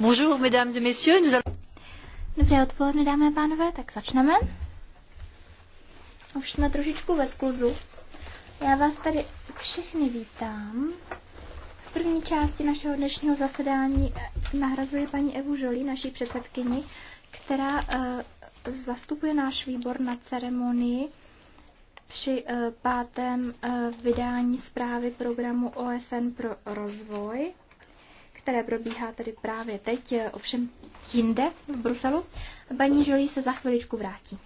Bonjour, mesdames et messieurs, nous allons... Dobré odpoledne, dámy a pánové, tak začneme. Už jsme trošičku ve skluzu. Já vás tady všechny vítám. V první části našeho dnešního zasedání nahrazuje paní Evu Žolí, naší předsedkyni, která eh, zastupuje náš výbor na ceremonii při eh, pátém eh, vydání zprávy programu OSN pro rozvoj, které probíhá tedy právě teď, eh, ovšem jinde v Bruselu. Paní Žolí se za chviličku vrátí.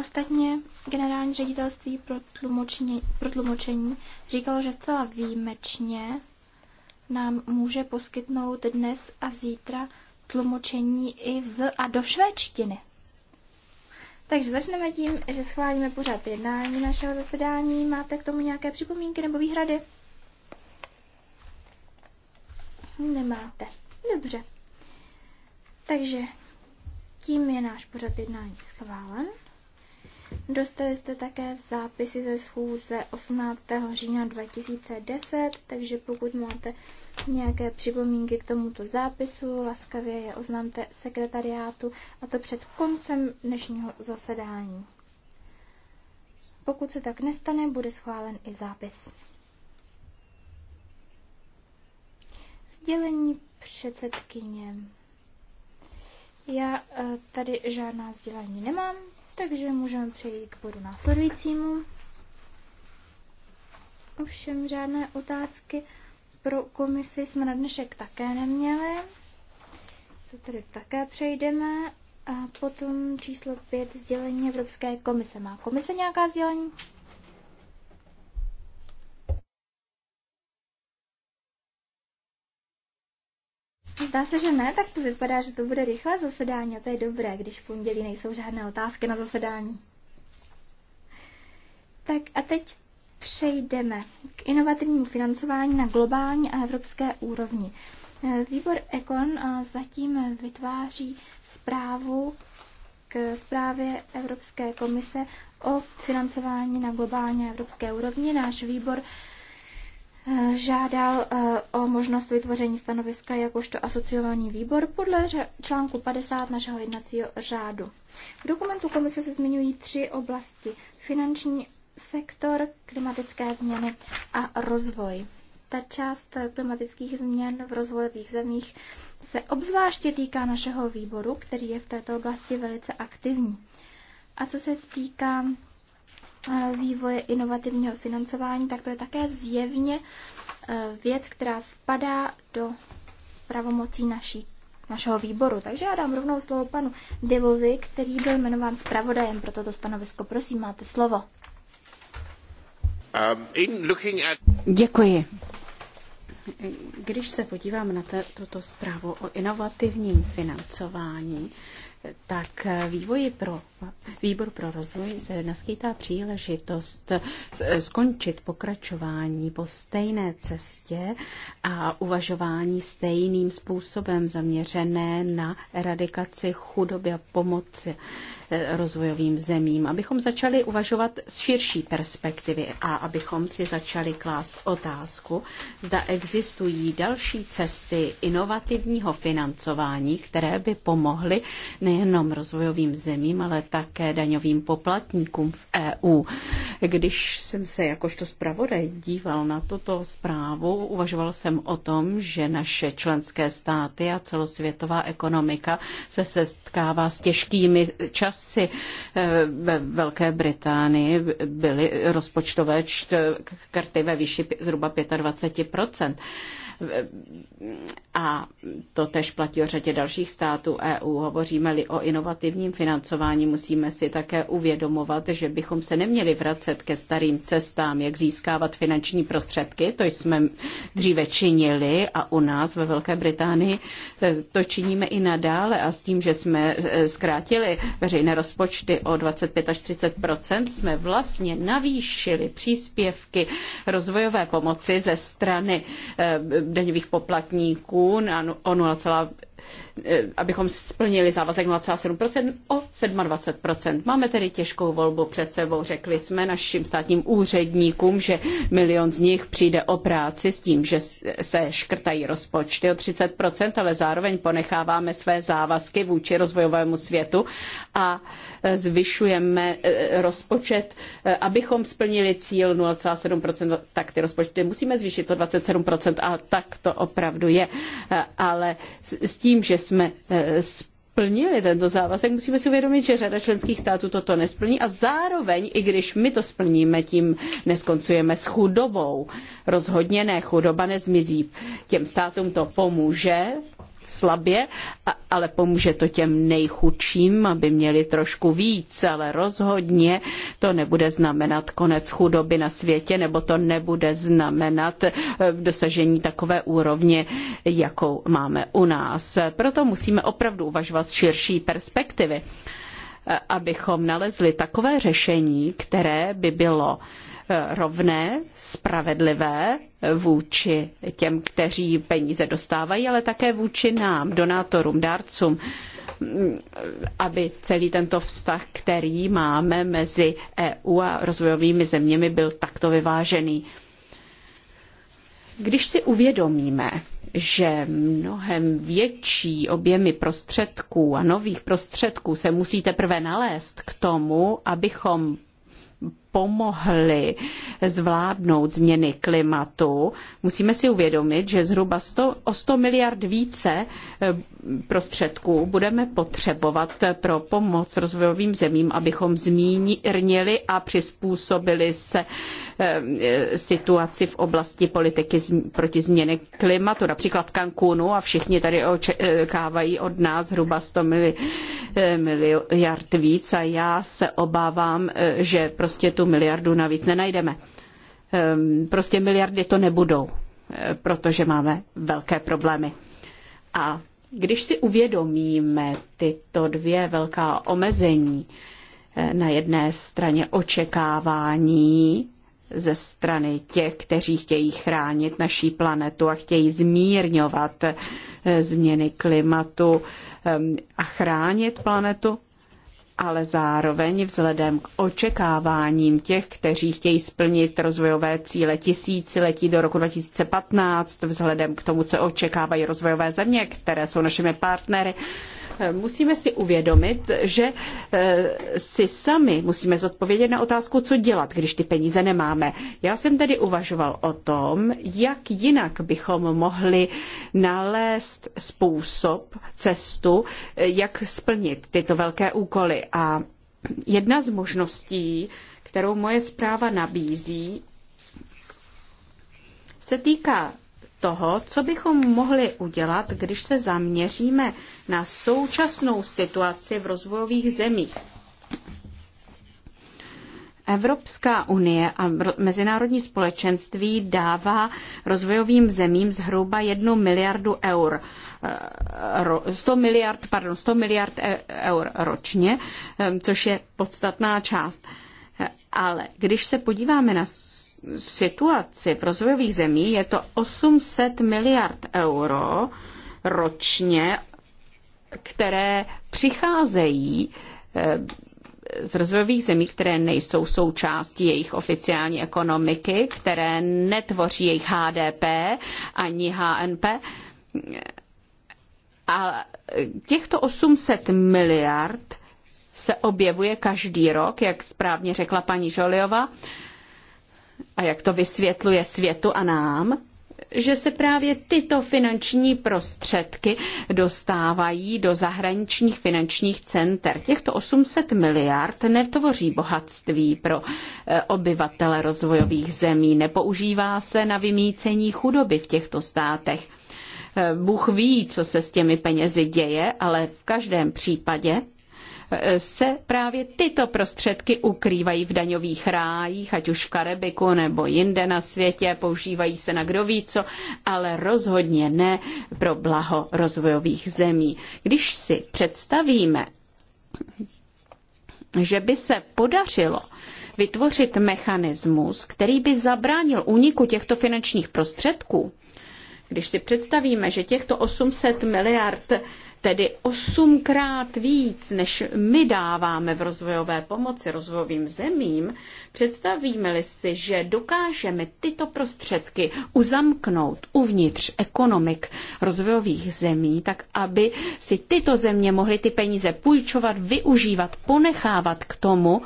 Ostatně generální ředitelství pro tlumočení, pro tlumočení říkalo, že zcela výjimečně nám může poskytnout dnes a zítra tlumočení i z a do švédštiny. Takže začneme tím, že schválíme pořád jednání našeho zasedání. Máte k tomu nějaké připomínky nebo výhrady? Nemáte. Dobře. Takže tím je náš pořad jednání schválen. Dostali jste také zápisy ze schůze 18. října 2010, takže pokud máte nějaké připomínky k tomuto zápisu, laskavě je oznamte sekretariátu a to před koncem dnešního zasedání. Pokud se tak nestane, bude schválen i zápis. Sdělení předsedkyně. Já eh, tady žádná sdělení nemám, takže můžeme přejít k bodu následujícímu. Ovšem žádné otázky pro komisi jsme na dnešek také neměli. To tady také přejdeme. A potom číslo 5, sdělení Evropské komise. Má komise nějaká sdělení? Zdá se, že ne, tak to vypadá, že to bude rychlé zasedání a to je dobré, když v pondělí nejsou žádné otázky na zasedání. Tak a teď přejdeme k inovativnímu financování na globální a evropské úrovni. Eh, výbor Econ eh, zatím vytváří zprávu k zprávě Evropské komise o financování na globální a evropské úrovni. Náš výbor žádal eh, o možnost vytvoření stanoviska jakožto asociovaný výbor podle článku 50 našeho jednacího řádu. V dokumentu komise se zmiňují tři oblasti. Finanční sektor, klimatické změny a rozvoj. Ta část eh, klimatických změn v rozvojových zemích se obzvláště týká našeho výboru, který je v této oblasti velice aktivní. A co se týká Eh, vývoje inovativního financování, tak to je také zjevně eh, věc, která spadá do pravomocí naší, našeho výboru. Takže já dám rovnou slovo panu Devovi, který byl jmenován zpravodajem pro toto stanovisko. Prosím, máte slovo. Um, Děkuji. Když se podívám na tuto zprávu o inovativním financování, tak vývoji pro výbor pro rozvoj se naskytá příležitost skončit pokračování po stejné cestě a uvažování stejným způsobem zaměřené na eradikaci chudoby a pomoci rozvojovým zemím, abychom začali uvažovat z širší perspektivy a abychom si začali klást otázku, zda existují další cesty inovativního financování, které by pomohly nejenom rozvojovým zemím, ale také daňovým poplatníkům v EU. Když jsem se jakožto zpravodaj díval na tuto zprávu, uvažoval jsem o tom, že naše členské státy a celosvětová ekonomika se setkává s těžkými časy časy eh, ve Velké Británii byly rozpočtové karty ve výši zhruba 25 a to tež platí o řadě dalších států EU. Hovoříme-li o inovativním financování, musíme si také uvědomovat, že bychom se neměli vracet ke starým cestám, jak získávat finanční prostředky. To jsme dříve činili a u nás ve Velké Británii eh, to činíme i nadále a s tím, že jsme eh, zkrátili veřejné rozpočty o 25 až 30 jsme vlastně navýšili příspěvky rozvojové pomoci ze strany eh, daňových poplatníků na, o 0, e, abychom splnili závazek 0,7% o 27%. Máme tedy těžkou volbu před sebou. Řekli jsme našim státním úředníkům, že milion z nich přijde o práci s tím, že se škrtají rozpočty o 30%, ale zároveň ponecháváme své závazky vůči rozvojovému světu a zvyšujeme eh, rozpočet, eh, abychom splnili cíl 0,7%, tak ty rozpočty musíme zvýšit o 27% a tak to opravdu je. Eh, ale s tím, že jsme splnili tento závazek, musíme si uvědomit, že řada členských států toto nesplní a zároveň, i když my to splníme, tím neskoncujeme s chudobou. Rozhodně ne, chudoba nezmizí. Těm státům to pomůže, slabě, ale pomůže to těm nejchudším, aby měli trošku víc, ale rozhodně to nebude znamenat konec chudoby na světě, nebo to nebude znamenat eh, dosažení takové úrovně, jakou máme u nás. Proto musíme opravdu uvažovat z širší perspektivy, eh, abychom nalezli takové řešení, které by bylo rovné, spravedlivé vůči těm, kteří peníze dostávají, ale také vůči nám, donátorům, dárcům aby celý tento vztah, který máme mezi EU a rozvojovými zeměmi, byl takto vyvážený. Když si uvědomíme, že mnohem větší objemy prostředků a nových prostředků se musí teprve nalézt k tomu, abychom pomohly zvládnout změny klimatu, musíme si uvědomit, že zhruba 100, o 100 miliard více eh, prostředků budeme potřebovat pro pomoc rozvojovým zemím, abychom zmírnili a přizpůsobili se eh, situaci v oblasti politiky proti změně klimatu. Například v Cancúnu a všichni tady očekávají od nás zhruba 100 eh, miliard víc a já se obávám, že prostě tu miliardu navíc nenajdeme. Ehm, prostě miliardy to nebudou, eh, protože máme velké problémy. A když si uvědomíme tyto dvě velká omezení, eh, na jedné straně očekávání ze strany těch, kteří chtějí chránit naší planetu a chtějí zmírňovat eh, změny klimatu ehm, a chránit planetu ale zároveň vzhledem k očekáváním těch, kteří chtějí splnit rozvojové cíle tisíciletí do roku 2015, vzhledem k tomu, co očekávají rozvojové země, které jsou našimi partnery, Musíme si uvědomit, že eh, si sami musíme zodpovědět na otázku, co dělat, když ty peníze nemáme. Já jsem tedy uvažoval o tom, jak jinak bychom mohli nalézt způsob, cestu, eh, jak splnit tyto velké úkoly. A jedna z možností, kterou moje zpráva nabízí, se týká toho, co bychom mohli udělat, když se zaměříme na současnou situaci v rozvojových zemích. Evropská unie a mezinárodní společenství dává rozvojovým zemím zhruba 1 miliardu eur. 100 eh, miliard, pardon, 100 miliard e- eur ročně, eh, což je podstatná část. Ale když se podíváme na situaci v rozvojových zemích je to 800 miliard euro ročně, které přicházejí eh, z rozvojových zemí, které nejsou součástí jejich oficiální ekonomiky, které netvoří jejich HDP ani HNP. A těchto 800 miliard se objevuje každý rok, jak správně řekla paní Žoliova, a jak to vysvětluje světu a nám, že se právě tyto finanční prostředky dostávají do zahraničních finančních center. Těchto 800 miliard netvoří bohatství pro eh, obyvatele rozvojových zemí, nepoužívá se na vymícení chudoby v těchto státech. Eh, Bůh ví, co se s těmi penězi děje, ale v každém případě se právě tyto prostředky ukrývají v daňových rájích, ať už v Karibiku nebo jinde na světě, používají se na kdo ví co, ale rozhodně ne pro blaho rozvojových zemí. Když si představíme, že by se podařilo vytvořit mechanismus, který by zabránil úniku těchto finančních prostředků, když si představíme, že těchto 800 miliard tedy osmkrát víc, než my dáváme v rozvojové pomoci rozvojovým zemím, představíme-li si, že dokážeme tyto prostředky uzamknout uvnitř ekonomik rozvojových zemí, tak aby si tyto země mohly ty peníze půjčovat, využívat, ponechávat k tomu,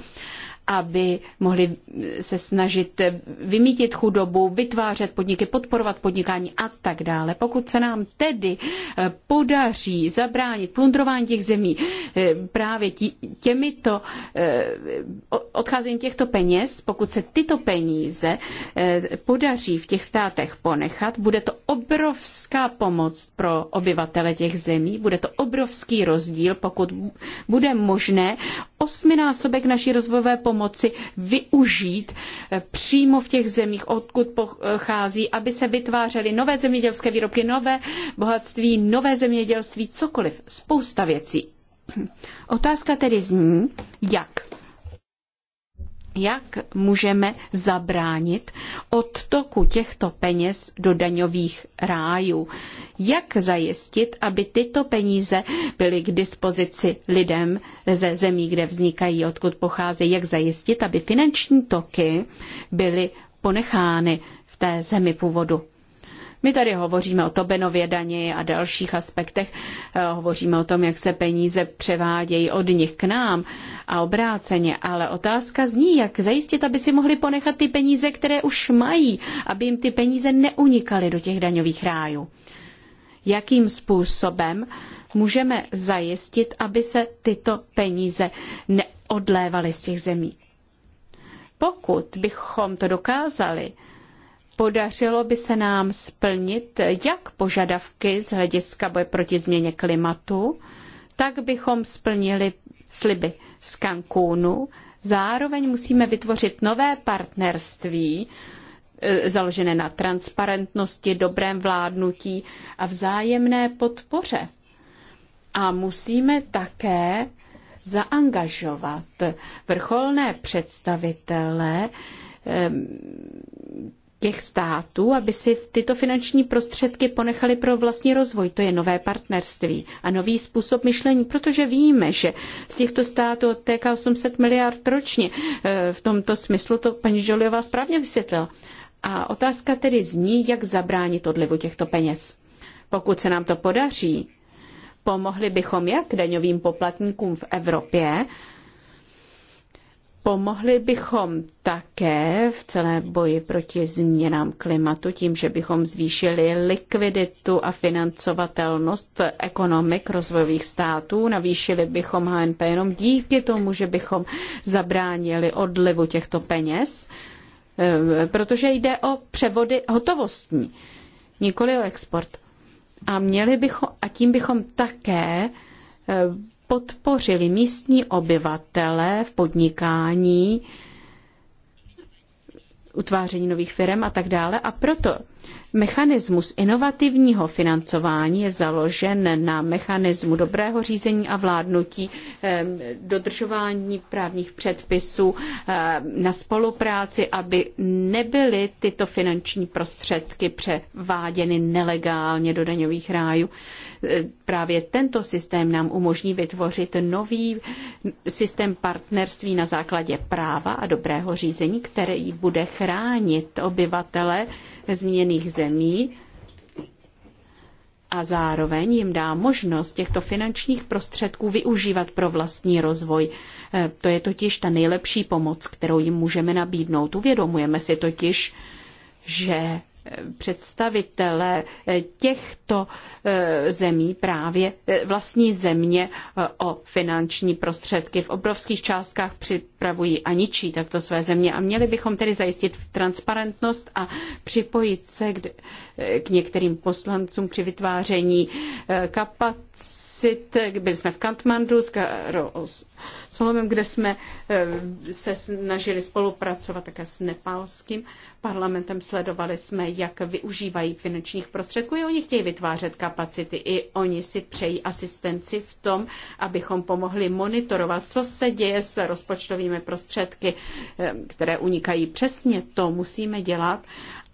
aby mohli se snažit vymítit chudobu, vytvářet podniky, podporovat podnikání a tak dále. Pokud se nám tedy eh, podaří zabránit plundrování těch zemí eh, právě těmito eh, odcházením těchto peněz, pokud se tyto peníze podaří v těch státech ponechat, bude to obrovská pomoc pro obyvatele těch zemí, bude to obrovský rozdíl, pokud bude možné osminásobek naší rozvojové pomoci využít eh, přímo v těch zemích, odkud pochází, aby se vytvářely nové zemědělské výrobky, nové bohatství, nové zemědělství, cokoliv, spousta věcí. Otázka tedy zní, jak jak můžeme zabránit odtoku těchto peněz do daňových rájů. Jak zajistit, aby tyto peníze byly k dispozici lidem ze zemí, kde vznikají, odkud pocházejí, jak zajistit, aby finanční toky byly ponechány v té zemi původu. My tady hovoříme o Tobinově dani a dalších aspektech, eh, hovoříme o tom, jak se peníze převádějí od nich k nám a obráceně, ale otázka zní, jak zajistit, aby si mohli ponechat ty peníze, které už mají, aby jim ty peníze neunikaly do těch daňových rájů. Jakým způsobem můžeme zajistit, aby se tyto peníze neodlévaly z těch zemí? Pokud bychom to dokázali, podařilo by se nám splnit jak požadavky z hlediska boje proti změně klimatu, tak bychom splnili sliby z Cancúnu. Zároveň musíme vytvořit nové partnerství, e, založené na transparentnosti, dobrém vládnutí a vzájemné podpoře. A musíme také zaangažovat vrcholné představitele těch států, aby si tyto finanční prostředky ponechali pro vlastní rozvoj. To je nové partnerství a nový způsob myšlení, protože víme, že z těchto států odtéká 800 miliard ročně. E, v tomto smyslu to paní Žoliová správně vysvětlila. A otázka tedy zní, jak zabránit odlivu těchto peněz. Pokud se nám to podaří, pomohli bychom jak daňovým poplatníkům v Evropě, Pomohli bychom také v celé boji proti změnám klimatu tím, že bychom zvýšili likviditu a financovatelnost ekonomik rozvojových států. Navýšili bychom HNP jenom díky tomu, že bychom zabránili odlivu těchto peněz, eh, protože jde o převody hotovostní, nikoli o export. A měli bychom, a tím bychom také eh, podpořili místní obyvatele v podnikání, utváření nových firm a tak dále. A proto mechanismus inovativního financování je založen na mechanismu dobrého řízení a vládnutí, dodržování právních předpisů, na spolupráci, aby nebyly tyto finanční prostředky převáděny nelegálně do daňových rájů. Právě tento systém nám umožní vytvořit nový systém partnerství na základě práva a dobrého řízení, který bude chránit obyvatele zmíněných zemí a zároveň jim dá možnost těchto finančních prostředků využívat pro vlastní rozvoj. Eh, to je totiž ta nejlepší pomoc, kterou jim můžeme nabídnout. Uvědomujeme si totiž, že představitele těchto eh, zemí právě eh, vlastní země eh, o finanční prostředky v obrovských částkách při upravují a ničí takto své země. A měli bychom tedy zajistit transparentnost a připojit se k, k některým poslancům při vytváření eh, kapacit. Byli jsme v Kantmandu s Solomem, kde jsme eh, se snažili spolupracovat také s nepálským parlamentem. Sledovali jsme, jak využívají finančních prostředků. I oni chtějí vytvářet kapacity. I oni si přejí asistenci v tom, abychom pomohli monitorovat, co se děje s rozpočtovým plnými prostředky, eh, které unikají. Přesně to musíme dělat,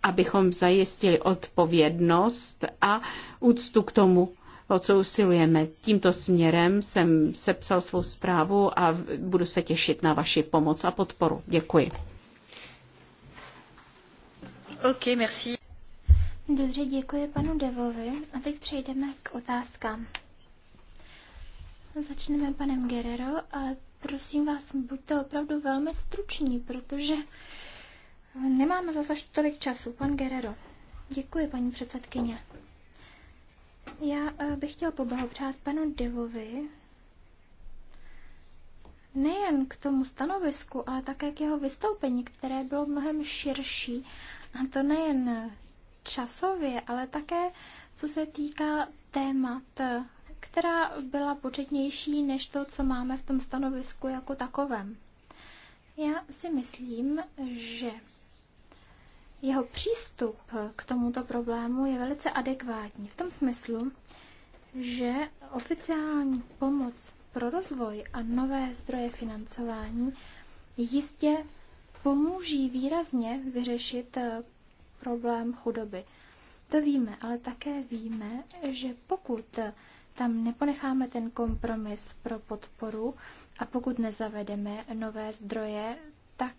abychom zajistili odpovědnost a úctu k tomu, o co usilujeme. Tímto směrem jsem sepsal svou zprávu a budu se těšit na vaši pomoc a podporu. Děkuji. OK, merci. Dobře, děkuji panu Devovi a teď přejdeme k otázkám. Začneme panem Guerrero, ale prosím vás, buďte opravdu velmi struční, protože nemáme zase tolik času. Pan Guerrero. Děkuji, paní předsedkyně. Já eh, bych chtěl poblahopřát panu Devovi nejen k tomu stanovisku, ale také k jeho vystoupení, které bylo mnohem širší. A to nejen časově, ale také co se týká témat, která byla početnější než to, co máme v tom stanovisku jako takovém. Já si myslím, že jeho přístup k tomuto problému je velice adekvátní v tom smyslu, že oficiální pomoc pro rozvoj a nové zdroje financování jistě pomůží výrazně vyřešit eh, problém chudoby. To víme, ale také víme, že pokud tam neponecháme ten kompromis pro podporu a pokud nezavedeme nové zdroje, tak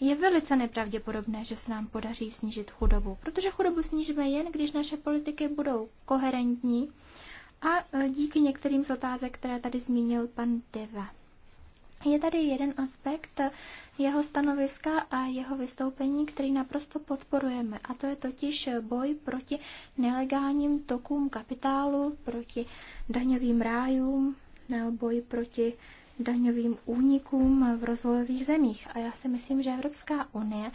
je velice nepravděpodobné, že se nám podaří snížit chudobu, protože chudobu snížíme jen, když naše politiky budou koherentní a e, díky některým z otázek, které tady zmínil pan Deva. Je tady jeden aspekt jeho stanoviska a jeho vystoupení, který naprosto podporujeme, a to je totiž boj proti nelegálním tokům kapitálu, proti daňovým rájům, boj proti daňovým únikům v rozvojových zemích. A já si myslím, že Evropská unie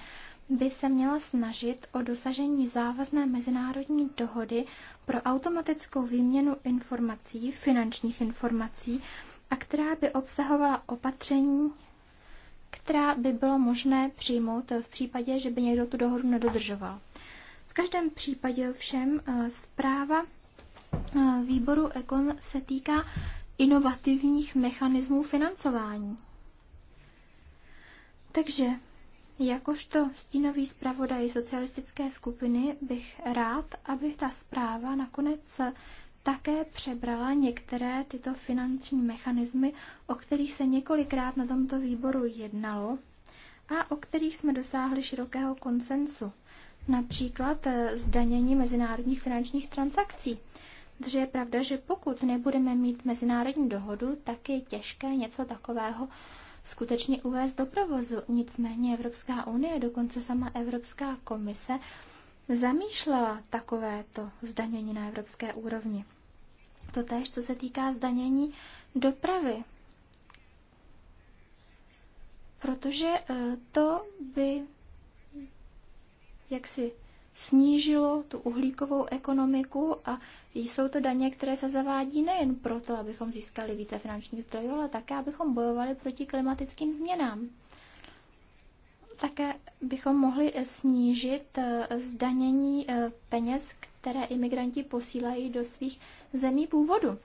by se měla snažit o dosažení závazné mezinárodní dohody pro automatickou výměnu informací, finančních informací, a která by obsahovala opatření, která by bylo možné přijmout v případě, že by někdo tu dohodu nedodržoval. V každém případě ovšem eh, zpráva eh, výboru Ekon se týká inovativních mechanismů financování. Takže Jakožto stínový zpravodaj socialistické skupiny bych rád, aby ta zpráva nakonec také přebrala některé tyto finanční mechanismy, o kterých se několikrát na tomto výboru jednalo a o kterých jsme dosáhli širokého konsensu. Například eh, zdanění mezinárodních finančních transakcí. Takže je pravda, že pokud nebudeme mít mezinárodní dohodu, tak je těžké něco takového skutečně uvést do provozu. Nicméně Evropská unie, dokonce sama Evropská komise, zamýšlela takovéto zdanění na evropské úrovni to Totéž, co se týká zdanění dopravy. Protože eh, to by jaksi snížilo tu uhlíkovou ekonomiku a jsou to daně, které se zavádí nejen proto, abychom získali více finančních zdrojů, ale také, abychom bojovali proti klimatickým změnám. Také bychom mohli eh, snížit eh, zdanění peněz, které imigranti posílají do svých zemí původu.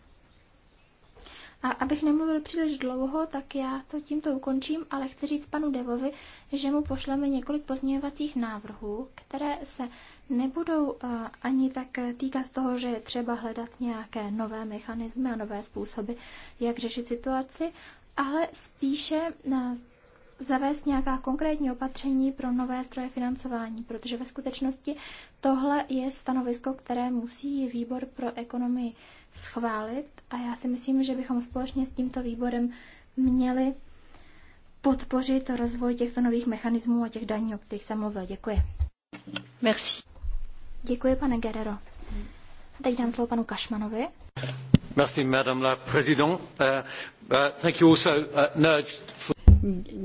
A abych nemluvil příliš dlouho, tak já to tímto ukončím, ale chci říct panu Devovi, že mu pošleme několik pozměňovacích návrhů, které se nebudou eh, ani tak týkat toho, že je třeba hledat nějaké nové mechanismy a nové způsoby, jak řešit situaci, ale spíše eh, zavést nějaká konkrétní opatření pro nové zdroje financování, protože ve skutečnosti tohle je stanovisko, které musí výbor pro ekonomii schválit a já si myslím, že bychom společně s tímto výborem měli podpořit rozvoj těchto nových mechanismů a těch daní, o kterých jsem mluvil. Děkuji. Merci. Děkuji, pane Guerrero. teď dám slovo panu Kašmanovi. Merci, madame la présidente. Uh, uh, thank you also, uh, nudged for...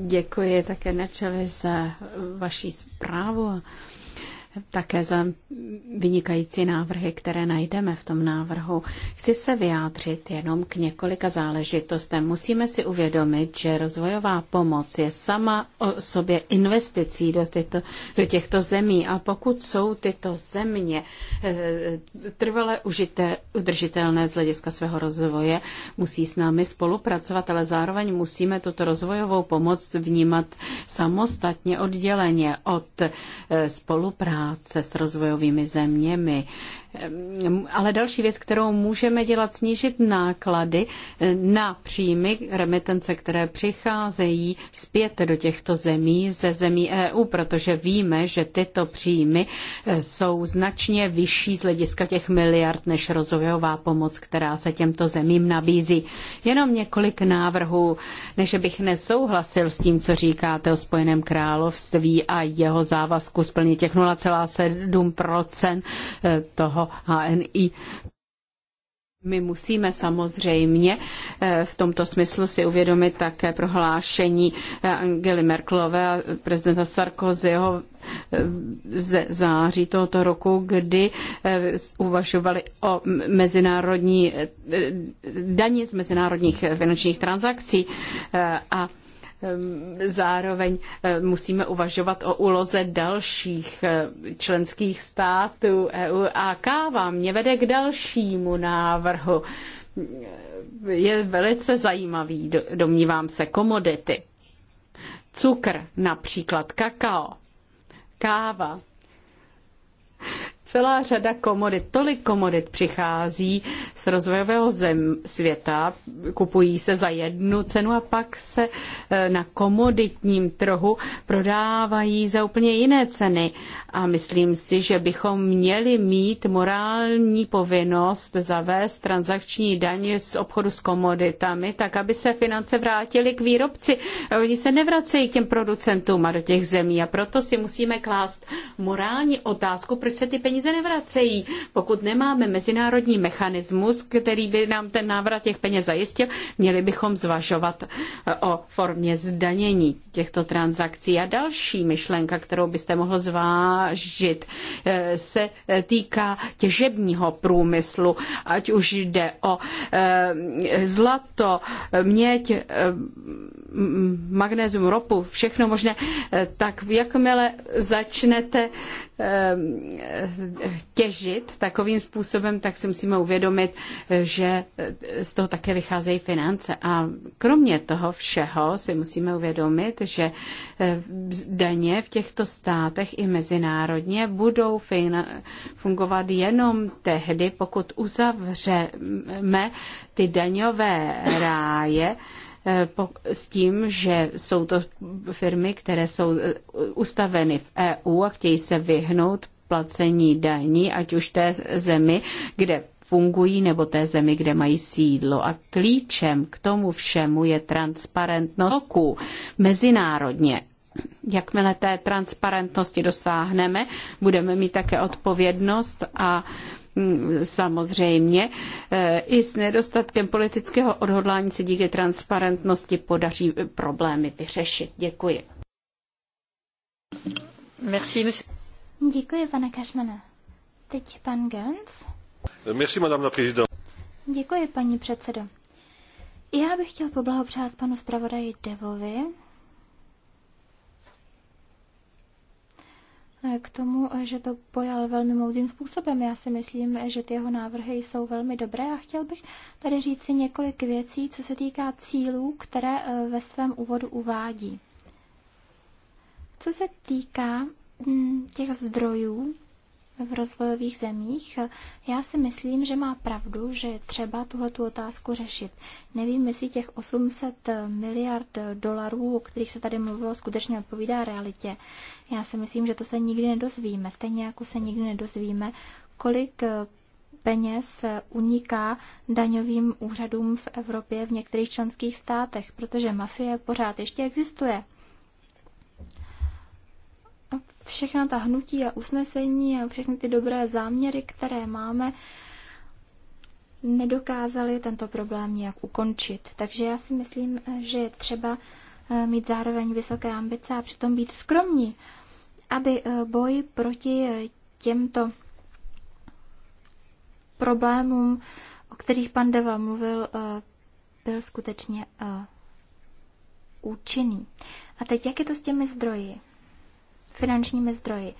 Děkuji také Načeli za vaši zprávu také za vynikající návrhy, které najdeme v tom návrhu. Chci se vyjádřit jenom k několika záležitostem. Musíme si uvědomit, že rozvojová pomoc je sama o sobě investicí do, tyto, do těchto zemí a pokud jsou tyto země eh, trvale užité, udržitelné z hlediska svého rozvoje, musí s námi spolupracovat, ale zároveň musíme tuto rozvojovou pomoc vnímat samostatně, odděleně od eh, spolupráce spolupráce s rozvojovými zeměmi Ehm, ale další věc, kterou můžeme dělat, snížit náklady eh, na příjmy remitence, které přicházejí zpět do těchto zemí ze zemí EU, protože víme, že tyto příjmy eh, jsou značně vyšší z hlediska těch miliard než rozvojová pomoc, která se těmto zemím nabízí. Jenom několik návrhů, než bych nesouhlasil s tím, co říkáte o Spojeném království a jeho závazku splnit těch 0,7% eh, toho HNI. My musíme samozřejmě eh, v tomto smyslu si uvědomit také prohlášení eh, Angely Merkelové a prezidenta Sarkozyho eh, ze září tohoto roku, kdy uvažovali o mezinárodní daní z mezinárodních finančních transakcí a Ehm, zároveň ehm, musíme uvažovat o úloze dalších ehm, členských států EU a káva mě vede k dalšímu návrhu. Je velice zajímavý, domnívám se, komodity. Cukr, například kakao, káva, Celá řada komodit, tolik komodit přichází z rozvojového zem světa, kupují se za jednu cenu a pak se eh, na komoditním trhu prodávají za úplně jiné ceny. A myslím si, že bychom měli mít morální povinnost zavést transakční daň z obchodu s komoditami, tak aby se finance vrátily k výrobci. Oni se nevracejí k těm producentům a do těch zemí a proto si musíme klást morální otázku, proč se ty peníze peníze nevracejí. Pokud nemáme mezinárodní mechanismus, který by nám ten návrat těch peněz zajistil, měli bychom zvažovat eh, o formě zdanění těchto transakcí. A další myšlenka, kterou byste mohl zvážit, eh, se eh, týká těžebního průmyslu, ať už jde o zlato, měď, magnézium, ropu, všechno možné, tak jakmile začnete těžit takovým způsobem, tak si musíme uvědomit, že z toho také vycházejí finance. A kromě toho všeho si musíme uvědomit, že eh, daně v těchto státech i mezinárodně budou fungovat jenom tehdy, pokud uzavřeme ty daňové ráje, eh, s tím, že jsou to firmy, které jsou eh, ustaveny v EU a chtějí se vyhnout placení daní, ať už té zemi, kde fungují, nebo té zemi, kde mají sídlo. A klíčem k tomu všemu je transparentnost roku mezinárodně. Jakmile té transparentnosti dosáhneme, budeme mít také odpovědnost a mm, samozřejmě eh, i s nedostatkem politického odhodlání se díky transparentnosti podaří eh, problémy vyřešit. Děkuji. Merci, monsieur. Děkuji, pane Kašmane. Teď pan Gens. Merci, madame la présidente. Děkuji, paní předsedo. Já bych chtěl poblahopřát panu zpravodaji Devovi k tomu, že to pojal velmi moudrým způsobem. Já si myslím, že ty jeho návrhy jsou velmi dobré a chtěl bych tady říct si několik věcí, co se týká cílů, které eh, ve svém úvodu uvádí. Co se týká Mm, těch zdrojů v rozvojových zemích, já si myslím, že má pravdu, že je třeba tuhle otázku řešit. Nevím, jestli těch 800 miliard dolarů, o kterých se tady mluvilo, skutečně odpovídá realitě. Já si myslím, že to se nikdy nedozvíme. Stejně jako se nikdy nedozvíme, kolik peněz uniká daňovým úřadům v Evropě v některých členských státech, protože mafie pořád ještě existuje všechna ta hnutí a usnesení a všechny ty dobré záměry, které máme, nedokázali tento problém nějak ukončit. Takže já si myslím, že je třeba eh, mít zároveň vysoké ambice a přitom být skromní, aby eh, boj proti eh, těmto problémům, o kterých pan Deva mluvil, byl skutečně účinný. A teď, jak je to s těmi zdroji? finančními zdroji.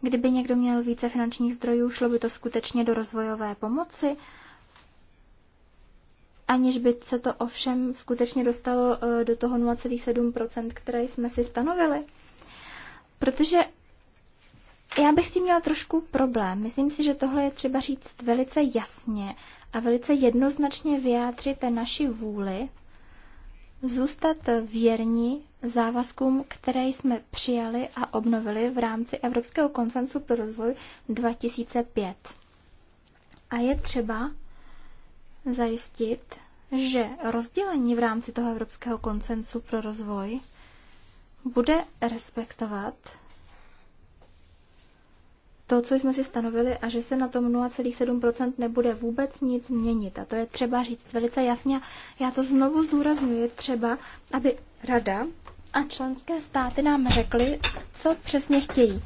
Kdyby někdo měl více finančních zdrojů, šlo by to skutečně do rozvojové pomoci, aniž by se to ovšem skutečně dostalo eh, do toho 0,7%, které jsme si stanovili. Protože já bych s tím měla trošku problém. Myslím si, že tohle je třeba říct velice jasně a velice jednoznačně vyjádřit naši vůli zůstat věrní závazkům, které jsme přijali a obnovili v rámci Evropského konsensu pro rozvoj 2005. A je třeba zajistit, že rozdělení v rámci toho Evropského konsensu pro rozvoj bude respektovat to, co jsme si stanovili, a že se na tom 0,7% nebude vůbec nic měnit. A to je třeba říct velice jasně. Já to znovu zdůraznuju. třeba, aby rada a členské státy nám řekly, co přesně chtějí.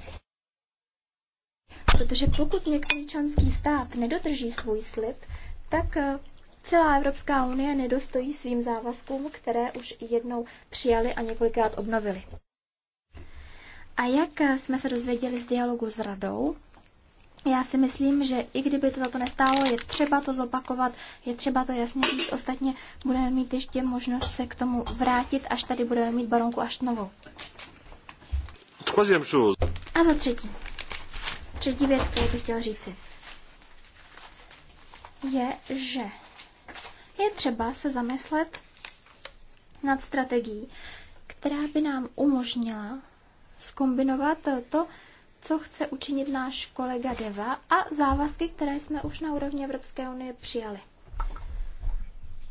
Protože pokud některý členský stát nedodrží svůj slib, tak eh, celá Evropská unie nedostojí svým závazkům, které už jednou přijali a několikrát obnovili. A jak jsme se dozvěděli z dialogu s radou, já si myslím, že i kdyby to za to nestálo, je třeba to zopakovat, je třeba to jasně říct. Ostatně budeme mít ještě možnost se k tomu vrátit, až tady budeme mít baronku až novou. A za třetí. Třetí věc, kterou bych chtěl říci, je, že je třeba se zamyslet nad strategií, která by nám umožnila skombinovat to, co chce učinit náš kolega Deva a závazky, které jsme už na úrovni Evropské unie přijali.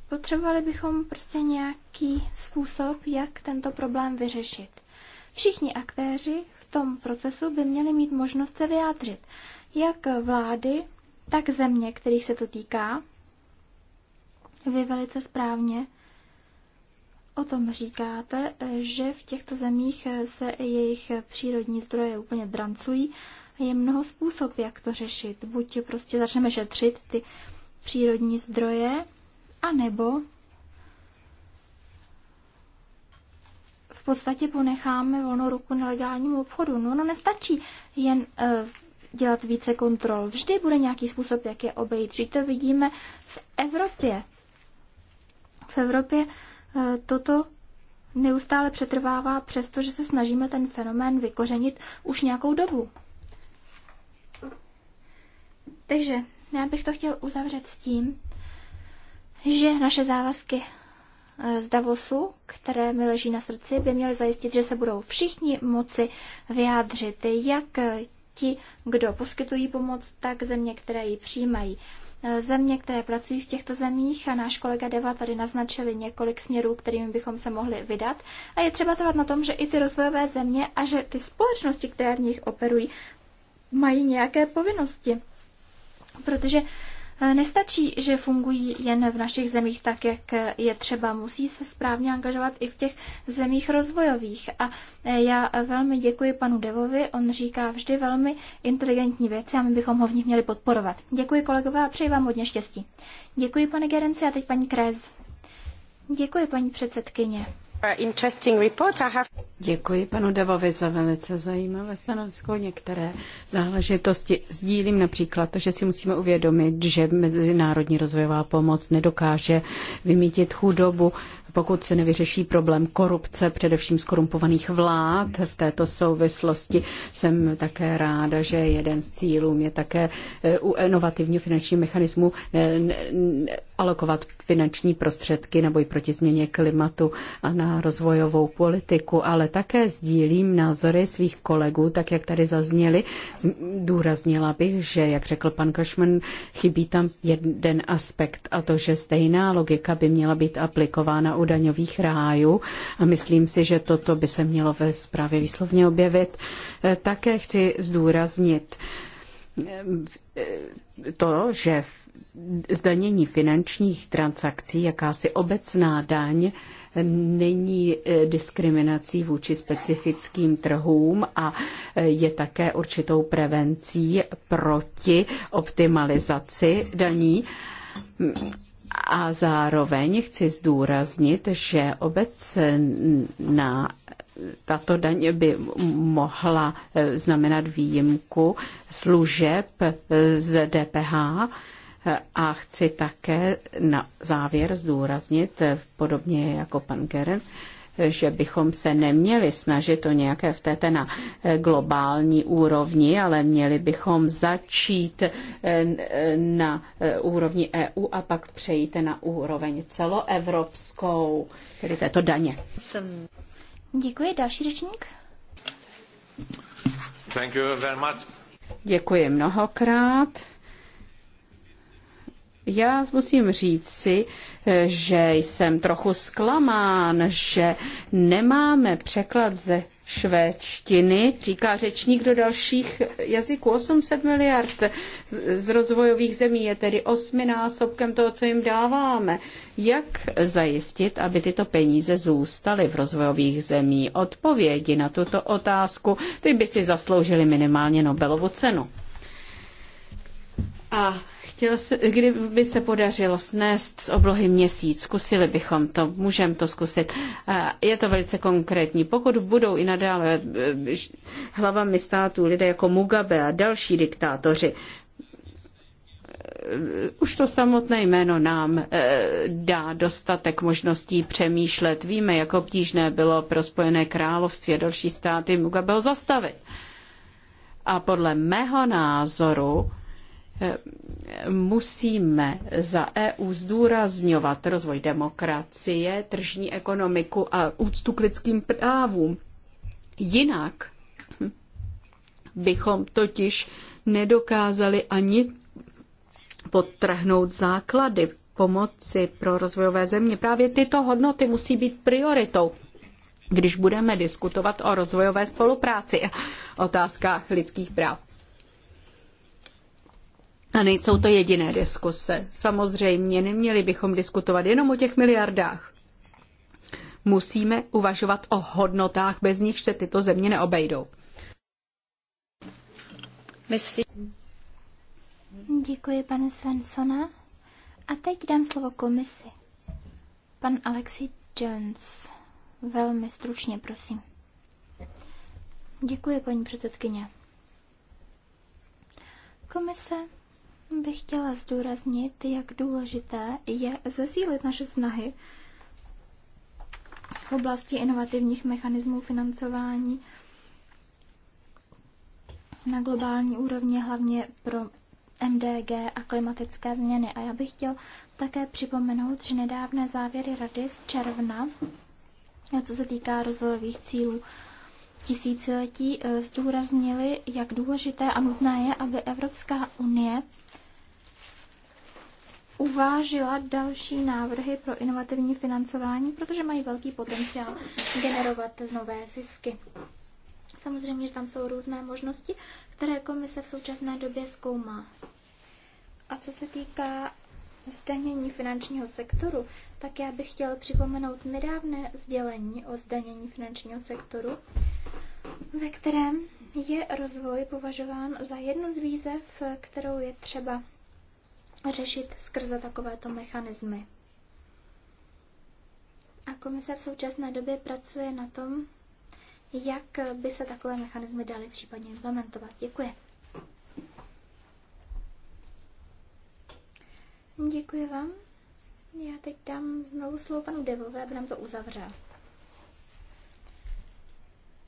Potřebovali bychom prostě nějaký způsob, jak tento problém vyřešit. Všichni aktéři v tom procesu by měli mít možnost se vyjádřit. Jak vlády, tak země, kterých se to týká. Vy velice správně o tom říkáte, že v těchto zemích se jejich přírodní zdroje úplně drancují. Je mnoho způsob, jak to řešit. Buď prostě začneme šetřit ty přírodní zdroje, anebo v podstatě ponecháme volnou ruku nelegálnímu obchodu. No, no nestačí jen e, dělat více kontrol. Vždy bude nějaký způsob, jak je obejít. Vždy to vidíme v Evropě. V Evropě Eh, toto neustále přetrvává, přestože se snažíme ten fenomén vykořenit už nějakou dobu. Takže já bych to chtěl uzavřet s tím, že naše závazky eh, z Davosu, které mi leží na srdci, by měly zajistit, že se budou všichni moci vyjádřit, jak ti, kdo poskytují pomoc, tak země, které ji přijímají země, které pracují v těchto zemích a náš kolega Deva tady naznačili několik směrů, kterými bychom se mohli vydat. A je třeba trvat na tom, že i ty rozvojové země a že ty společnosti, které v nich operují, mají nějaké povinnosti. Protože Eh, nestačí, že fungují jen v našich zemích tak, jak je třeba. Musí se správně angažovat i v těch zemích rozvojových. A eh, já velmi děkuji panu Devovi. On říká vždy velmi inteligentní věci a my bychom ho v nich měli podporovat. Děkuji kolegové a přeji vám hodně štěstí. Děkuji pane Gerenci a teď paní Krez. Děkuji paní předsedkyně. Uh, Děkuji panu Davovi za velice zajímavé stanovisko. Některé záležitosti sdílím například to, že si musíme uvědomit, že mezinárodní rozvojová pomoc nedokáže vymítit chudobu pokud se nevyřeší problém korupce, především skorumpovaných vlád. V této souvislosti jsem také ráda, že jeden z cílů je také e, u inovativního finančního mechanismu alokovat finanční prostředky na boj proti změně klimatu a na rozvojovou politiku, ale také sdílím názory svých kolegů, tak jak tady zazněli. Důraznila bych, že, jak řekl pan Kašman, chybí tam jeden aspekt a to, že stejná logika by měla být aplikována u daňových rájů a myslím si, že toto by se mělo ve zprávě výslovně objevit. E, také chci zdůraznit e, e, to, že zdanění finančních transakcí, jakási obecná daň, není diskriminací vůči specifickým trhům a je také určitou prevencí proti optimalizaci daní. A zároveň chci zdůraznit, že obec na tato daň by mohla eh, znamenat výjimku služeb eh, z DPH, a chci také na závěr zdůraznit, eh, podobně jako pan Geren, že bychom se neměli snažit o nějaké vtete na eh, globální úrovni, ale měli bychom začít eh, eh, na úrovni EU a pak přejít na úroveň celoevropskou, tedy této daně. Děkuji. Další řečník. Thank you very much. Děkuji mnohokrát. Já musím říct si, eh, že jsem trochu zklamán, že nemáme překlad ze švédštiny, říká řečník do dalších jazyků. 800 miliard z rozvojových zemí je tedy osminásobkem toho, co jim dáváme. Jak zajistit, aby tyto peníze zůstaly v rozvojových zemí? Odpovědi na tuto otázku, ty by si zasloužili minimálně Nobelovu cenu. A chtěl se, kdyby se podařilo snést z oblohy měsíc, zkusili bychom to, můžeme to zkusit. Je to velice konkrétní. Pokud budou i nadále e, hlavami států lidé jako Mugabe a další diktátoři, e, už to samotné jméno nám e, dá dostatek možností přemýšlet. Víme, jak obtížné bylo pro Spojené království a další státy Mugabeho zastavit. A podle mého názoru Eh, musíme za EU zdůrazňovat rozvoj demokracie, tržní ekonomiku a úctu k lidským právům. Jinak bychom totiž nedokázali ani podtrhnout základy pomoci pro rozvojové země. Právě tyto hodnoty musí být prioritou když budeme diskutovat o rozvojové spolupráci a otázkách lidských práv. A nejsou to jediné diskuse. Samozřejmě neměli bychom diskutovat jenom o těch miliardách. Musíme uvažovat o hodnotách, bez nich se tyto země neobejdou. Myslím. Děkuji, pane Svensona. A teď dám slovo komisi. Pan Alexi Jones. Velmi stručně, prosím. Děkuji, paní předsedkyně. Komise bych chtěla zdůraznit, jak důležité je zesílit naše snahy v oblasti inovativních mechanismů financování na globální úrovni, hlavně pro MDG a klimatické změny. A já bych chtěl také připomenout, že nedávné závěry Rady z června, co se týká rozvojových cílů tisíciletí, eh, zdůraznili, jak důležité a nutné je, aby Evropská unie uvážila další návrhy pro inovativní financování, protože mají velký potenciál generovat nové zisky. Samozřejmě, že tam jsou různé možnosti, které komise v současné době zkoumá. A co se týká zdanění finančního sektoru, tak já bych chtěla připomenout nedávné sdělení o zdanění finančního sektoru, ve kterém je rozvoj považován za jednu z výzev, kterou je třeba řešit skrze takovéto mechanismy. A komise v současné době pracuje na tom, jak by se takové mechanismy daly případně implementovat. Děkuji. Děkuji vám. Já teď dám znovu slovo panu Devové, aby nám to uzavřel.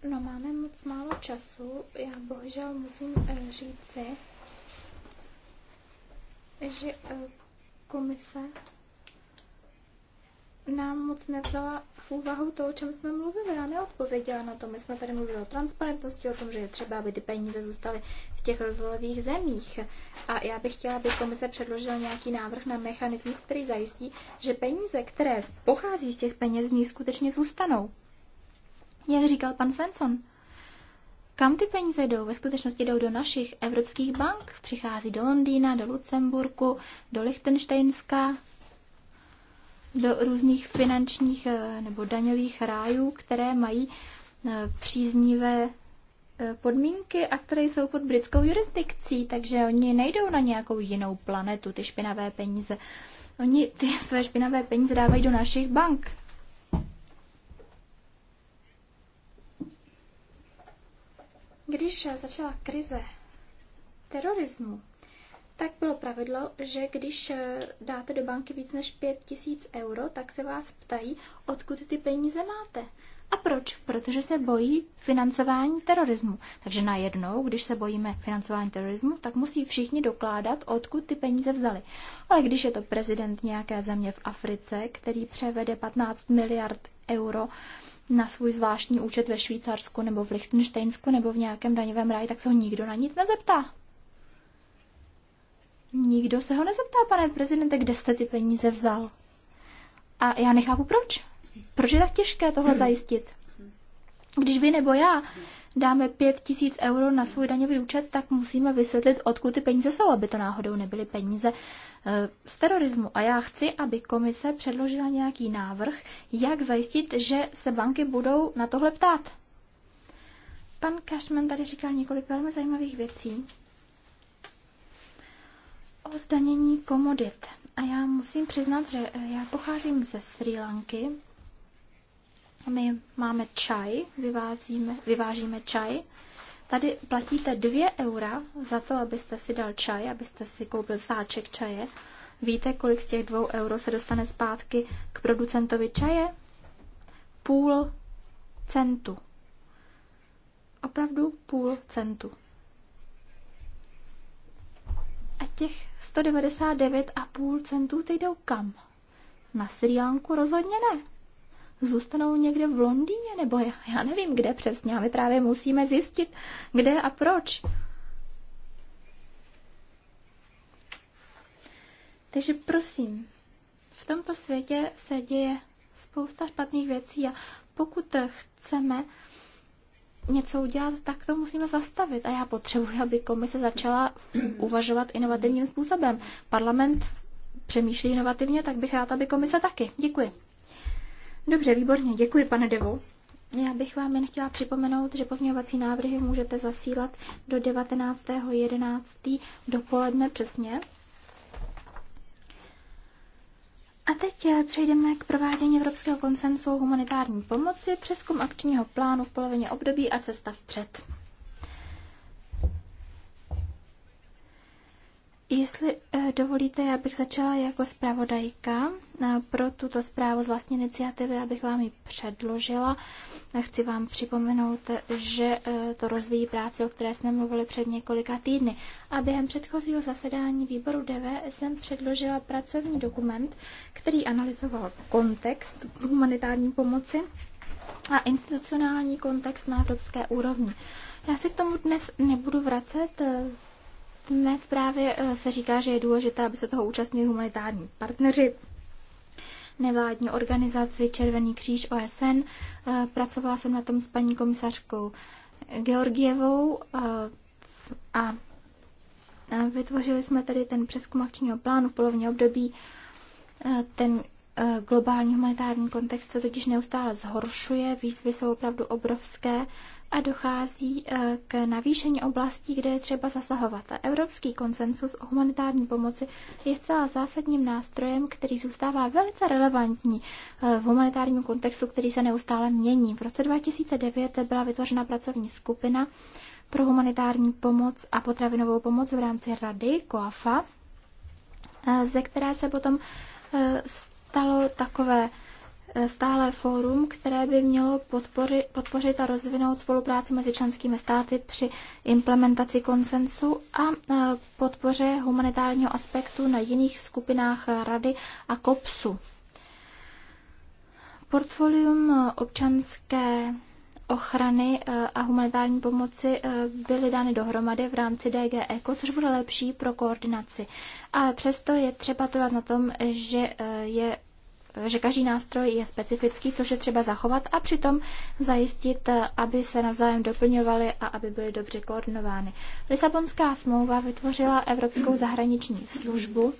No, máme moc málo času. Já bohužel musím eh, říci, že eh, komise nám moc nevzala v úvahu to, o čem jsme mluvili a neodpověděla na to. My jsme tady mluvili o transparentnosti, o tom, že je třeba, aby ty peníze zůstaly v těch rozvojových zemích. A já bych chtěla, aby komise předložila nějaký návrh na mechanismus, který zajistí, že peníze, které pochází z těch peněz, z nich skutečně zůstanou. Jak říkal pan Svensson, kam ty peníze jdou? Ve skutečnosti jdou do našich evropských bank. Přichází do Londýna, do Lucemburku, do Lichtensteinska, do různých finančních eh, nebo daňových rájů, které mají eh, příznivé eh, podmínky a které jsou pod britskou jurisdikcí, takže oni nejdou na nějakou jinou planetu, ty špinavé peníze. Oni ty své špinavé peníze dávají do našich bank. Když začala krize terorismu, tak bylo pravidlo, že když eh, dáte do banky víc než 5 tisíc euro, tak se vás ptají, odkud ty peníze máte. A proč? Protože se bojí financování terorismu. Takže najednou, když se bojíme financování terorismu, tak musí všichni dokládat, odkud ty peníze vzali. Ale když je to prezident nějaké země v Africe, který převede 15 miliard euro na svůj zvláštní účet ve Švýcarsku nebo v Lichtensteinsku nebo v nějakém daňovém ráji, tak se ho nikdo na nic nezeptá. Nikdo se ho nezeptá, pane prezidente, kde jste ty peníze vzal. A já nechápu proč. Proč je tak těžké tohle zajistit? Když vy nebo já dáme pět tisíc euro na svůj daňový účet, tak musíme vysvětlit, odkud ty peníze jsou, aby to náhodou nebyly peníze eh, z terorismu. A já chci, aby komise předložila nějaký návrh, jak zajistit, že se banky budou na tohle ptát. Pan Cashman tady říkal několik velmi zajímavých věcí o zdanění komodit. A já musím přiznat, že eh, já pocházím ze Sri Lanky, my máme čaj, vyvázíme, vyvážíme čaj. Tady platíte 2 eura za to, abyste si dal čaj, abyste si koupil sáček čaje. Víte, kolik z těch dvou euro se dostane zpátky k producentovi čaje? Půl centu. Opravdu půl centu. A těch 199,5 centů ty jdou kam? Na Sri Lanku rozhodně ne zůstanou někde v Londýně, nebo já, já nevím, kde přesně. A my právě musíme zjistit, kde a proč. Takže prosím, v tomto světě se děje spousta špatných věcí a pokud chceme něco udělat, tak to musíme zastavit. A já potřebuji, aby komise začala uvažovat inovativním způsobem. Parlament přemýšlí inovativně, tak bych rád, aby komise taky. Děkuji. Dobře, výborně, děkuji, pane Devo. Já bych vám jen chtěla připomenout, že pozměňovací návrhy můžete zasílat do 19.11. dopoledne přesně. A teď eh, přejdeme k provádění Evropského konsensu humanitární pomoci, přeskum akčního plánu v polovině období a cesta vpřed. Jestli eh, dovolíte, já bych začala jako zpravodajka eh, pro tuto zprávu z vlastní iniciativy, abych vám ji předložila. Chci vám připomenout, že eh, to rozvíjí práce, o které jsme mluvili před několika týdny. A během předchozího zasedání výboru DV jsem předložila pracovní dokument, který analyzoval kontext humanitární pomoci a institucionální kontext na evropské úrovni. Já se k tomu dnes nebudu vracet, v mé zprávě eh, se říká, že je důležité, aby se toho účastnili humanitární partneři, nevládní organizaci Červený kříž OSN. Eh, pracovala jsem na tom s paní komisařkou Georgievou eh, a vytvořili jsme tady ten přeskum akčního plánu v polovině období. Ten globální humanitární kontext se totiž neustále zhoršuje, výzvy jsou opravdu obrovské a dochází eh, k navýšení oblastí, kde je třeba zasahovat. A Evropský konsensus o humanitární pomoci je zcela zásadním nástrojem, který zůstává velice relevantní eh, v humanitárním kontextu, který se neustále mění. V roce 2009 byla vytvořena pracovní skupina pro humanitární pomoc a potravinovou pomoc v rámci Rady COAFA, eh, ze které se potom stalo takové stále fórum, které by mělo podpory, podpořit a rozvinout spolupráci mezi členskými státy při implementaci konsensu a e, podpoře humanitárního aspektu na jiných skupinách Rady a COPSu. Portfolium občanské ochrany e, a humanitární pomoci e, byly dány dohromady v rámci DG ECO, což bude lepší pro koordinaci. Ale přesto je třeba trvat na tom, že je že každý nástroj je specifický, což je třeba zachovat a přitom zajistit, eh, aby se navzájem doplňovaly a aby byly dobře koordinovány. Lisabonská smlouva vytvořila Evropskou zahraniční službu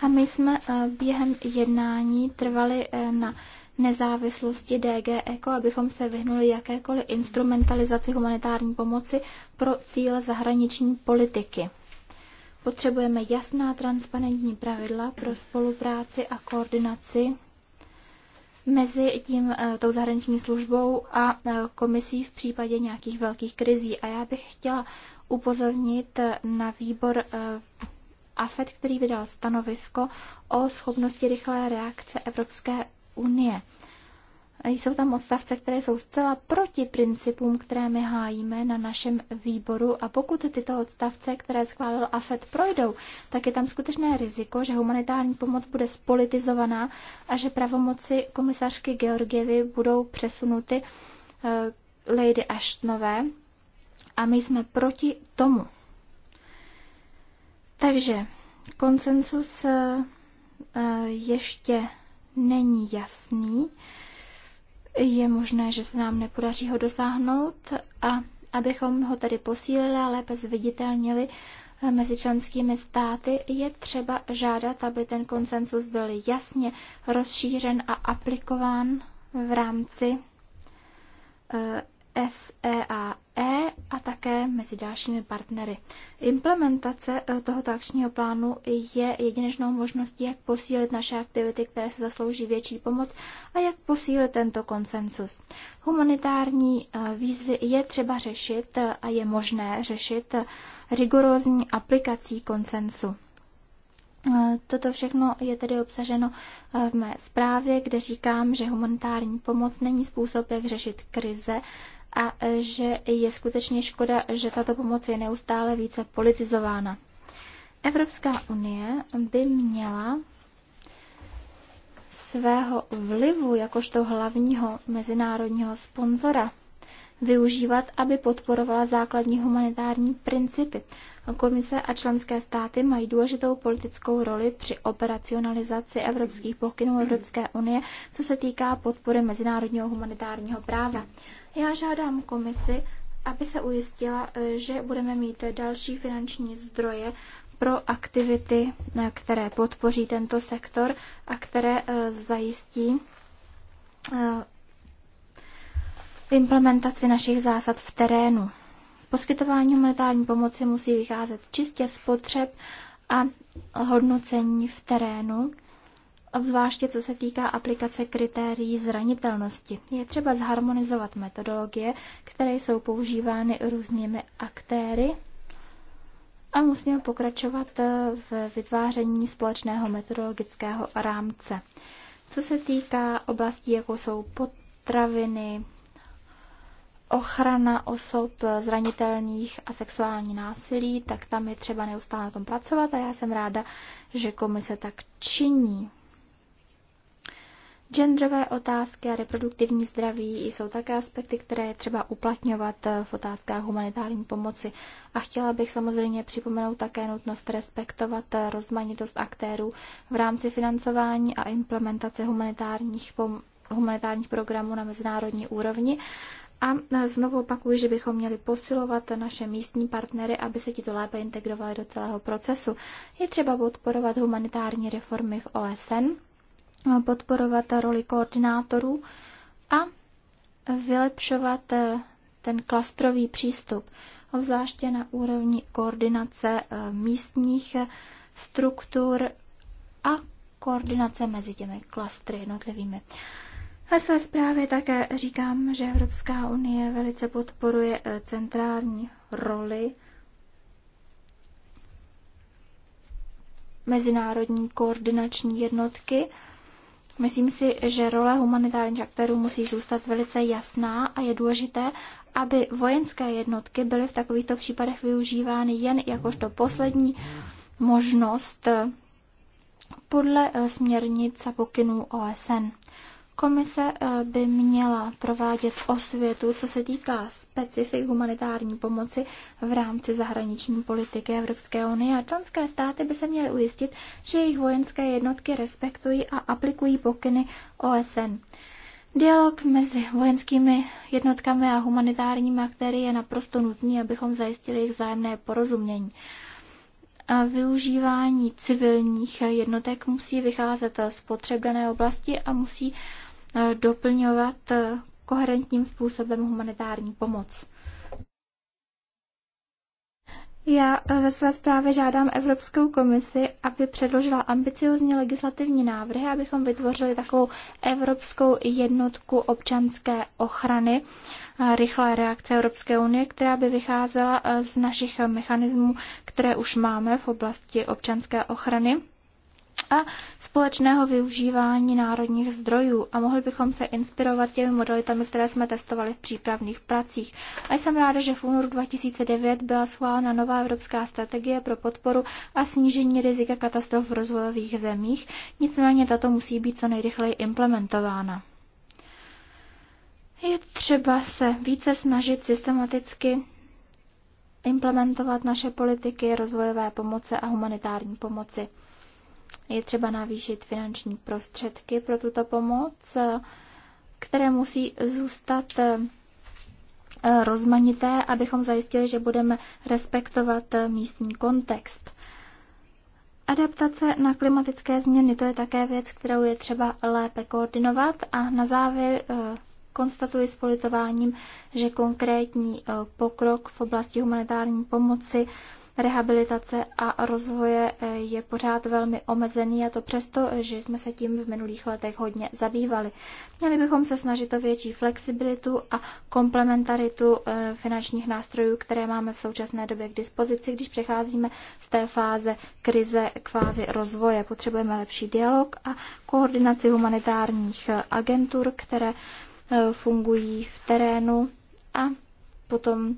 a my jsme eh, během jednání trvali eh, na nezávislosti DG ECO, abychom se vyhnuli jakékoliv instrumentalizaci humanitární pomoci pro cíle zahraniční politiky. Potřebujeme jasná transparentní pravidla pro spolupráci a koordinaci mezi tím, eh, tou zahraniční službou a eh, komisí v případě nějakých velkých krizí. A já bych chtěla upozornit eh, na výbor AFED, který vydal stanovisko o schopnosti rychlé reakce Evropské unie. Jsou tam odstavce, které jsou zcela proti principům, které my hájíme na našem výboru a pokud tyto odstavce, které schválil AFED, projdou, tak je tam skutečné riziko, že humanitární pomoc bude spolitizovaná a že pravomoci komisařky Georgievy budou přesunuty eh, Lady Ashtonové a my jsme proti tomu. Takže konsensus eh, ještě není jasný. Je možné, že se nám nepodaří ho dosáhnout a abychom ho tedy posílili a lépe zviditelnili mezi členskými státy, je třeba žádat, aby ten konsensus byl jasně rozšířen a aplikován v rámci eh, SEAE e a také mezi dalšími partnery. Implementace e, tohoto akčního plánu je jedinečnou možností, jak posílit naše aktivity, které se zaslouží větší pomoc a jak posílit tento konsensus. Humanitární e, výzvy je třeba řešit a je možné řešit rigorózní aplikací konsensu. Toto všechno je tedy obsaženo v mé zprávě, kde říkám, že humanitární pomoc není způsob, jak řešit krize, a že je skutečně škoda, že tato pomoc je neustále více politizována. Evropská unie by měla svého vlivu jakožto hlavního mezinárodního sponzora využívat, aby podporovala základní humanitární principy. Komise a členské státy mají důležitou politickou roli při operacionalizaci evropských pokynů Evropské unie, co se týká podpory mezinárodního humanitárního práva. Já žádám komisi, aby se ujistila, eh, že budeme mít další finanční zdroje pro aktivity, eh, které podpoří tento sektor a které eh, zajistí implementaci našich zásad v terénu. Poskytování humanitární pomoci musí vycházet čistě z potřeb a hodnocení v terénu obzvláště co se týká aplikace kritérií zranitelnosti. Je třeba zharmonizovat metodologie, které jsou používány různými aktéry a musíme pokračovat eh, v vytváření společného metodologického rámce. Co se týká oblastí, jako jsou potraviny, ochrana osob zranitelných a sexuální násilí, tak tam je třeba neustále na tom pracovat a já jsem ráda, že komise tak činí. Genderové otázky a reproduktivní zdraví jsou také aspekty, které je třeba uplatňovat v otázkách humanitární pomoci. A chtěla bych samozřejmě připomenout také nutnost respektovat rozmanitost aktérů v rámci financování a implementace humanitárních, pom- humanitárních programů na mezinárodní úrovni. A znovu opakuju, že bychom měli posilovat naše místní partnery, aby se ti to lépe integrovali do celého procesu. Je třeba podporovat humanitární reformy v OSN, podporovat roli koordinátorů a vylepšovat eh, ten klastrový přístup, obzvláště na úrovni koordinace eh, místních eh, struktur a koordinace mezi těmi klastry jednotlivými. Ve své zprávě také říkám, že Evropská unie velice podporuje centrální roli mezinárodní koordinační jednotky Myslím si, že role humanitárních aktérů musí zůstat velice jasná a je důležité, aby vojenské jednotky byly v takovýchto případech využívány jen jakožto poslední možnost podle eh, směrnic a pokynů OSN. Komise eh, by měla provádět osvětu, co se týká specifik humanitární pomoci v rámci zahraniční politiky Evropské unie a členské státy by se měly ujistit, že jejich vojenské jednotky respektují a aplikují pokyny OSN. Dialog mezi vojenskými jednotkami a humanitárními aktéry je naprosto nutný, abychom zajistili jejich vzájemné porozumění. A využívání civilních jednotek musí vycházet z potřeb dané oblasti a musí Eh, doplňovat eh, koherentním způsobem humanitární pomoc. Já eh, ve své zprávě žádám Evropskou komisi, aby předložila ambiciozní legislativní návrhy, abychom vytvořili takovou evropskou jednotku občanské ochrany, rychlá reakce Evropské unie, která by vycházela z našich mechanismů, které už máme v oblasti občanské ochrany a společného využívání národních zdrojů a mohli bychom se inspirovat těmi modalitami, které jsme testovali v přípravných pracích. A jsem ráda, že v únoru 2009 byla schválena nová evropská strategie pro podporu a snížení rizika katastrof v rozvojových zemích, nicméně tato musí být co nejrychleji implementována. Je třeba se více snažit systematicky implementovat naše politiky rozvojové pomoci a humanitární pomoci. Je třeba navýšit finanční prostředky pro tuto pomoc, které musí zůstat eh, rozmanité, abychom zajistili, že budeme respektovat eh, místní kontext. Adaptace na klimatické změny, to je také věc, kterou je třeba lépe koordinovat a na závěr eh, konstatuji s politováním, že konkrétní pokrok v oblasti humanitární pomoci rehabilitace a rozvoje eh, je pořád velmi omezený a to přesto, že jsme se tím v minulých letech hodně zabývali. Měli bychom se snažit o větší flexibilitu a komplementaritu eh, finančních nástrojů, které máme v současné době k dispozici, když přecházíme z té fáze krize k fázi rozvoje. Potřebujeme lepší dialog a koordinaci humanitárních eh, agentur, které fungují v terénu a potom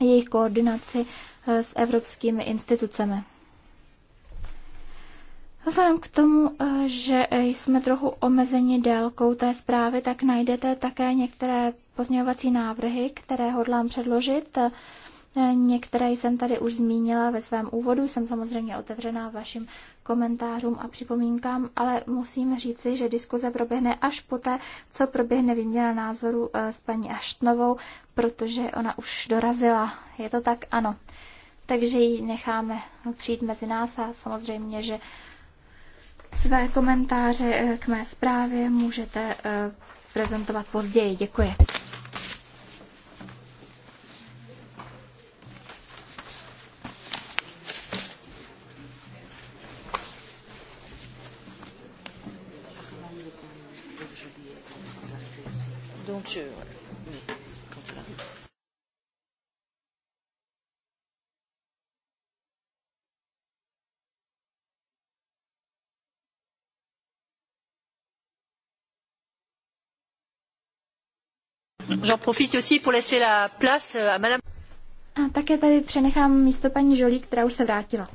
jejich koordinaci Eh, s evropskými institucemi. Vzhledem k tomu, eh, že jsme trochu omezeni délkou té zprávy, tak najdete také některé pozměňovací návrhy, které hodlám předložit. Eh, některé jsem tady už zmínila ve svém úvodu, jsem samozřejmě otevřená vašim komentářům a připomínkám, ale musím říci, že diskuze proběhne až poté, co proběhne výměna názoru s paní Aštnovou, protože ona už dorazila. Je to tak? Ano takže ji necháme přijít mezi nás a samozřejmě, že své komentáře eh, k mé zprávě můžete eh, prezentovat později. Děkuji. Donc je, euh, J'en profite aussi pour laisser la place euh, à madame. A také tady přenechám místo paní Žolí, která už se vrátila.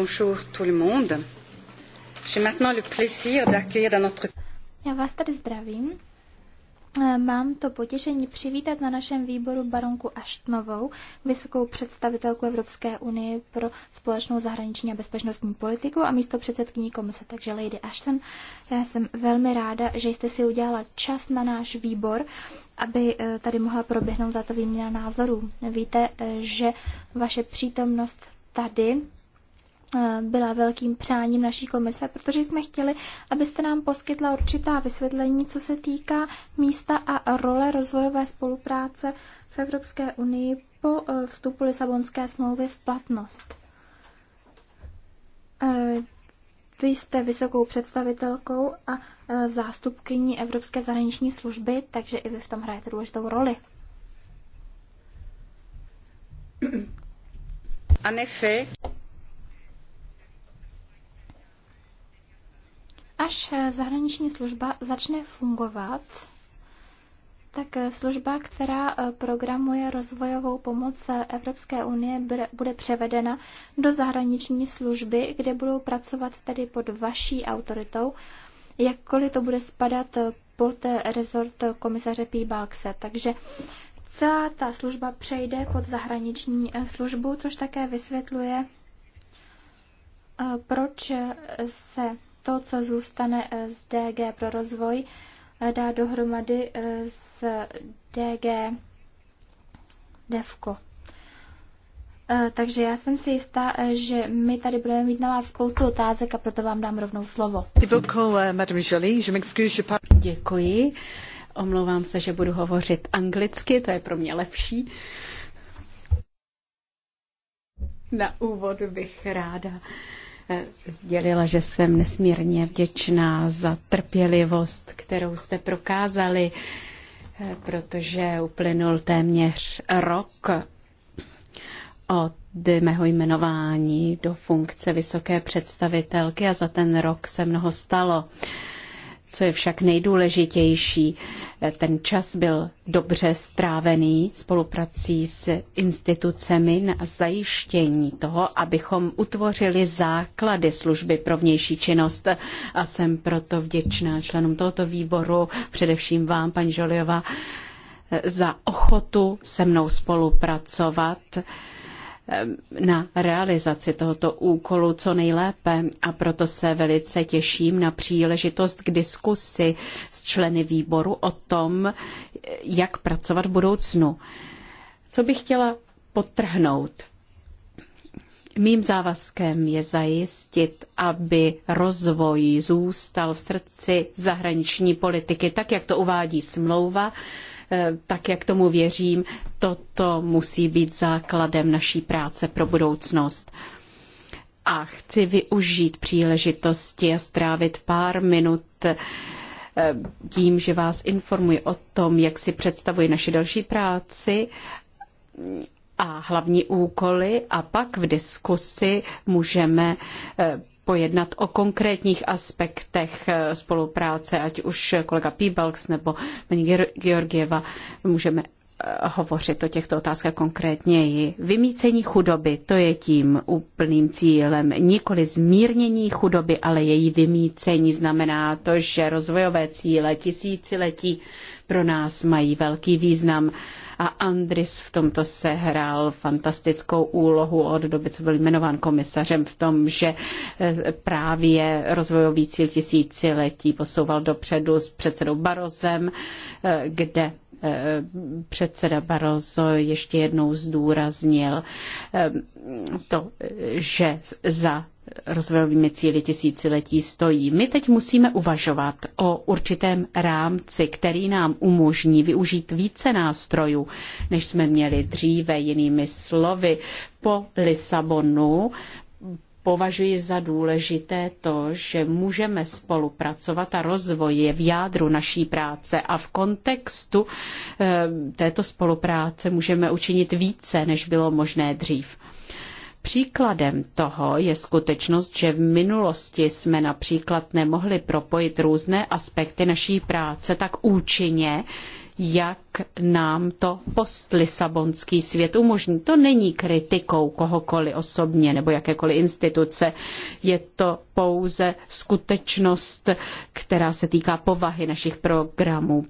Bonjour tout le monde. J'ai maintenant le plaisir d'accueillir dans notre... Já vás tady zdravím. Eh, mám to potěšení přivítat na našem výboru baronku Aštnovou, vysokou představitelku Evropské unie pro společnou zahraniční a bezpečnostní politiku a místo předsedkyní komise. Takže Lady Ashton, já jsem velmi ráda, že jste si udělala čas na náš výbor, aby eh, tady mohla proběhnout tato výměna názorů. Víte, eh, že vaše přítomnost tady Eh, byla velkým přáním naší komise, protože jsme chtěli, abyste nám poskytla určitá vysvětlení, co se týká místa a role rozvojové spolupráce v Evropské unii po eh, vstupu Lisabonské smlouvy v platnost. Eh, vy jste vysokou představitelkou a zástupkyní Evropské zahraniční služby, takže i vy v tom hrajete důležitou roli. En effet. Až eh, zahraniční služba začne fungovat, tak eh, služba, která eh, programuje rozvojovou pomoc Evropské unie, bude převedena do zahraniční služby, kde budou pracovat tedy pod vaší autoritou, jakkoliv to bude spadat pod rezort komisaře Píbalkse. Takže celá ta služba přejde pod zahraniční službu, což také vysvětluje, proč se to, co zůstane eh, z DG pro rozvoj, eh, dá dohromady eh, s DG DEVKO. Takže já jsem si jistá, že my tady budeme mít na vás spoustu otázek a proto vám dám rovnou slovo. Děkuji. Omlouvám se, že budu hovořit anglicky, to je pro mě lepší. Na úvod bych ráda Eh, sdělila, že jsem nesmírně vděčná za trpělivost, kterou jste prokázali, eh, protože uplynul téměř rok od mého jmenování do funkce vysoké představitelky a za ten rok se mnoho stalo. Co je však nejdůležitější, ten čas byl dobře strávený spoluprací s institucemi na zajištění toho, abychom utvořili základy služby pro vnější činnost. A jsem proto vděčná členům tohoto výboru, především vám, paní Žoliová, za ochotu se mnou spolupracovat na realizaci tohoto úkolu co nejlépe a proto se velice těším na příležitost k diskusi s členy výboru o tom, jak pracovat v budoucnu. Co bych chtěla potrhnout? Mým závazkem je zajistit, aby rozvoj zůstal v srdci zahraniční politiky, tak jak to uvádí smlouva Eh, tak jak tomu věřím, toto musí být základem naší práce pro budoucnost. A chci využít příležitosti a strávit pár minut eh, tím, že vás informuji o tom, jak si představuji naši další práci a hlavní úkoly a pak v diskusi můžeme eh, pojednat o konkrétních aspektech eh, spolupráce, ať už kolega Píbalks nebo paní Georgieva. Můžeme hovořit o těchto otázkách konkrétněji. Vymícení chudoby, to je tím úplným cílem. Nikoli zmírnění chudoby, ale její vymícení znamená to, že rozvojové cíle tisíciletí pro nás mají velký význam. A Andris v tomto sehrál fantastickou úlohu od doby, co byl jmenován komisařem v tom, že e, právě rozvojový cíl tisíciletí posouval dopředu s předsedou Barozem, e, kde předseda Barroso ještě jednou zdůraznil ehm, to, že za rozvojovými cíly tisíciletí stojí. My teď musíme uvažovat o určitém rámci, který nám umožní využít více nástrojů, než jsme měli dříve, jinými slovy. Po Lisabonu považuji za důležité to, že můžeme spolupracovat a rozvoj je v jádru naší práce a v kontextu eh, této spolupráce můžeme učinit více, než bylo možné dřív. Příkladem toho je skutečnost, že v minulosti jsme například nemohli propojit různé aspekty naší práce tak účinně, jak nám to postlisabonský svět umožní. To není kritikou kohokoliv osobně nebo jakékoliv instituce. Je to pouze skutečnost, která se týká povahy našich programů.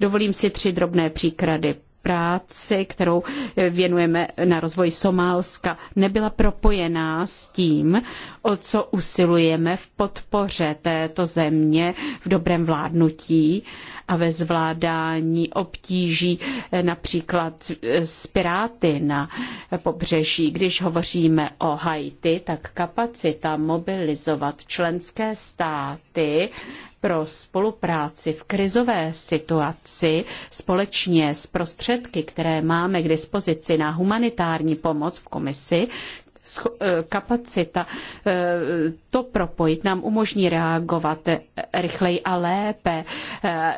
Dovolím si tři drobné příklady práci, kterou věnujeme na rozvoj Somálska, nebyla propojená s tím, o co usilujeme v podpoře této země v dobrém vládnutí a ve zvládání obtíží eh, například s eh, piráty na pobřeží. Když hovoříme o Haiti, tak kapacita mobilizovat členské státy pro spolupráci v krizové situaci společně s prostředky, které máme k dispozici na humanitární pomoc v komisi, Eh, kapacita eh, to propojit nám umožní reagovat rychleji a lépe. Eh,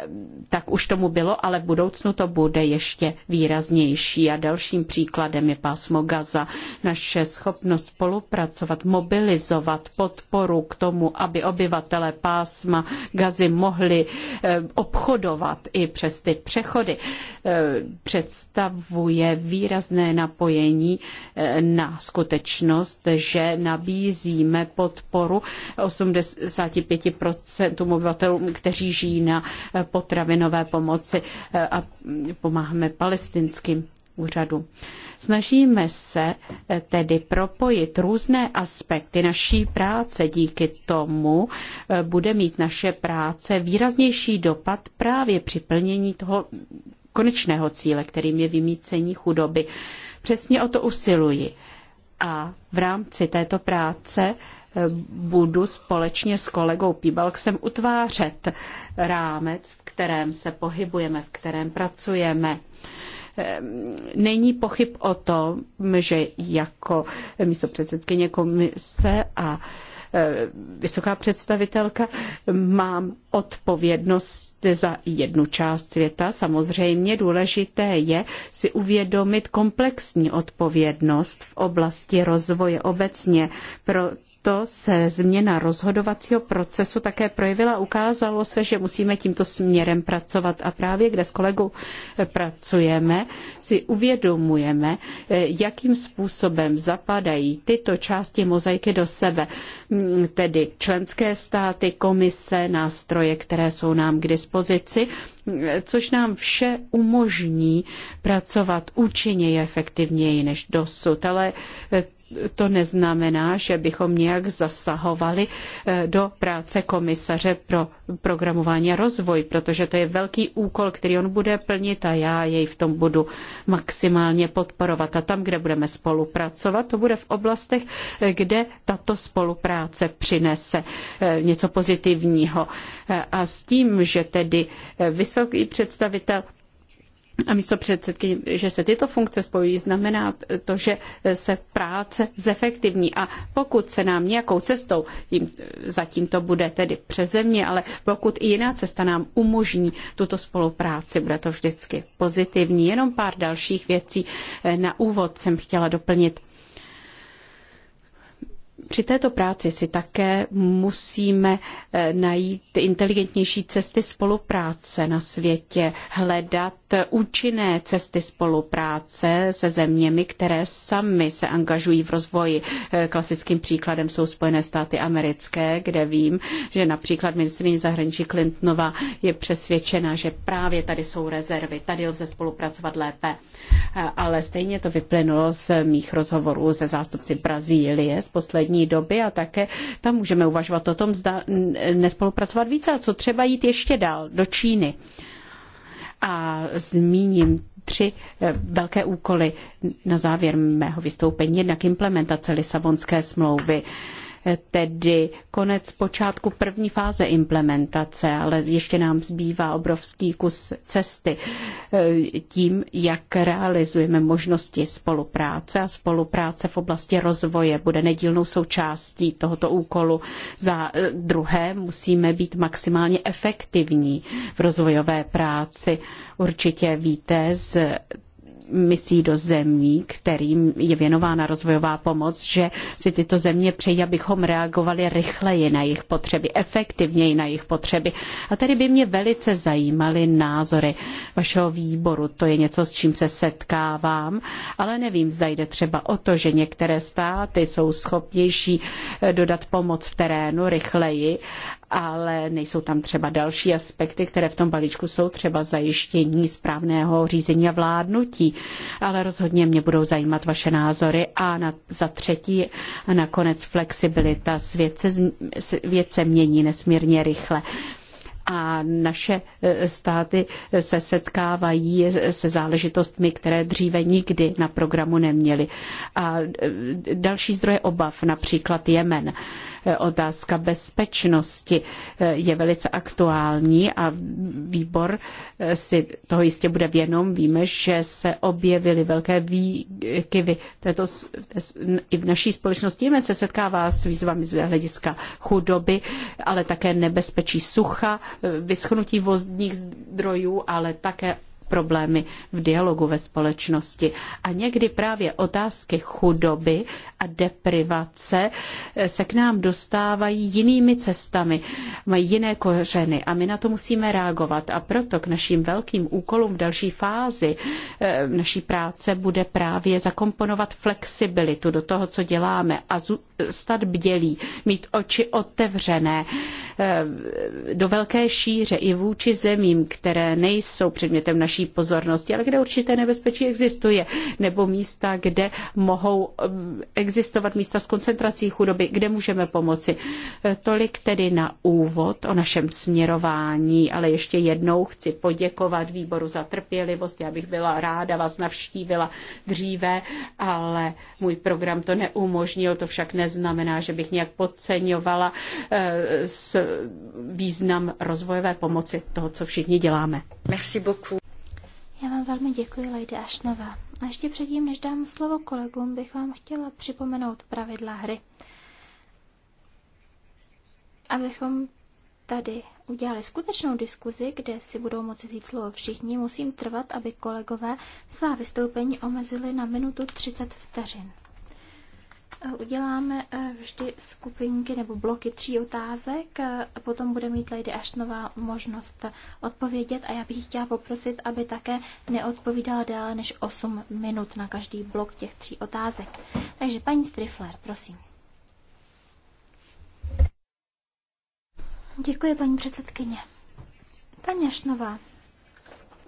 tak už tomu bylo, ale v budoucnu to bude ještě výraznější. A dalším příkladem je pásmo Gaza. Naše schopnost spolupracovat, mobilizovat podporu k tomu, aby obyvatelé pásma Gazy mohli obchodovat i přes ty přechody, představuje výrazné napojení na skutečnost skutečnost, že nabízíme podporu 85% obyvatelům, kteří žijí na potravinové pomoci a pomáháme palestinským úřadům. Snažíme se tedy propojit různé aspekty naší práce. Díky tomu bude mít naše práce výraznější dopad právě při plnění toho konečného cíle, kterým je vymícení chudoby. Přesně o to usiluji. A v rámci této práce eh, budu společně s kolegou Píbalksem utvářet rámec, v kterém se pohybujeme, v kterém pracujeme. Ehm, není pochyb o tom, že jako místo předsedkyně komise a Eh, vysoká představitelka, mám odpovědnost za jednu část světa. Samozřejmě důležité je si uvědomit komplexní odpovědnost v oblasti rozvoje obecně, pro to se změna rozhodovacího procesu také projevila. Ukázalo se, že musíme tímto směrem pracovat a právě kde s kolegou eh, pracujeme, si uvědomujeme, eh, jakým způsobem zapadají tyto části mozaiky do sebe, mm, tedy členské státy, komise, nástroje, které jsou nám k dispozici, eh, což nám vše umožní pracovat účinněji a efektivněji než dosud. Ale to neznamená, že bychom nějak zasahovali eh, do práce komisaře pro programování a rozvoj, protože to je velký úkol, který on bude plnit a já jej v tom budu maximálně podporovat. A tam, kde budeme spolupracovat, to bude v oblastech, eh, kde tato spolupráce přinese eh, něco pozitivního. A s tím, že tedy vysoký představitel a místo předsedky, že se tyto funkce spojují, znamená to, že se práce zefektivní. A pokud se nám nějakou cestou, tím, zatím to bude tedy přes země, ale pokud i jiná cesta nám umožní tuto spolupráci, bude to vždycky pozitivní. Jenom pár dalších věcí na úvod jsem chtěla doplnit. Při této práci si také musíme eh, najít inteligentnější cesty spolupráce na světě, hledat účinné cesty spolupráce se zeměmi, které sami se angažují v rozvoji. Eh, klasickým příkladem jsou Spojené státy americké, kde vím, že například ministrině zahraničí Clintonova je přesvědčena, že právě tady jsou rezervy, tady lze spolupracovat lépe. Eh, ale stejně to vyplynulo z mých rozhovorů se zástupci Brazílie z poslední doby a také tam můžeme uvažovat o tom, zda nespolupracovat více a co třeba jít ještě dál do Číny. A zmíním tři eh, velké úkoly na závěr mého vystoupení. Jednak implementace Lisabonské smlouvy tedy konec počátku první fáze implementace, ale ještě nám zbývá obrovský kus cesty eh, tím, jak realizujeme možnosti spolupráce a spolupráce v oblasti rozvoje bude nedílnou součástí tohoto úkolu. Za eh, druhé musíme být maximálně efektivní v rozvojové práci. Určitě víte z misí do zemí, kterým je věnována rozvojová pomoc, že si tyto země přejí, abychom reagovali rychleji na jejich potřeby, efektivněji na jejich potřeby. A tady by mě velice zajímaly názory vašeho výboru. To je něco, s čím se setkávám, ale nevím, zda jde třeba o to, že některé státy jsou schopnější dodat pomoc v terénu rychleji ale nejsou tam třeba další aspekty, které v tom balíčku jsou třeba zajištění správného řízení a vládnutí. Ale rozhodně mě budou zajímat vaše názory. A na, za třetí, nakonec flexibilita. Svět se, svět se mění nesmírně rychle a naše e, státy se setkávají se záležitostmi, které dříve nikdy na programu neměly. A e, další zdroje obav, například Jemen. Eh, otázka bezpečnosti eh, je velice aktuální a výbor eh, si toho jistě bude vědom. Víme, že se objevily velké výkyvy této, i v naší společnosti. Jemen se setkává s výzvami z hlediska chudoby, ale také nebezpečí sucha, vyschnutí vodních zdrojů, ale také problémy v dialogu ve společnosti. A někdy právě otázky chudoby a deprivace eh, se k nám dostávají jinými cestami, mají jiné kořeny a my na to musíme reagovat. A proto k našim velkým úkolům v další fázi eh, naší práce bude právě zakomponovat flexibilitu do toho, co děláme a stát bdělí, mít oči otevřené eh, do velké šíře i vůči zemím, které nejsou předmětem naší větší pozornosti, ale kde určité nebezpečí existuje, nebo místa, kde mohou eh, existovat místa s koncentrací chudoby, kde můžeme pomoci. Eh, tolik tedy na úvod o našem směrování, ale ještě jednou chci poděkovat výboru za trpělivost. Já bych byla ráda vás navštívila dříve, ale můj program to neumožnil. To však neznamená, že bych nějak podceňovala eh, význam rozvojové pomoci toho, co všichni děláme. Merci beaucoup. Já vám velmi děkuji, Lady Ashnova. A ještě předtím, než dám slovo kolegům, bych vám chtěla připomenout pravidla hry. Abychom tady udělali skutečnou diskuzi, kde si budou moci vzít slovo všichni, musím trvat, aby kolegové svá vystoupení omezili na minutu 30 vteřin. Eh, uděláme eh, vždy skupinky nebo bloky tří otázek, eh, a potom bude mít Lady Ashtonová možnost odpovědět a já bych chtěla poprosit, aby také neodpovídala déle než 8 minut na každý blok těch tří otázek. Takže paní Strifler, prosím. Děkuji, paní předsedkyně. Paní Ašnová,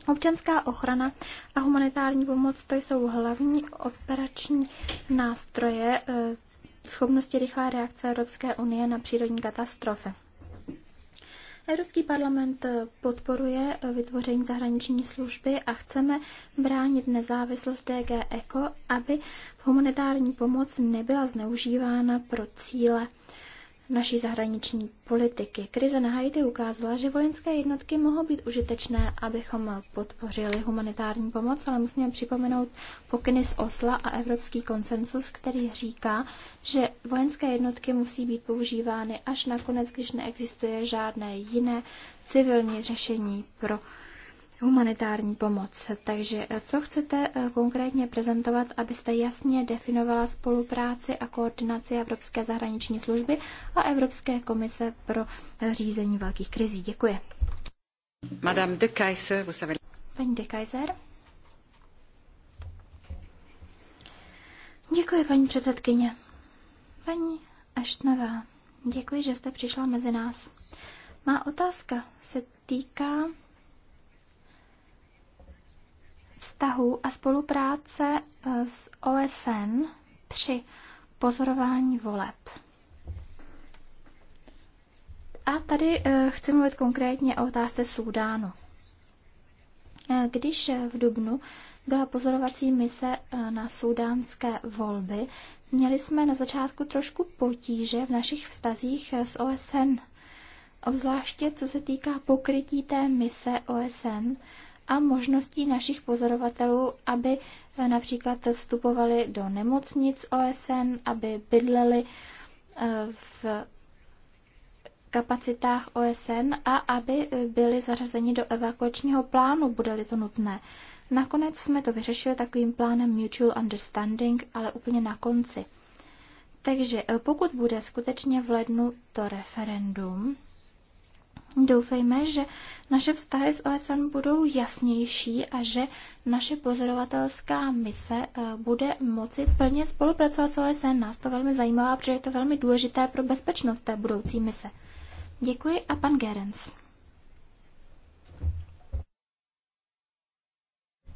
Občanská ochrana a humanitární pomoc to jsou hlavní operační nástroje eh, schopnosti rychlé reakce Evropské unie na přírodní katastrofy. Evropský parlament eh, podporuje eh, vytvoření zahraniční služby a chceme bránit nezávislost DG ECO, aby humanitární pomoc nebyla zneužívána pro cíle naší zahraniční politiky. Krize na Haiti ukázala, že vojenské jednotky mohou být užitečné, abychom podpořili humanitární pomoc, ale musíme připomenout pokyny z Osla a evropský konsensus, který říká, že vojenské jednotky musí být používány až nakonec, když neexistuje žádné jiné civilní řešení pro humanitární pomoc. Takže eh, co chcete eh, konkrétně prezentovat, abyste jasně definovala spolupráci a koordinaci Evropské zahraniční služby a Evropské komise pro eh, řízení velkých krizí? Děkuji. Madame de Kaiser, vous avez... Paní de Kaiser. Děkuji, paní předsedkyně. Paní Aštnová, děkuji, že jste přišla mezi nás. Má otázka se týká vztahu a spolupráce eh, s OSN při pozorování voleb. A tady eh, chci mluvit konkrétně o otázce Súdánu. Eh, když v Dubnu byla pozorovací mise na sudánské volby, měli jsme na začátku trošku potíže v našich vztazích s OSN, obzvláště co se týká pokrytí té mise OSN a možností našich pozorovatelů, aby eh, například vstupovali do nemocnic OSN, aby bydleli eh, v kapacitách OSN a aby eh, byli zařazeni do evakuačního plánu, bude-li to nutné. Nakonec jsme to vyřešili takovým plánem Mutual Understanding, ale úplně na konci. Takže pokud bude skutečně v lednu to referendum, Doufejme, že naše vztahy s OSN budou jasnější a že naše pozorovatelská mise eh, bude moci plně spolupracovat s OSN. Nás to velmi zajímá, protože je to velmi důležité pro bezpečnost té budoucí mise. Děkuji a pan Gerens.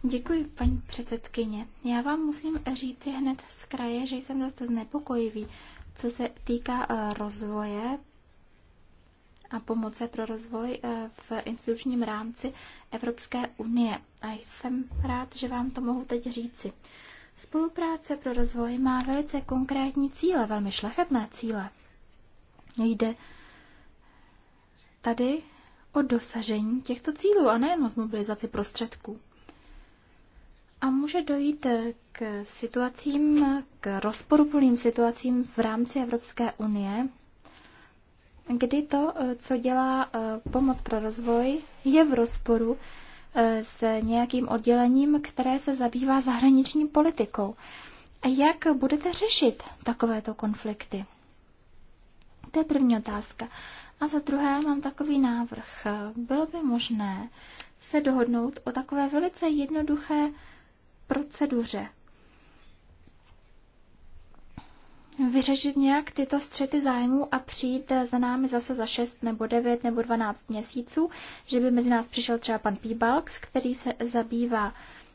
Děkuji, paní předsedkyně. Já vám musím říci hned z kraje, že jsem dost znepokojivý, co se týká eh, rozvoje a pomoce pro rozvoj eh, v institučním rámci Evropské unie. A jsem rád, že vám to mohu teď říci. Spolupráce pro rozvoj má velice konkrétní cíle, velmi šlechetné cíle. Jde tady o dosažení těchto cílů a nejen o zmobilizaci prostředků. A může dojít eh, k situacím, k rozporuplným situacím v rámci Evropské unie, kdy to, eh, co dělá eh, pomoc pro rozvoj, je v rozporu eh, s nějakým oddělením, které se zabývá zahraniční politikou. A jak budete řešit takovéto konflikty? To je první otázka. A za druhé mám takový návrh. Bylo by možné se dohodnout o takové velice jednoduché proceduře vyřešit nějak tyto střety zájmů a přijít eh, za námi zase za 6 nebo 9 nebo 12 měsíců, že by mezi nás přišel třeba pan Píbalks, který se zabývá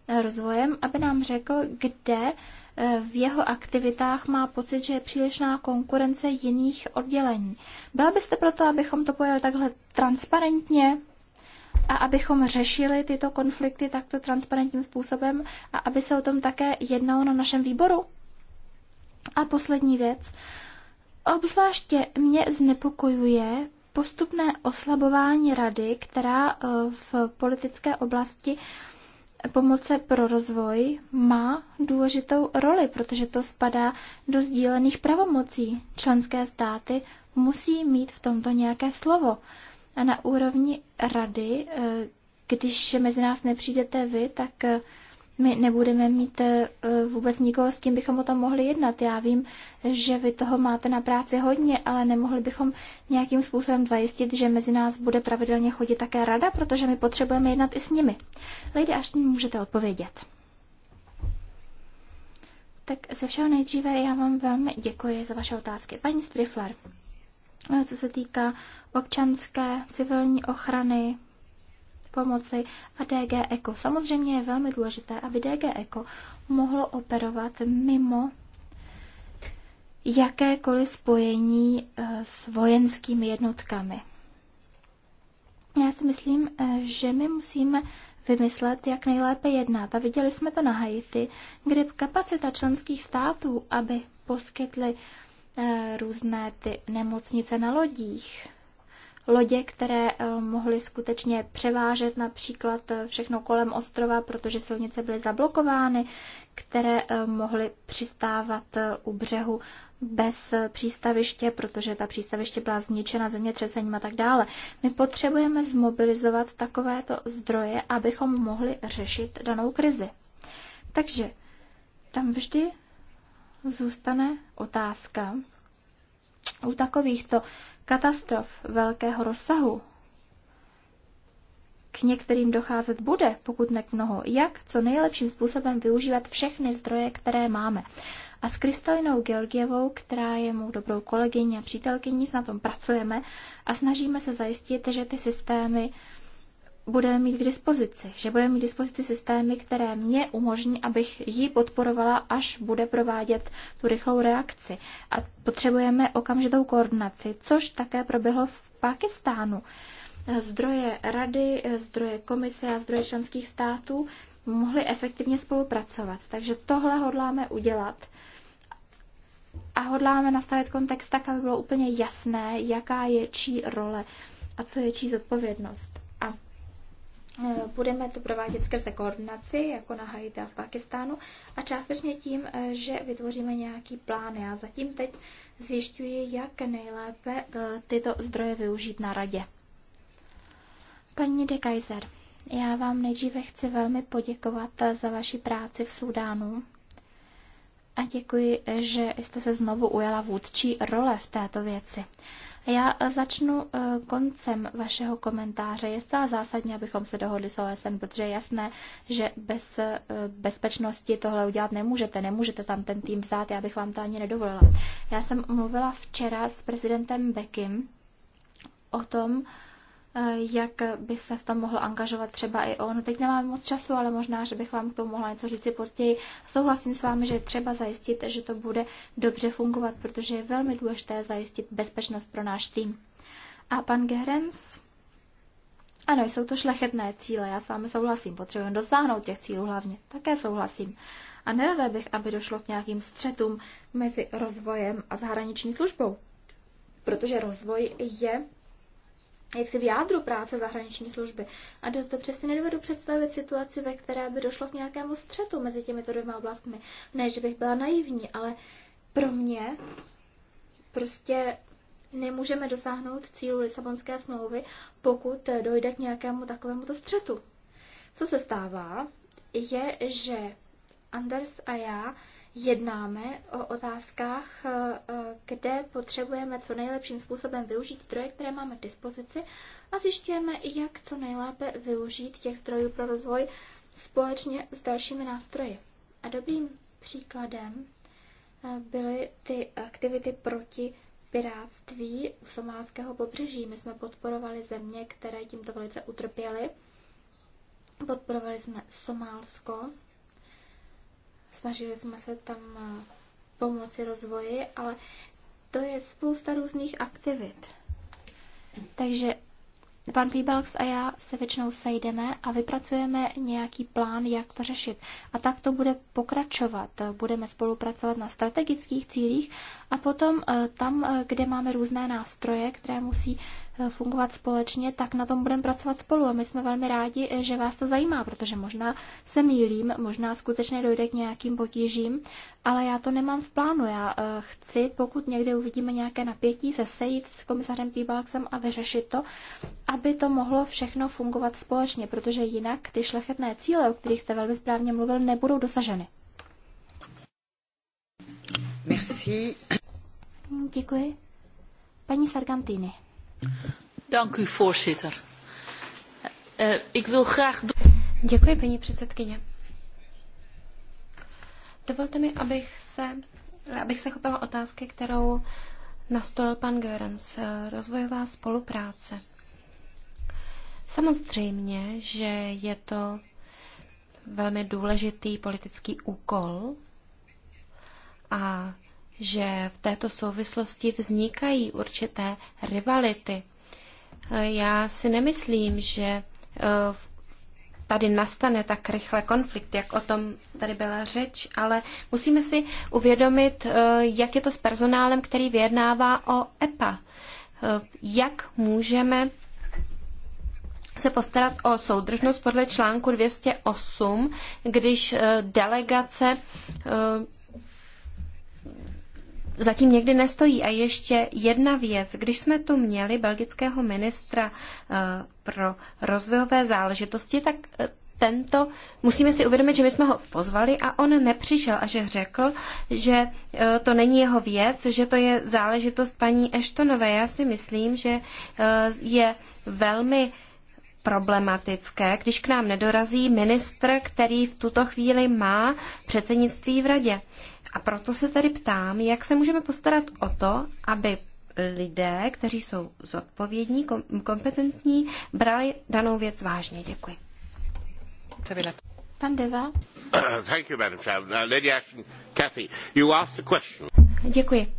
eh, rozvojem, aby nám řekl, kde eh, v jeho aktivitách má pocit, že je přílišná konkurence jiných oddělení. Byla byste proto, abychom to pojeli takhle transparentně a abychom řešili tyto konflikty takto transparentním způsobem a aby se o tom také jednalo na našem výboru? A poslední věc. Obzvláště mě znepokojuje postupné oslabování rady, která eh, v politické oblasti pomoce pro rozvoj má důležitou roli, protože to spadá do sdílených pravomocí. Členské státy musí mít v tomto nějaké slovo. A na úrovni rady, eh, když mezi nás nepřijdete vy, tak eh, my nebudeme mít eh, vůbec nikoho, s kým bychom o tom mohli jednat. Já vím, že vy toho máte na práci hodně, ale nemohli bychom nějakým způsobem zajistit, že mezi nás bude pravidelně chodit také rada, protože my potřebujeme jednat i s nimi. Lady Ashton, můžete odpovědět. Tak ze všeho nejdříve já vám velmi děkuji za vaše otázky. Paní Strifler, eh, co se týká občanské civilní ochrany, pomoci a DG Eco. Samozřejmě je velmi důležité, aby DG Eco mohlo operovat mimo jakékoliv spojení eh, s vojenskými jednotkami. Já si myslím, eh, že my musíme vymyslet, jak nejlépe jednat. A viděli jsme to na Haiti, kde kapacita členských států, aby poskytly eh, různé ty nemocnice na lodích, lodě, které eh, mohly skutečně převážet například eh, všechno kolem ostrova, protože silnice byly zablokovány, které eh, mohly přistávat u břehu bez přístaviště, protože ta přístaviště byla zničena zemětřesením a tak dále. My potřebujeme zmobilizovat takovéto zdroje, abychom mohli řešit danou krizi. Takže tam vždy zůstane otázka u takovýchto katastrof velkého rozsahu. K některým docházet bude, pokud ne k mnoho, jak co nejlepším způsobem využívat všechny zdroje, které máme. A s Kristalinou Georgievou, která je mou dobrou kolegyní a přítelkyní, na tom pracujeme a snažíme se zajistit, že ty systémy budeme mít k dispozici, že budeme mít k dispozici systémy, které mě umožní, abych ji podporovala, až bude provádět tu rychlou reakci. A potřebujeme okamžitou koordinaci, což také proběhlo v Pakistánu. Zdroje rady, zdroje komise a zdroje členských států mohly efektivně spolupracovat. Takže tohle hodláme udělat. A hodláme nastavit kontext tak, aby bylo úplně jasné, jaká je čí role a co je čí zodpovědnost. Eh, budeme to provádět skrze koordinaci, jako na Haiti a v Pakistánu, a částečně tím, eh, že vytvoříme nějaký plán. Já zatím teď zjišťuji, jak nejlépe eh, tyto zdroje využít na radě. Paní de Kaiser, já vám nejdříve chci velmi poděkovat za vaši práci v Súdánu a děkuji, že jste se znovu ujala vůdčí role v této věci. Já začnu eh, koncem vašeho komentáře. Je zcela zásadní, abychom se dohodli s OSN, protože je jasné, že bez eh, bezpečnosti tohle udělat nemůžete. Nemůžete tam ten tým vzát, já bych vám to ani nedovolila. Já jsem mluvila včera s prezidentem Bekim o tom, Eh, jak by se v tom mohl angažovat třeba i on. Teď nemáme moc času, ale možná, že bych vám k tomu mohla něco říct později. Souhlasím s vámi, že je třeba zajistit, že to bude dobře fungovat, protože je velmi důležité zajistit bezpečnost pro náš tým. A pan Gehrens? Ano, jsou to šlechetné cíle, já s vámi souhlasím, potřebujeme dosáhnout těch cílů hlavně, také souhlasím. A nerada bych, aby došlo k nějakým střetům mezi rozvojem a zahraniční službou, protože rozvoj je jak si v jádru práce zahraniční služby. A dost dobře si nedovedu představit situaci, ve které by došlo k nějakému střetu mezi těmito dvěma oblastmi. Ne, že bych byla naivní, ale pro mě prostě nemůžeme dosáhnout cílu Lisabonské smlouvy, pokud dojde k nějakému takovému to střetu. Co se stává, je, že Anders a já jednáme o otázkách, eh, eh, kde potřebujeme co nejlepším způsobem využít zdroje, které máme k dispozici a zjišťujeme, jak co nejlépe využít těch zdrojů pro rozvoj společně s dalšími nástroji. A dobrým příkladem eh, byly ty aktivity proti pirátství u somálského pobřeží. My jsme podporovali země, které tímto velice utrpěly. Podporovali jsme Somálsko Snažili jsme se tam eh, pomoci rozvoji, ale to je spousta různých aktivit. Takže pan Pibalx a já se většinou sejdeme a vypracujeme nějaký plán, jak to řešit. A tak to bude pokračovat. Budeme spolupracovat na strategických cílích a potom eh, tam, eh, kde máme různé nástroje, které musí Eh, fungovat společně, tak na tom budeme pracovat spolu. A my jsme velmi rádi, eh, že vás to zajímá, protože možná se mýlím, možná skutečně dojde k nějakým potížím, ale já to nemám v plánu. Já eh, chci, pokud někde uvidíme nějaké napětí, se sejít s komisařem Píbalksem a vyřešit to, aby to mohlo všechno fungovat společně, protože jinak ty šlechetné cíle, o kterých jste velmi správně mluvil, nebudou dosaženy. Merci. Děkuji. Paní Sargantini. Dank u, voorzitter. Eh, ik wil graag... Děkuji, paní předsedkyně. Dovolte mi, abych se, abych se chopila otázky, kterou nastolil pan Görens. Eh, rozvojová spolupráce. Samozřejmě, že je to velmi důležitý politický úkol a že v této souvislosti vznikají určité rivality. Já si nemyslím, že eh, tady nastane tak rychle konflikt, jak o tom tady byla řeč, ale musíme si uvědomit, eh, jak je to s personálem, který vyjednává o EPA. Eh, jak můžeme se postarat o soudržnost podle článku 208, když delegace zatím někdy nestojí. A ještě jedna věc. Když jsme tu měli belgického ministra eh, pro rozvojové záležitosti, tak eh, tento, musíme si uvědomit, že my jsme ho pozvali a on nepřišel a že řekl, že eh, to není jeho věc, že to je záležitost paní Eštonové. Já si myslím, že je velmi problematické, když k nám nedorazí ministr, který v tuto chvíli má předsednictví v radě. A proto se tedy ptám, jak se můžeme postarat o to, aby lidé, kteří jsou zodpovědní, kompetentní, brali danou věc vážně. Děkuji. Pan Deva. Thank you, Madam Chairman. Uh, Lady Ashton, Cathy, you asked a question. Děkuji.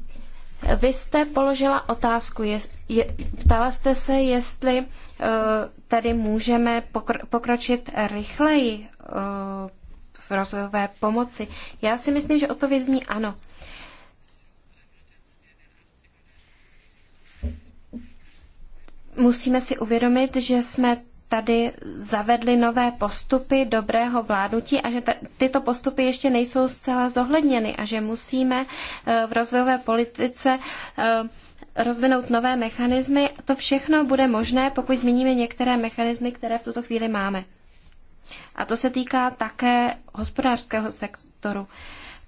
Vy jste položila otázku, je, je, ptala jste se, jestli uh, tady můžeme pokr- pokročit rychleji uh, v rozvojové pomoci? Já si myslím, že odpověď zní ano. Musíme si uvědomit, že jsme tady zavedli nové postupy dobrého vládnutí a že tyto postupy ještě nejsou zcela zohledněny a že musíme eh, v rozvojové politice eh, rozvinout nové mechanismy. To všechno bude možné, pokud zmíníme některé mechanismy, které v tuto chvíli máme. A to se týká také hospodářského sektoru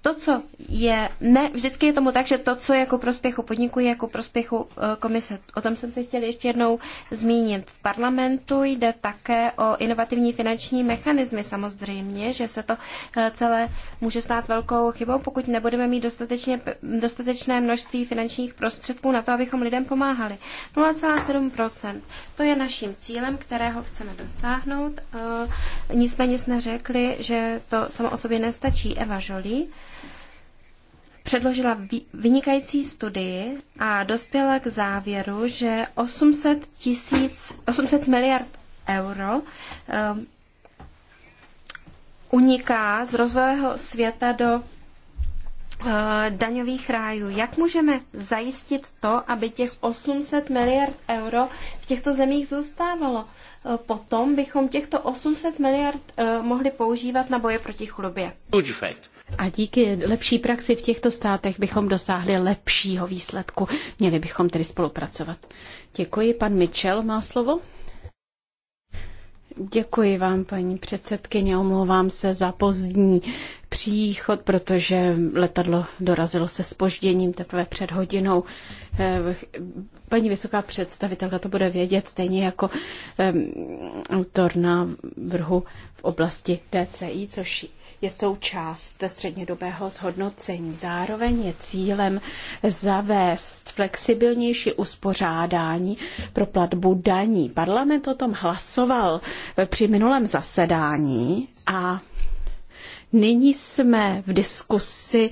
to, co je, ne, vždycky je tomu tak, že to, co je jako prospěchu podniku, je jako prospěchu e, komise. O tom jsem se chtěla ještě jednou zmínit. V parlamentu jde také o inovativní finanční mechanismy. Samozřejmě, že se to e, celé může stát velkou chybou, pokud nebudeme mít dostatečně, dostatečné množství finančních prostředků na to, abychom lidem pomáhali. 0,7%. To je naším cílem, kterého chceme dosáhnout. E, nicméně jsme řekli, že to samo o sobě nestačí. Eva Jolie předložila vynikající studii a dospěla k závěru, že 800, tisíc, 800 miliard euro um, uniká z rozvojového světa do eh, daňových rájů. Jak můžeme zajistit to, aby těch 800 miliard euro v těchto zemích zůstávalo? Eh, potom bychom těchto 800 miliard eh, mohli používat na boje proti chlubě. A díky lepší praxi v těchto státech bychom dosáhli lepšího výsledku. Měli bychom tedy spolupracovat. Děkuji. Pan Mitchell má slovo. Děkuji vám, paní předsedkyně. Omlouvám se za pozdní příchod, protože letadlo dorazilo se spožděním teprve před hodinou. Eh, paní vysoká představitelka to bude vědět, stejně jako eh, autor na vrhu v oblasti DCI, což je součást střednědobého zhodnocení. Zároveň je cílem zavést flexibilnější uspořádání pro platbu daní. Parlament o tom hlasoval eh, při minulém zasedání a Nyní jsme v diskusi,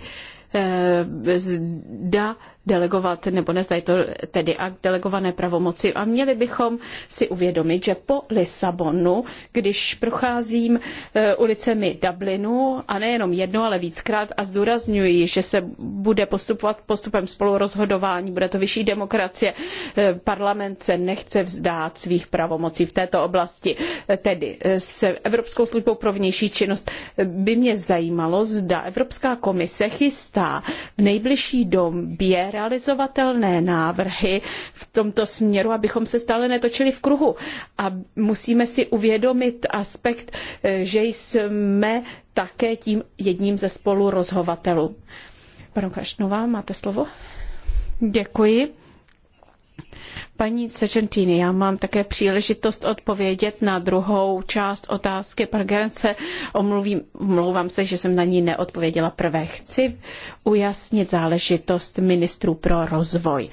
eh, zda delegovat, nebo nezdají to tedy akt delegované pravomoci. A měli bychom si uvědomit, že po Lisabonu, když procházím eh, ulicemi Dublinu, a nejenom jedno, ale víckrát, a zdůrazňuji, že se bude postupovat postupem spolurozhodování, bude to vyšší demokracie, eh, parlament se nechce vzdát svých pravomocí v této oblasti. Eh, tedy se Evropskou službou pro vnější činnost by mě zajímalo, zda Evropská komise chystá v nejbližší době realizovatelné návrhy v tomto směru, abychom se stále netočili v kruhu. A musíme si uvědomit aspekt, eh, že jsme také tím jedním ze rozhovatelů. Paní Kašnová, máte slovo? Děkuji. Paní Sargentini, já mám také příležitost odpovědět na druhou část otázky. Pan omluvím, omlouvám se, že jsem na ní neodpověděla prvé. Chci ujasnit záležitost ministrů pro rozvoj.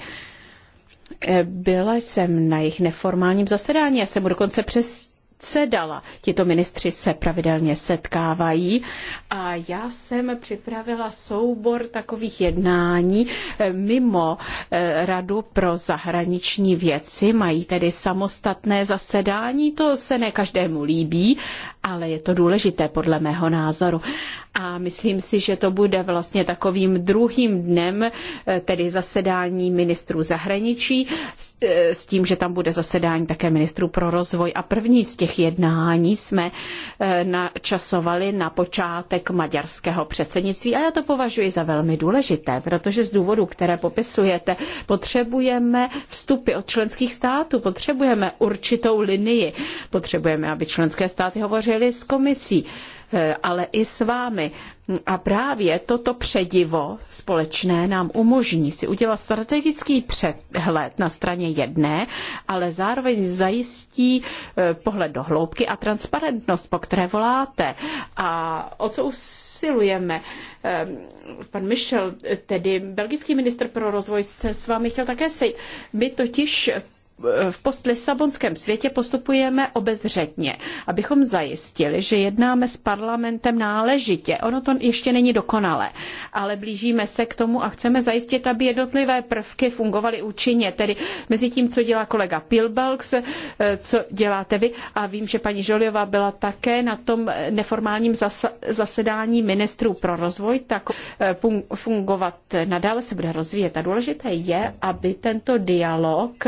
E, byla jsem na jejich neformálním zasedání, já jsem mu dokonce přes předsedala. Tito ministři se pravidelně setkávají a já jsem připravila soubor takových jednání eh, mimo eh, Radu pro zahraniční věci. Mají tedy samostatné zasedání, to se ne každému líbí, ale je to důležité podle mého názoru. A myslím si, že to bude vlastně takovým druhým dnem, eh, tedy zasedání ministrů zahraničí, eh, s tím, že tam bude zasedání také ministrů pro rozvoj. A první z těch jednání jsme eh, načasovali na počátek maďarského předsednictví. A já to považuji za velmi důležité, protože z důvodu, které popisujete, potřebujeme vstupy od členských států, potřebujeme určitou linii, potřebujeme, aby členské státy hovořily s komisí Eh, ale i s vámi. A právě toto předivo společné nám umožní si udělat strategický přehled na straně jedné, ale zároveň zajistí eh, pohled do hloubky a transparentnost, po které voláte. A o co usilujeme? Eh, pan Michel, tedy belgický minister pro rozvoj, se s vámi chtěl také sejít. My totiž v postlisabonském světě postupujeme obezřetně, abychom zajistili, že jednáme s parlamentem náležitě. Ono to ještě není dokonalé, ale blížíme se k tomu a chceme zajistit, aby jednotlivé prvky fungovaly účinně. Tedy mezi tím, co dělá kolega Pilbalks, eh, co děláte vy a vím, že paní Žoliová byla také na tom neformálním zasedání ministrů pro rozvoj, tak eh, fungovat nadále se bude rozvíjet. A důležité je, aby tento dialog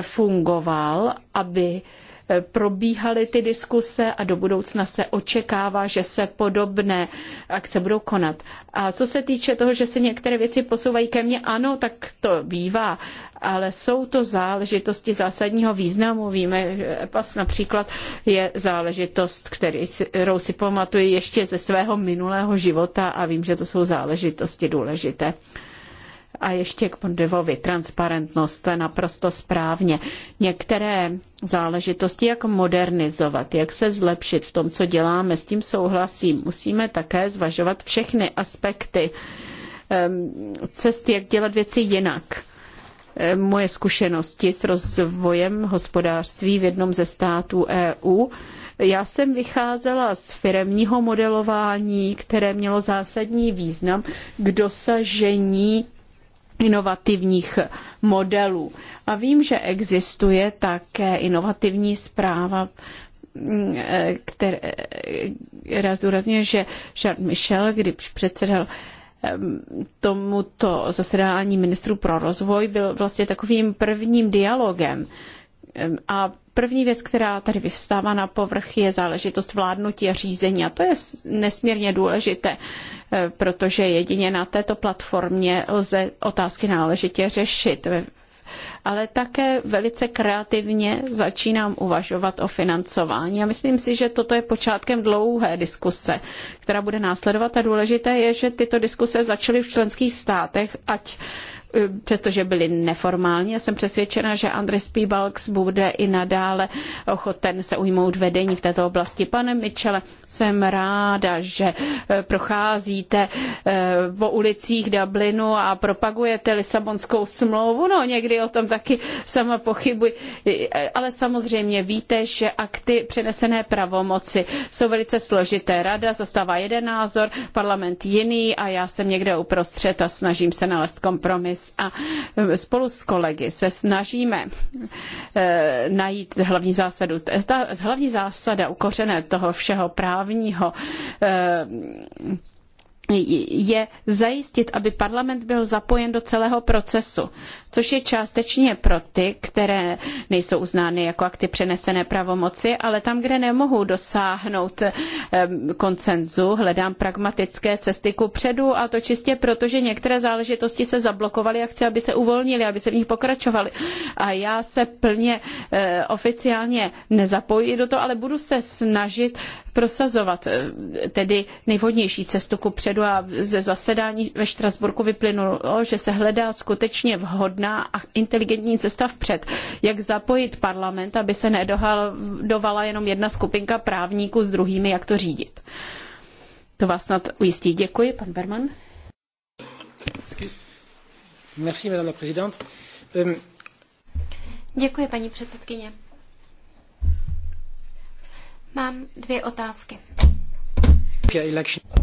fungoval, aby eh, probíhaly ty diskuse a do budoucna se očekává, že se podobné akce budou konat. A co se týče toho, že se některé věci posouvají ke mně, ano, tak to bývá, ale jsou to záležitosti zásadního významu. Víme, že EPAS například je záležitost, kterou si pamatuji ještě ze svého minulého života a vím, že to jsou záležitosti důležité. A ještě k Pondivovi. Transparentnost naprosto správně. Některé záležitosti, jak modernizovat, jak se zlepšit v tom, co děláme, s tím souhlasím. Musíme také zvažovat všechny aspekty ehm, cesty, jak dělat věci jinak ehm, moje zkušenosti s rozvojem hospodářství v jednom ze států EU. Já jsem vycházela z firemního modelování, které mělo zásadní význam k dosažení inovativních modelů. A vím, že existuje také inovativní zpráva která zdůrazňuje, že Charles Michel, když předsedal tomuto zasedání ministru pro rozvoj, byl vlastně takovým prvním dialogem. A První věc, která tady vyvstává na povrch, je záležitost vládnutí a řízení. A to je nesmírně důležité, eh, protože jedině na této platformě lze otázky náležitě řešit. Ale také velice kreativně začínám uvažovat o financování. A myslím si, že toto je počátkem dlouhé diskuse, která bude následovat. A důležité je, že tyto diskuse začaly v členských státech, ať přestože byly neformální. Já jsem přesvědčena, že Andres Píbalks bude i nadále ochoten se ujmout vedení v této oblasti. Pane Michele, jsem ráda, že eh, procházíte eh, po ulicích Dublinu a propagujete Lisabonskou smlouvu. No, někdy o tom taky sama pochybuji. Ale samozřejmě víte, že akty přenesené pravomoci jsou velice složité. Rada zastává jeden názor, parlament jiný a já jsem někde uprostřed a snažím se nalézt kompromis a e, spolu s kolegy se snažíme e, najít hlavní zásadu. Ta hlavní zásada ukořené toho všeho právního e, je zajistit, aby parlament byl zapojen do celého procesu, což je částečně pro ty, které nejsou uznány jako akty přenesené pravomoci, ale tam, kde nemohou dosáhnout koncenzu, hledám pragmatické cesty ku předu a to čistě proto, že některé záležitosti se zablokovaly a chci, aby se uvolnily, aby se v nich pokračovaly. A já se plně eh, oficiálně nezapojuji do toho, ale budu se snažit prosazovat eh, tedy nejvhodnější cestu ku předu a ze zasedání ve Štrasburku vyplynulo, že se hledá skutečně vhodná a inteligentní cesta vpřed. Jak zapojit parlament, aby se nedohala jenom jedna skupinka právníků s druhými, jak to řídit. To vás snad ujistí. Děkuji, pan Berman. Merci, madame la présidente. Euh, Děkuji, paní předsedkyně. Mám dvě otázky.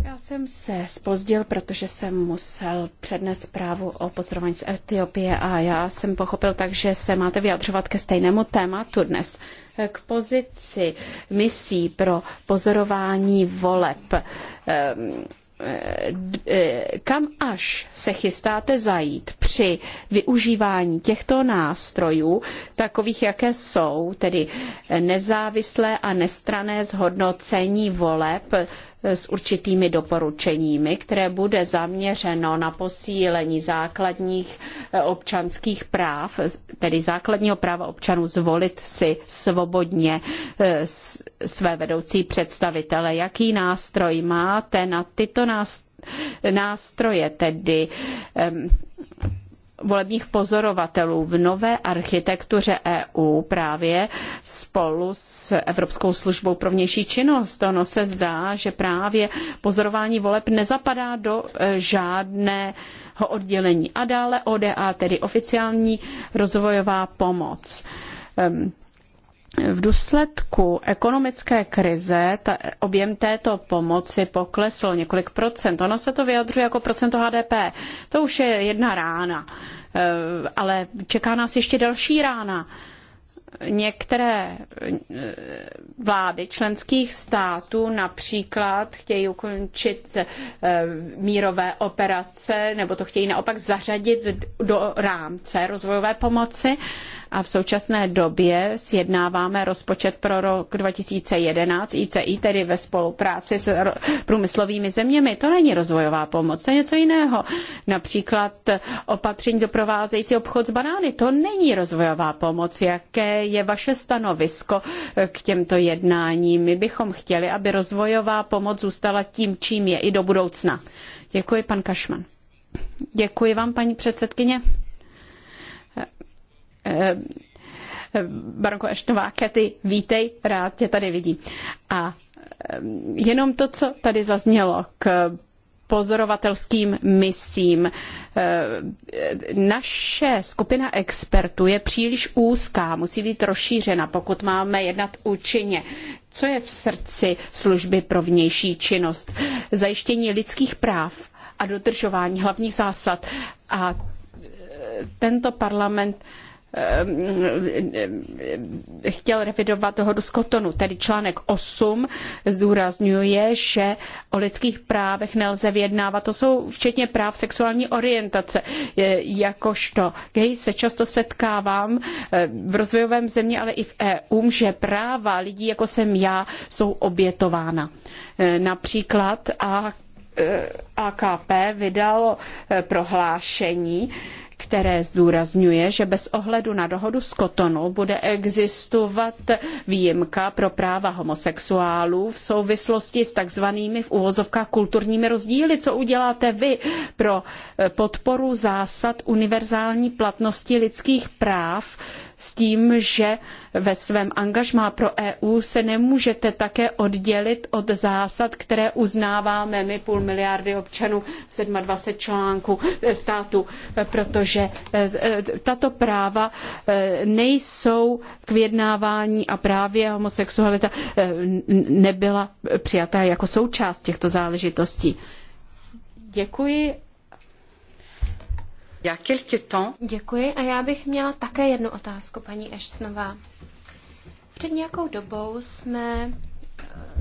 Já jsem se spozdil, protože jsem musel přednést zprávu o pozorování z Etiopie a já jsem pochopil tak, že se máte vyjadřovat ke stejnému tématu dnes. K pozici misí pro pozorování voleb ehm, kam až se chystáte zajít při využívání těchto nástrojů, takových, jaké jsou, tedy nezávislé a nestrané zhodnocení voleb s určitými doporučeními, které bude zaměřeno na posílení základních eh, občanských práv, tedy základního práva občanů zvolit si svobodně eh, své vedoucí představitele. Jaký nástroj máte na tyto nástroje, tedy volebních pozorovatelů v nové architektuře EU právě spolu s Evropskou službou pro vnější činnost. Ono se zdá, že právě pozorování voleb nezapadá do e, žádného oddělení. A dále ODA, tedy oficiální rozvojová pomoc v důsledku ekonomické krize ta, objem této pomoci poklesl několik procent. Ono se to vyjadřuje jako procento HDP. To už je jedna rána, eh, ale čeká nás ještě další rána. Některé eh, vlády členských států například chtějí ukončit eh, mírové operace nebo to chtějí naopak zařadit do rámce rozvojové pomoci a v současné době sjednáváme rozpočet pro rok 2011 ICI, tedy ve spolupráci s průmyslovými zeměmi. To není rozvojová pomoc, to je něco jiného. Například opatření doprovázející obchod s banány, to není rozvojová pomoc. Jaké je vaše stanovisko k těmto jednáním? My bychom chtěli, aby rozvojová pomoc zůstala tím, čím je i do budoucna. Děkuji, pan Kašman. Děkuji vám, paní předsedkyně. Eh, Baronko Eštová, Kety, vítej, rád tě tady vidím. A eh, jenom to, co tady zaznělo k pozorovatelským misím. Eh, naše skupina expertů je příliš úzká, musí být rozšířena, pokud máme jednat účinně. Co je v srdci služby pro vnější činnost? Zajištění lidských práv a dodržování hlavních zásad. A tento parlament Eh, chtěl revidovat dohodu z Kotonu. Tedy článek 8 zdůrazňuje, že o lidských právech nelze vyjednávat. To jsou včetně práv sexuální orientace. Jakožto gay se často setkávám eh, v rozvojovém země, ale i v EU, že práva lidí, jako jsem já, jsou obětována. Eh, například AKP vydalo prohlášení, které zdůrazňuje, že bez ohledu na dohodu z Kotonu bude existovat výjimka pro práva homosexuálů v souvislosti s takzvanými v uvozovkách kulturními rozdíly. Co uděláte vy pro podporu zásad univerzální platnosti lidských práv? s tím, že ve svém angažmá pro EU se nemůžete také oddělit od zásad, které uznáváme my půl miliardy občanů v 27 článku eh, státu, eh, protože eh, tato práva nejsou k vyjednávání a právě homosexualita nebyla přijata jako součást těchto záležitostí. Děkuji Děkuji a já bych měla také jednu otázku, paní Eštnová. Před nějakou dobou jsme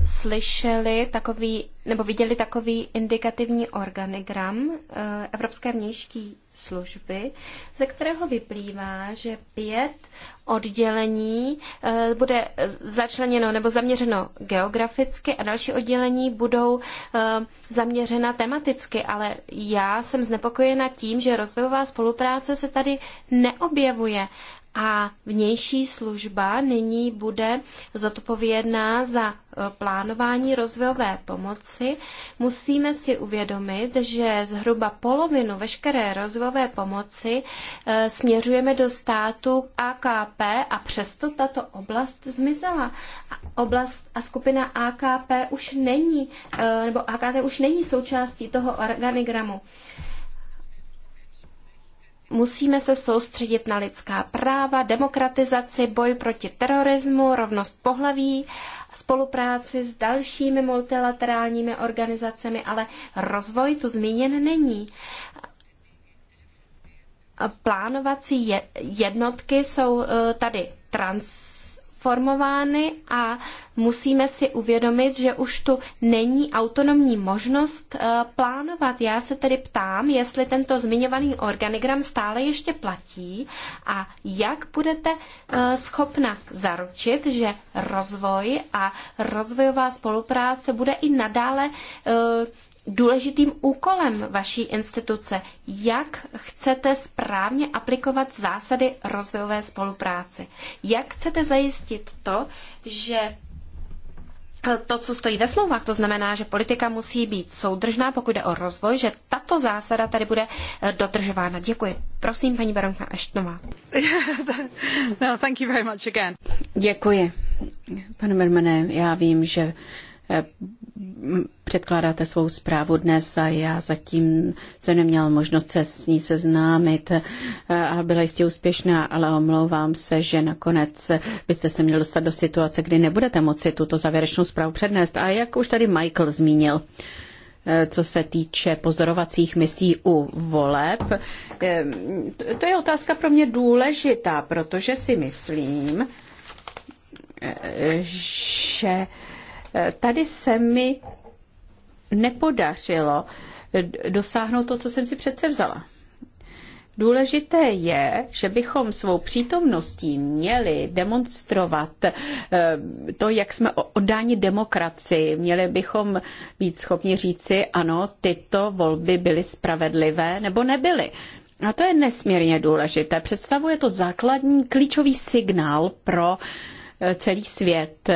slyšeli takový, nebo viděli takový indikativní organigram eh, Evropské vnější služby, ze kterého vyplývá, že pět oddělení eh, bude eh, začleněno nebo zaměřeno geograficky a další oddělení budou zaměřena tematicky, ale já jsem znepokojena tím, že rozvojová spolupráce se tady neobjevuje a vnější služba nyní bude zodpovědná za e, plánování rozvojové pomoci. Musíme si uvědomit, že zhruba polovinu veškeré rozvojové pomoci e, směřujeme do státu AKP a přesto tato oblast zmizela. Oblast a skupina AKP už není, e, nebo AKP už není součástí toho organigramu musíme se soustředit na lidská práva, demokratizaci, boj proti terorismu, rovnost pohlaví, spolupráci s dalšími multilaterálními organizacemi, ale rozvoj tu zmíněn není. Plánovací jednotky jsou eh, tady trans formovány a musíme si uvědomit, že už tu není autonomní možnost eh, plánovat. Já se tedy ptám, jestli tento zmiňovaný organigram stále ještě platí a jak budete eh, schopna zaručit, že rozvoj a rozvojová spolupráce bude i nadále eh, důležitým úkolem vaší instituce. Jak chcete správně aplikovat zásady rozvojové spolupráce? Jak chcete zajistit to, že eh, to, co stojí ve smlouvách, to znamená, že politika musí být soudržná, pokud jde o rozvoj, že tato zásada tady bude eh, dodržována. Děkuji. Prosím, paní baronka Eštnová. no, thank you very much again. Děkuji. Pane Mermane, já vím, že eh, předkládáte svou zprávu dnes a já zatím jsem neměl možnost se s ní seznámit eh, a byla jistě úspěšná, ale omlouvám se, že nakonec byste se měl dostat do situace, kdy nebudete moci tuto závěrečnou zprávu přednést. A jak už tady Michael zmínil, eh, co se týče pozorovacích misí u voleb. Eh, to je otázka pro mě důležitá, protože si myslím, že Tady se mi nepodařilo dosáhnout to, co jsem si přece vzala. Důležité je, že bychom svou přítomností měli demonstrovat eh, to, jak jsme oddáni demokracii. Měli bychom být schopni říci, ano, tyto volby byly spravedlivé nebo nebyly. A to je nesmírně důležité. Představuje to základní klíčový signál pro eh, celý svět.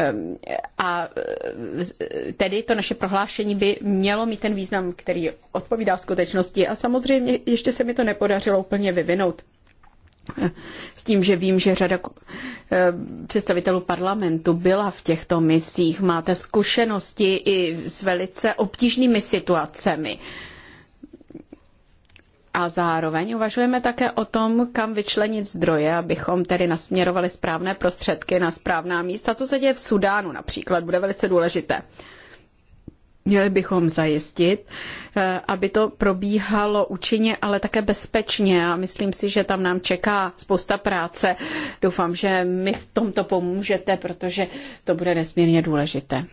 Ehm, a e, tedy to naše prohlášení by mělo mít ten význam, který odpovídá skutečnosti. A samozřejmě ještě se mi to nepodařilo úplně vyvinout. E, s tím, že vím, že řada e, představitelů parlamentu byla v těchto misích, máte zkušenosti i s velice obtížnými situacemi. A zároveň uvažujeme také o tom, kam vyčlenit zdroje, abychom tedy nasměrovali správné prostředky na správná místa. Co se děje v Sudánu například, bude velice důležité. Měli bychom zajistit, eh, aby to probíhalo účinně, ale také bezpečně. A myslím si, že tam nám čeká spousta práce. Doufám, že mi v tomto pomůžete, protože to bude nesmírně důležité.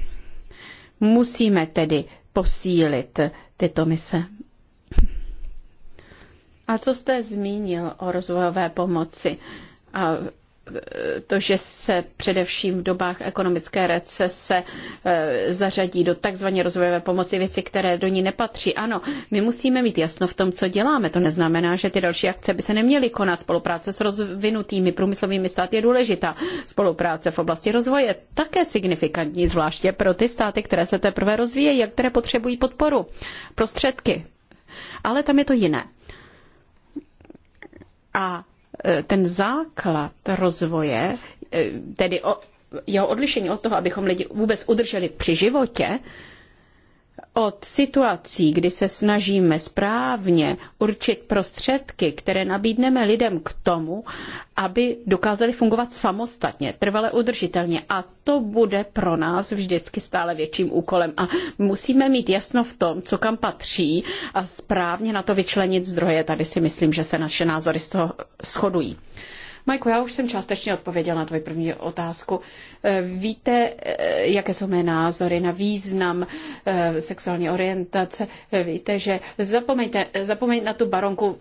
Musíme tedy posílit tyto mise. A co jste zmínil o rozvojové pomoci? A e, to, že se především v dobách ekonomické recese e, zařadí do takzvané rozvojové pomoci věci, které do ní nepatří. Ano, my musíme mít jasno v tom, co děláme. To neznamená, že ty další akce by se neměly konat. Spolupráce s rozvinutými průmyslovými státy je důležitá. Spolupráce v oblasti rozvoje je také signifikantní, zvláště pro ty státy, které se teprve rozvíjejí a které potřebují podporu, prostředky. Ale tam je to jiné a e, ten základ rozvoje, e, tedy jeho odlišení od toho, abychom lidi vůbec udrželi při životě, od situací, kdy se snažíme správně určit prostředky, které nabídneme lidem k tomu, aby dokázali fungovat samostatně, trvale udržitelně. A to bude pro nás vždycky stále větším úkolem. A musíme mít jasno v tom, co kam patří a správně na to vyčlenit zdroje. Tady si myslím, že se naše názory z toho shodují. Majku, já už jsem částečně odpověděla na tvoji první otázku. E, víte, e, jaké jsou mé názory na význam e, sexuální orientace? Víte, že zapomeňte, zapomeňte na tu baronku,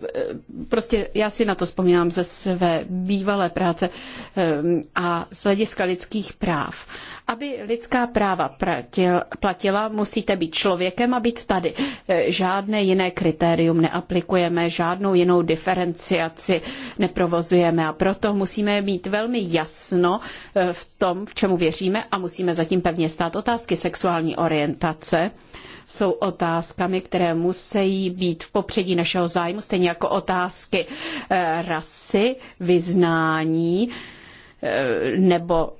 prostě já si na to vzpomínám ze své bývalé práce a z hlediska lidských práv aby lidská práva platila, musíte být člověkem a být tady. E, žádné jiné kritérium neaplikujeme, žádnou jinou diferenciaci neprovozujeme a proto musíme mít velmi jasno e, v tom, v čemu věříme a musíme zatím pevně stát otázky sexuální orientace jsou otázkami, které musí být v popředí našeho zájmu, stejně jako otázky e, rasy, vyznání, Eh, nebo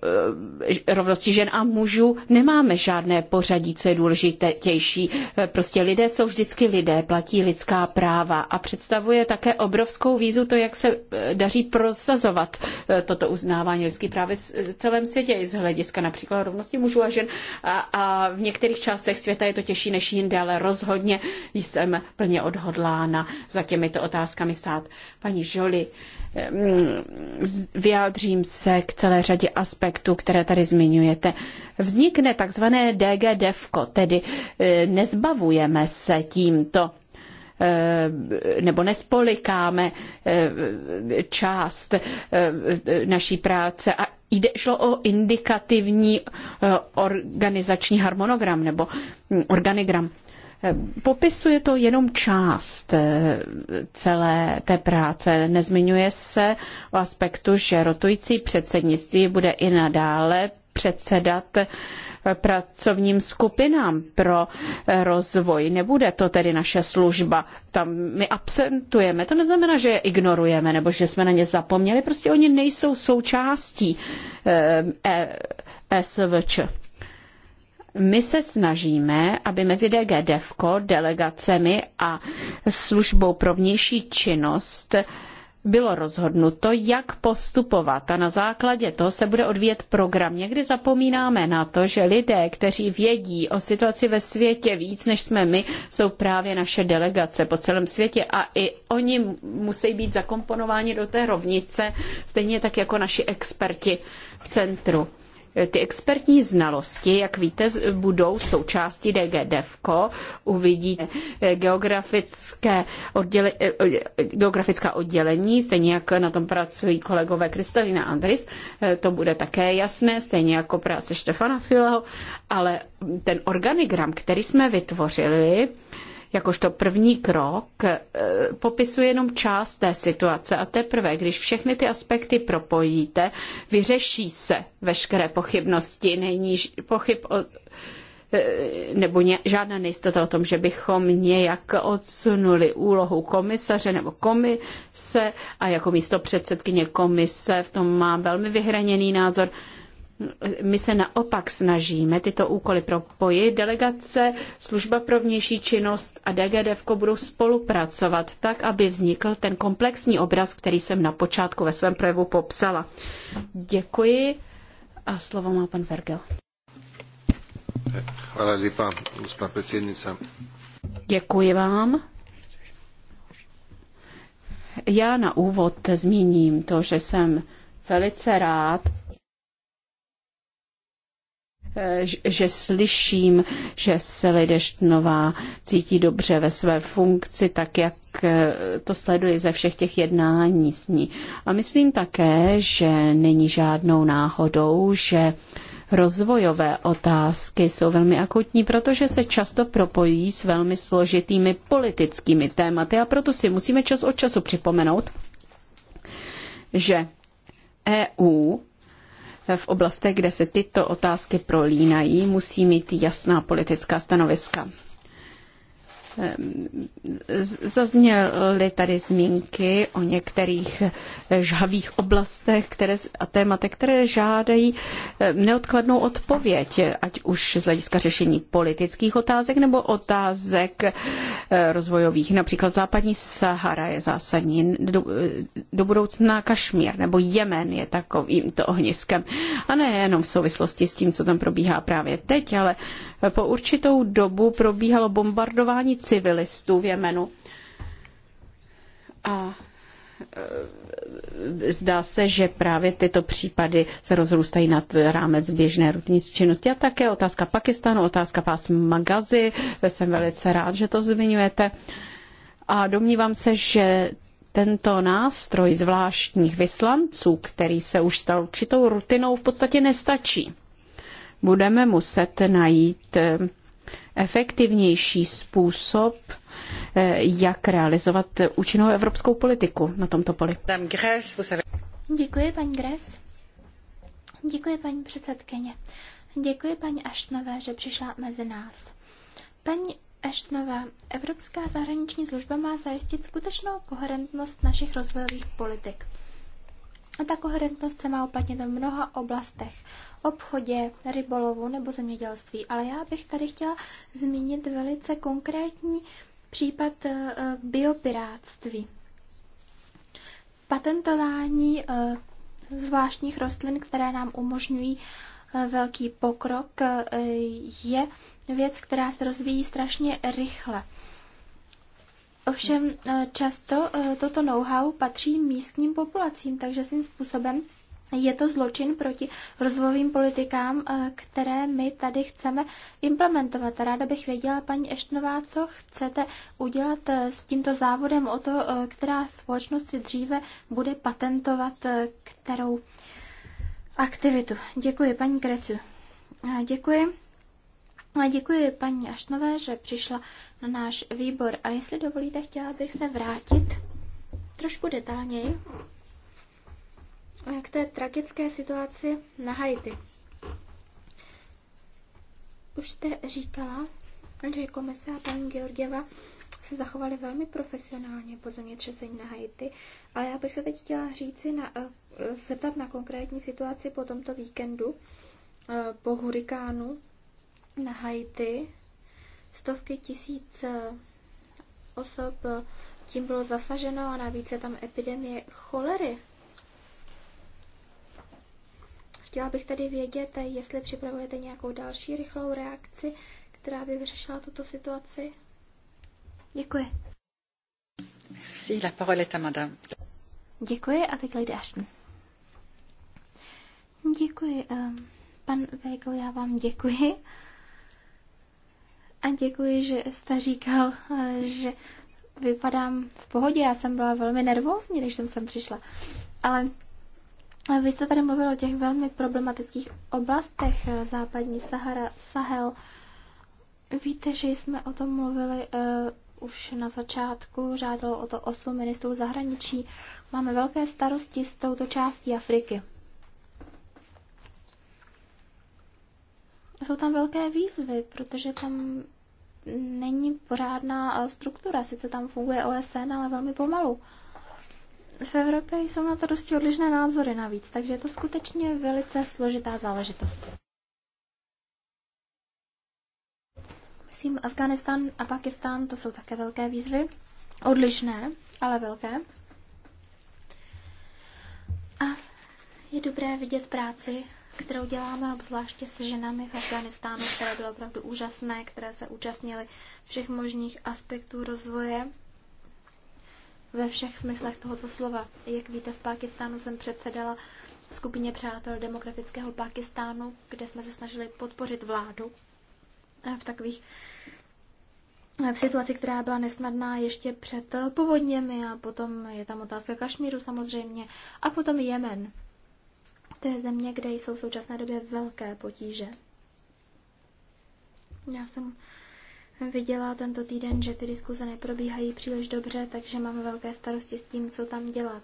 eh, rovnosti žen a mužů nemáme žádné pořadí, co je důležitější. Eh, prostě lidé jsou vždycky lidé, platí lidská práva a představuje také obrovskou výzvu to, jak se daří prosazovat toto uznávání lidských práv v celém světě i z hlediska například rovnosti mužů a žen a, a v některých částech světa je to těžší než jinde, ale rozhodně jsem plně odhodlána za těmito otázkami stát. Paní Žoli, Ehm, vyjádřím se k celé řadě aspektů, které tady zmiňujete. Vznikne takzvané DG DEFCO, tedy e, nezbavujeme se tímto e, nebo nespolikáme e, část naší práce a jde, šlo o indikativní organizační harmonogram nebo hm, organigram. Popisuje to jenom část eh, celé té práce. Nezmiňuje se o aspektu, že rotující předsednictví bude i nadále předsedat eh, pracovním skupinám pro eh, rozvoj. Nebude to tedy naše služba. Tam my absentujeme. To neznamená, že je ignorujeme nebo že jsme na ně zapomněli. Prostě oni nejsou součástí e SVČ. My se snažíme, aby mezi DG DEVCO, delegacemi a službou pro vnější činnost bylo rozhodnuto, jak postupovat a na základě toho se bude odvíjet program. Někdy zapomínáme na to, že lidé, kteří vědí o situaci ve světě víc než jsme my, jsou právě naše delegace po celém světě a i oni musí být zakomponováni do té rovnice, stejně tak jako naši experti v centru. Ty expertní znalosti, jak víte, budou součástí DG DEVCO. Uvidí eh, geografické eh, eh, geografická oddělení, stejně jak na tom pracují kolegové Kristalina Andris. To bude také jasné, stejně jako práce Štefana Fileho. Ale ten organigram, který jsme vytvořili, jakožto první krok eh, popisuje jenom část té situace a teprve, když všechny ty aspekty propojíte, vyřeší se veškeré pochybnosti, není pochyb o eh, nebo žádná nejistota o tom, že bychom nějak odsunuli úlohu komisaře nebo komise a jako místo předsedkyně komise v tom mám velmi vyhraněný názor. My se naopak snažíme tyto úkoly propojit. Delegace, služba pro vnější činnost a DGDFko budou spolupracovat tak, aby vznikl ten komplexní obraz, který jsem na počátku ve svém projevu popsala. Děkuji a slovo má pan Vergel. Hvala lepa, gospa predsednica. Děkuji vám. Já na úvod zmíním to, že jsem velice rád Eh, že slyším, že se Lideštnová cítí dobře ve své funkci, tak jak eh, to sleduji ze všech těch jednání s ní. A myslím také, že není žádnou náhodou, že rozvojové otázky jsou velmi akutní, protože se často propojí s velmi složitými politickými tématy a proto si musíme čas od času připomenout, že EU v oblastech, kde se tyto otázky prolínají, musí mít jasná politická stanoviska. Zazněly tady zmínky o některých žhavých oblastech které, a tématech, které žádají eh, neodkladnou odpověď, ať už z hlediska řešení politických otázek nebo otázek eh, rozvojových. Například západní Sahara je zásadní, do, do budoucna Kašmír nebo Jemen je takovýmto ohniskem. A nejenom v souvislosti s tím, co tam probíhá právě teď, ale po určitou dobu probíhalo bombardování civilistů v Jemenu. A e, zdá se, že právě tyto případy se rozrůstají nad rámec běžné rutinní činnosti. A také otázka Pakistanu, otázka pásma Gazy. Jsem velice rád, že to zmiňujete. A domnívám se, že tento nástroj zvláštních vyslanců, který se už stal určitou rutinou, v podstatě nestačí budeme muset najít eh, efektivnější způsob, eh, jak realizovat účinnou evropskou politiku na tomto poli. Děkuji, paní Gres. Děkuji, paní předsedkyně. Děkuji paní Aštnové, že přišla mezi nás. Paní Eštnové, Evropská zahraniční služba má zajistit skutečnou koherentnost našich rozvojových politik. A ta koherentnost se má uplatnit v mnoha oblastech. Obchodě, rybolovu nebo zemědělství. Ale já bych tady chtěla zmínit velice konkrétní případ eh, biopiráctví. Patentování eh, zvláštních rostlin, které nám umožňují eh, velký pokrok, je věc, která se rozvíjí strašně rychle. Ovšem eh, často eh, toto know-how patří místním populacím, takže svým způsobem je to zločin proti rozvojovým politikám, eh, které my tady chceme implementovat. Ráda bych věděla, paní Eštnová, co chcete udělat s tímto závodem o to, která společnost si dříve bude patentovat kterou aktivitu. Děkuji, paní Krecu. Děkuji. No a děkuji paní Ašnové, že přišla na náš výbor. A jestli dovolíte, chtěla bych se vrátit trošku detailněji k té tragické situaci na Haiti. Už jste říkala, že komise a paní Georgieva se zachovali velmi profesionálně po zemětřesení na Haiti, ale já bych se teď chtěla říci na, eh, zeptat na konkrétní situaci po tomto víkendu eh, po hurikánu na Haiti stovky tisíc eh, osob eh, tím bylo zasaženo a navíc je tam epidemie cholery. Chtěla bych tedy vědět, eh, jestli připravujete nějakou další rychlou reakci, která by vyřešila tuto situaci. Děkuji. Si, la parole est à madame. Děkuji a teď Lady Ashton. Děkuji. Pan Weigl, já vám děkuji a děkuji, že jste říkal, eh, že vypadám v pohodě. Já jsem byla velmi nervózní, než jsem sem přišla. Ale vy jste tady mluvil o těch velmi problematických oblastech eh, západní Sahara, Sahel. Víte, že jsme o tom mluvili uh, už na začátku, žádalo o to oslu ministrů zahraničí. Máme velké starosti s touto částí Afriky. jsou tam velké výzvy, protože tam není pořádná eh, struktura. Sice tam funguje OSN, ale velmi pomalu. V Evropě jsou na to dosti odlišné názory navíc, takže je to skutečně velice složitá záležitost. Myslím, Afganistán a Pakistán to jsou také velké výzvy. Odlišné, ale velké. A je dobré vidět práci kterou děláme, obzvláště se ženami v Afganistánu, které bylo opravdu úžasné, které se účastnily všech možných aspektů rozvoje ve všech smyslech tohoto slova. Jak víte, v Pakistánu jsem předsedala skupině přátel demokratického Pakistánu, kde jsme se snažili podpořit vládu v takových v situaci, která byla nesnadná ještě před povodněmi a potom je tam otázka Kašmíru samozřejmě a potom Jemen. To je země, kde jsou v současné době velké potíže. Já jsem viděla tento týden, že ty diskuze neprobíhají příliš dobře, takže mám velké starosti s tím, co tam dělat.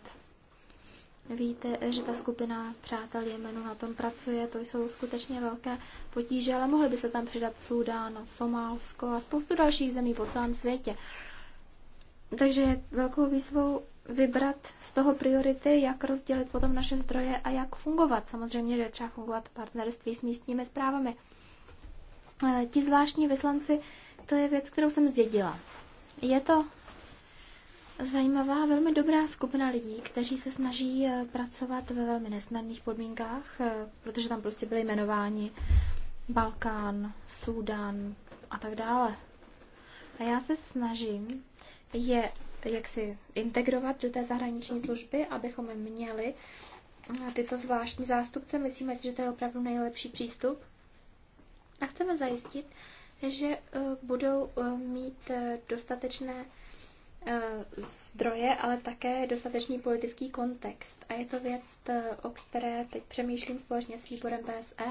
Víte, že ta skupina přátel Jemenu na tom pracuje, to jsou skutečně velké potíže, ale mohly by se tam přidat Súdán, Somálsko a spoustu dalších zemí po celém světě. Takže velkou výzvou vybrat z toho priority, jak rozdělit potom naše zdroje a jak fungovat. Samozřejmě, že třeba fungovat partnerství s místními zprávami. E, ti zvláštní vyslanci, to je věc, kterou jsem zdědila. Je to zajímavá, velmi dobrá skupina lidí, kteří se snaží e, pracovat ve velmi nesnadných podmínkách, e, protože tam prostě byli jmenováni Balkán, Súdán a tak dále. A já se snažím je jak si integrovat do té zahraniční služby, abychom měli eh, tyto zvláštní zástupce. Myslíme si, že to je opravdu nejlepší přístup. A chceme zajistit, že eh, budou eh, mít dostatečné zdroje, ale také dostatečný politický kontext. A je to věc, o které teď přemýšlím společně s výborem PSE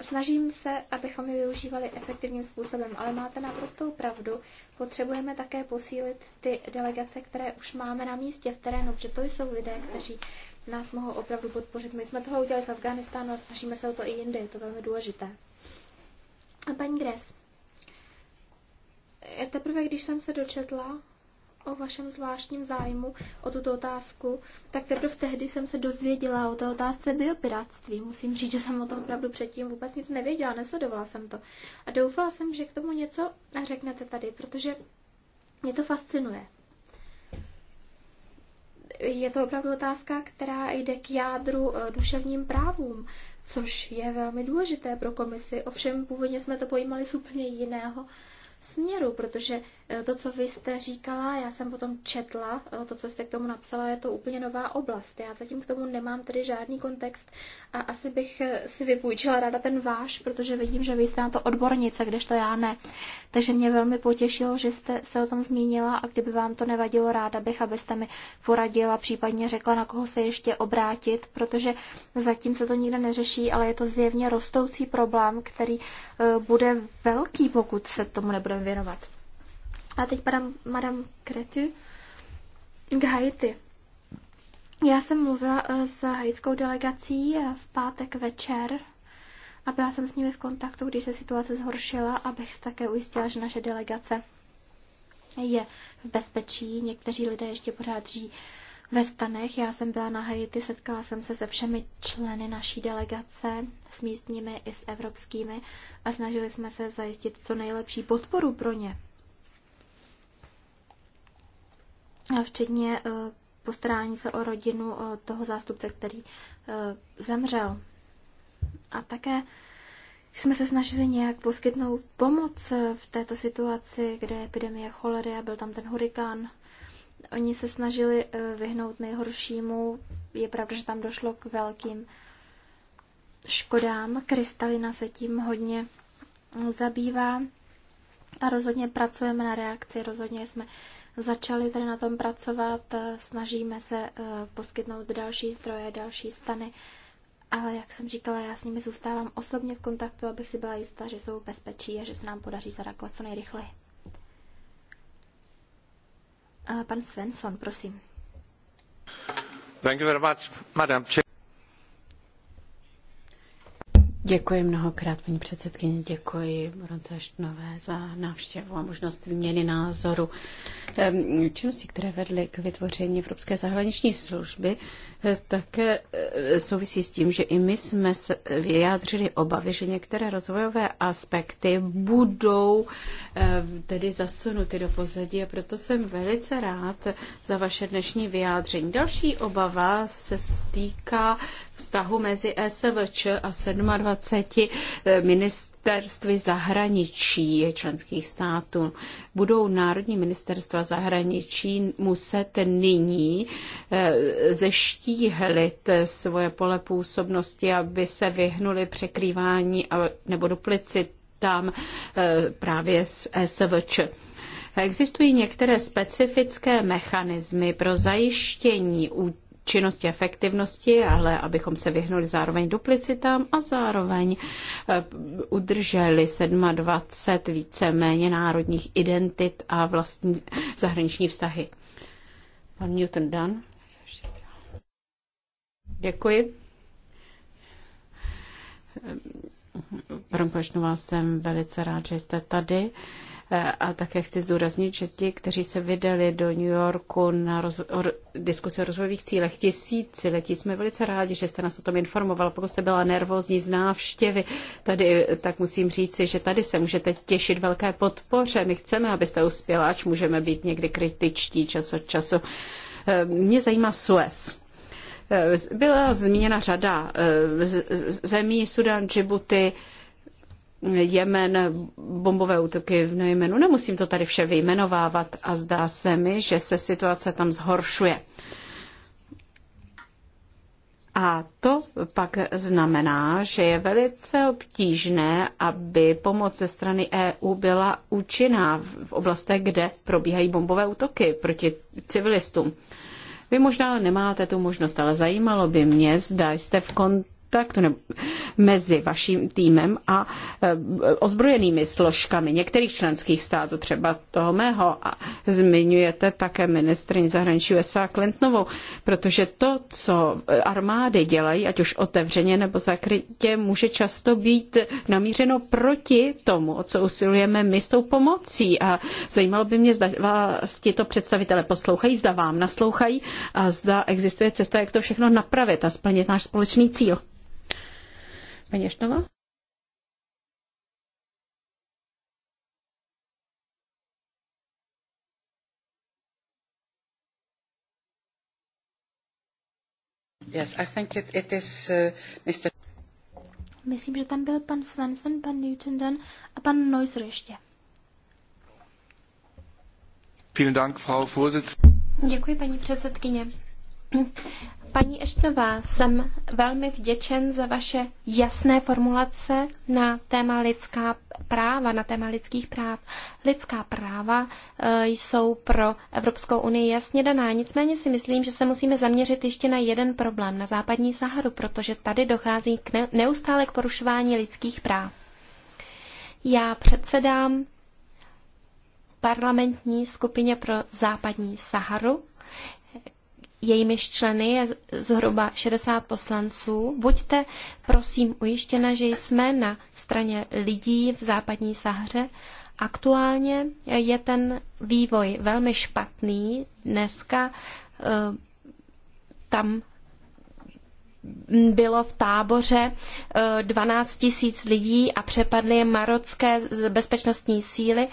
Snažím se, abychom je využívali efektivním způsobem, ale máte naprostou pravdu. Potřebujeme také posílit ty delegace, které už máme na místě v terénu, protože to jsou lidé, kteří nás mohou opravdu podpořit. My jsme toho udělali v Afganistánu a snažíme se o to i jinde, je to velmi důležité. A paní Gres, teprve když jsem se dočetla o vašem zvláštním zájmu o tuto otázku, tak teprve tehdy jsem se dozvěděla o té otázce biopiráctví. Musím říct, že jsem o tom opravdu předtím vůbec nic nevěděla, nesledovala jsem to. A doufala jsem, že k tomu něco řeknete tady, protože mě to fascinuje. Je to opravdu otázka, která jde k jádru eh, duševním právům, což je velmi důležité pro komisi. Ovšem původně jsme to pojímali z úplně jiného směru, protože Eh, to, co vy jste říkala, já jsem potom četla, eh, to, co jste k tomu napsala, je to úplně nová oblast. Já zatím k tomu nemám tedy žádný kontext a asi bych eh, si vypůjčila ráda ten váš, protože vidím, že vy jste na to odbornice, kdežto já ne. Takže mě velmi potěšilo, že jste se o tom zmínila a kdyby vám to nevadilo, ráda bych, abyste mi poradila, případně řekla, na koho se ještě obrátit, protože zatím se to nikde neřeší, ale je to zjevně rostoucí problém, který bude velký, pokud se tomu nebudeme věnovat. A teď padám Madame Kretu k Haiti. Já jsem mluvila eh, s haitskou delegací eh, v pátek večer a byla jsem s nimi v kontaktu, když se situace zhoršila, abych se také ujistila, že naše delegace je v bezpečí. Někteří lidé ještě pořád žijí ve stanech. Já jsem byla na Haiti, setkala jsem se se všemi členy naší delegace, s místními i s evropskými a snažili jsme se zajistit co nejlepší podporu pro ně. včetně eh, postarání se o rodinu eh, toho zástupce, který eh, zemřel. A také jsme se snažili nějak poskytnout pomoc v této situaci, kde je epidemie cholery a byl tam ten hurikán. Oni se snažili vyhnout nejhoršímu. Je pravda, že tam došlo k velkým škodám. Krystalina se tím hodně zabývá a rozhodně pracujeme na reakci, rozhodně jsme začali tady na tom pracovat, eh, snažíme se eh, poskytnout další zdroje, další stany, ale jak jsem říkala, já s nimi zůstávám osobně v kontaktu, abych si byla jistá, že jsou v bezpečí a že se nám podaří zareagovat co nejrychleji. Eh, pan Svensson, prosím. Thank you very much, Madam Chair. Děkuji mnohokrát, paní předsedkyně, děkuji Ronce Štnové za návštěvu a možnost výměny názoru. Ehm, činnosti, které vedly k vytvoření Evropské zahraniční služby, Eh, také eh, souvisí s tím, že i my jsme vyjádřili obavy, že některé rozvojové aspekty budou eh, tedy zasunuty do pozadí a proto jsem velice rád za vaše dnešní vyjádření. Další obava se stýká vztahu mezi SVČ a 27 ministry Ministerství zahraničí členských států. Budou národní ministerstva zahraničí muset nyní eh, zeštíhlit svoje pole působnosti, aby se vyhnuli překrývání nebo duplicitám eh, právě s SVČ. Existují některé specifické mechanismy pro zajištění účinnosti činnosti, efektivnosti, ale abychom se vyhnuli zároveň duplicitám a zároveň eh, udrželi 27 víceméně národních identit a vlastní zahraniční vztahy. Pan Newton Dunn. Děkuji. Paní ehm, Košnová, jsem velice rád, že jste tady. Eh, a také chci zdůraznit, že ti, kteří se vydali do New Yorku na rozvo- o diskusi o rozvojových cílech letí, jsme velice rádi, že jste nás o tom informovala. Pokud jste byla nervózní z návštěvy tady, tak musím říci, že tady se můžete těšit velké podpoře. My chceme, abyste uspěla, ač můžeme být někdy kritičtí čas od času. Eh, mě zajímá Suez. Eh, byla zmíněna řada zemí, Sudan, Djibouti, Jemen, bombové útoky v Jemenu. Nemusím to tady vše vyjmenovávat a zdá se mi, že se situace tam zhoršuje. A to pak znamená, že je velice obtížné, aby pomoc ze strany EU byla účinná v oblastech, kde probíhají bombové útoky proti civilistům. Vy možná nemáte tu možnost, ale zajímalo by mě, zda jste v kontaktu kontaktu nebo mezi vaším týmem a e, ozbrojenými složkami některých členských států, třeba toho mého. A zmiňujete také ministrině zahraničí USA Clintonovou, protože to, co e, armády dělají, ať už otevřeně nebo zakrytě, může často být namířeno proti tomu, o co usilujeme my s tou pomocí. A zajímalo by mě, zda vás tito představitele poslouchají, zda vám naslouchají a zda existuje cesta, jak to všechno napravit a splnit náš společný cíl. Paněšnova? Yes, I think it, it is, uh, Mr. Myslím, že tam byl pan Svensson, pan Newton a pan Neusser ještě. Vielen Dank, Frau Vorsitzende. Děkuji, paní předsedkyně. Paní Eštnová, jsem velmi vděčen za vaše jasné formulace na téma lidská práva, na téma lidských práv. Lidská práva eh, jsou pro Evropskou unii jasně daná, nicméně si myslím, že se musíme zaměřit ještě na jeden problém, na západní Saharu, protože tady dochází k neustále k porušování lidských práv. Já předsedám parlamentní skupině pro západní Saharu jejímiž členy je zhruba 60 poslanců. Buďte prosím ujištěna, že jsme na straně lidí v západní Sahře. Aktuálně je ten vývoj velmi špatný. Dneska eh, tam bylo v táboře 12 eh, tisíc lidí a přepadly je marocké bezpečnostní síly.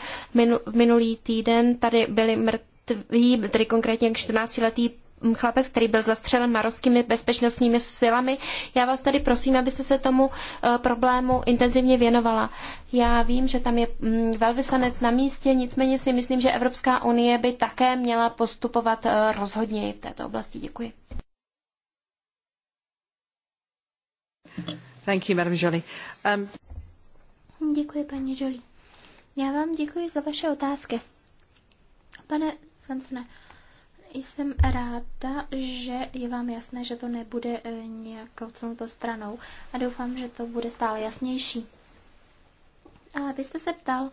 Minulý týden tady byly mrtví, tedy konkrétně 14-letý chlapec, který byl zastřelen marockými bezpečnostními silami. Já vás tady prosím, abyste se tomu eh, problému intenzivně věnovala. Já vím, že tam je mm, velvyslanec na místě, nicméně si myslím, že Evropská unie by také měla postupovat eh, rozhodněji v této oblasti. Děkuji. Thank you, Madam Jolie. Um... Děkuji, paní Jolie. Já vám děkuji za vaše otázky. Pane Sansne, jsem ráda, že je vám jasné, že to nebude e, nějakou celou stranou a doufám, že to bude stále jasnější. Ale vy jste se ptal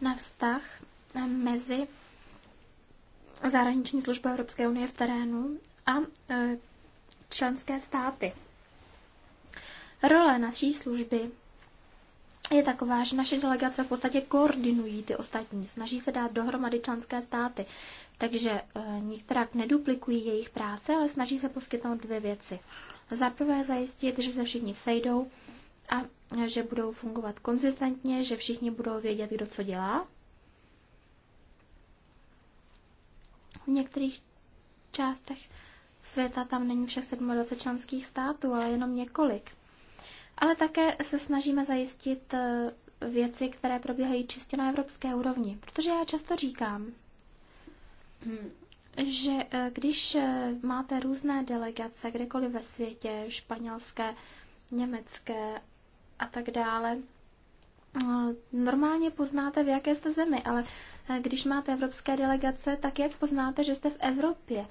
na vztah e, mezi zahraniční službou Evropské unie v terénu a e, členské státy. Role naší služby je taková, že naše delegace v podstatě koordinují ty ostatní, snaží se dát dohromady členské státy. Takže eh, některá neduplikují jejich práce, ale snaží se poskytnout dvě věci. Za prvé zajistit, že se všichni sejdou a eh, že budou fungovat konzistentně, že všichni budou vědět, kdo co dělá. V některých částech světa tam není všech 27 členských států, ale jenom několik. Ale také se snažíme zajistit eh, věci, které probíhají čistě na evropské úrovni, protože já často říkám, že eh, když eh, máte různé delegace kdekoliv ve světě, španělské, německé a tak dále, eh, normálně poznáte, v jaké jste zemi, ale když máte evropské delegace, tak jak poznáte, že jste v Evropě?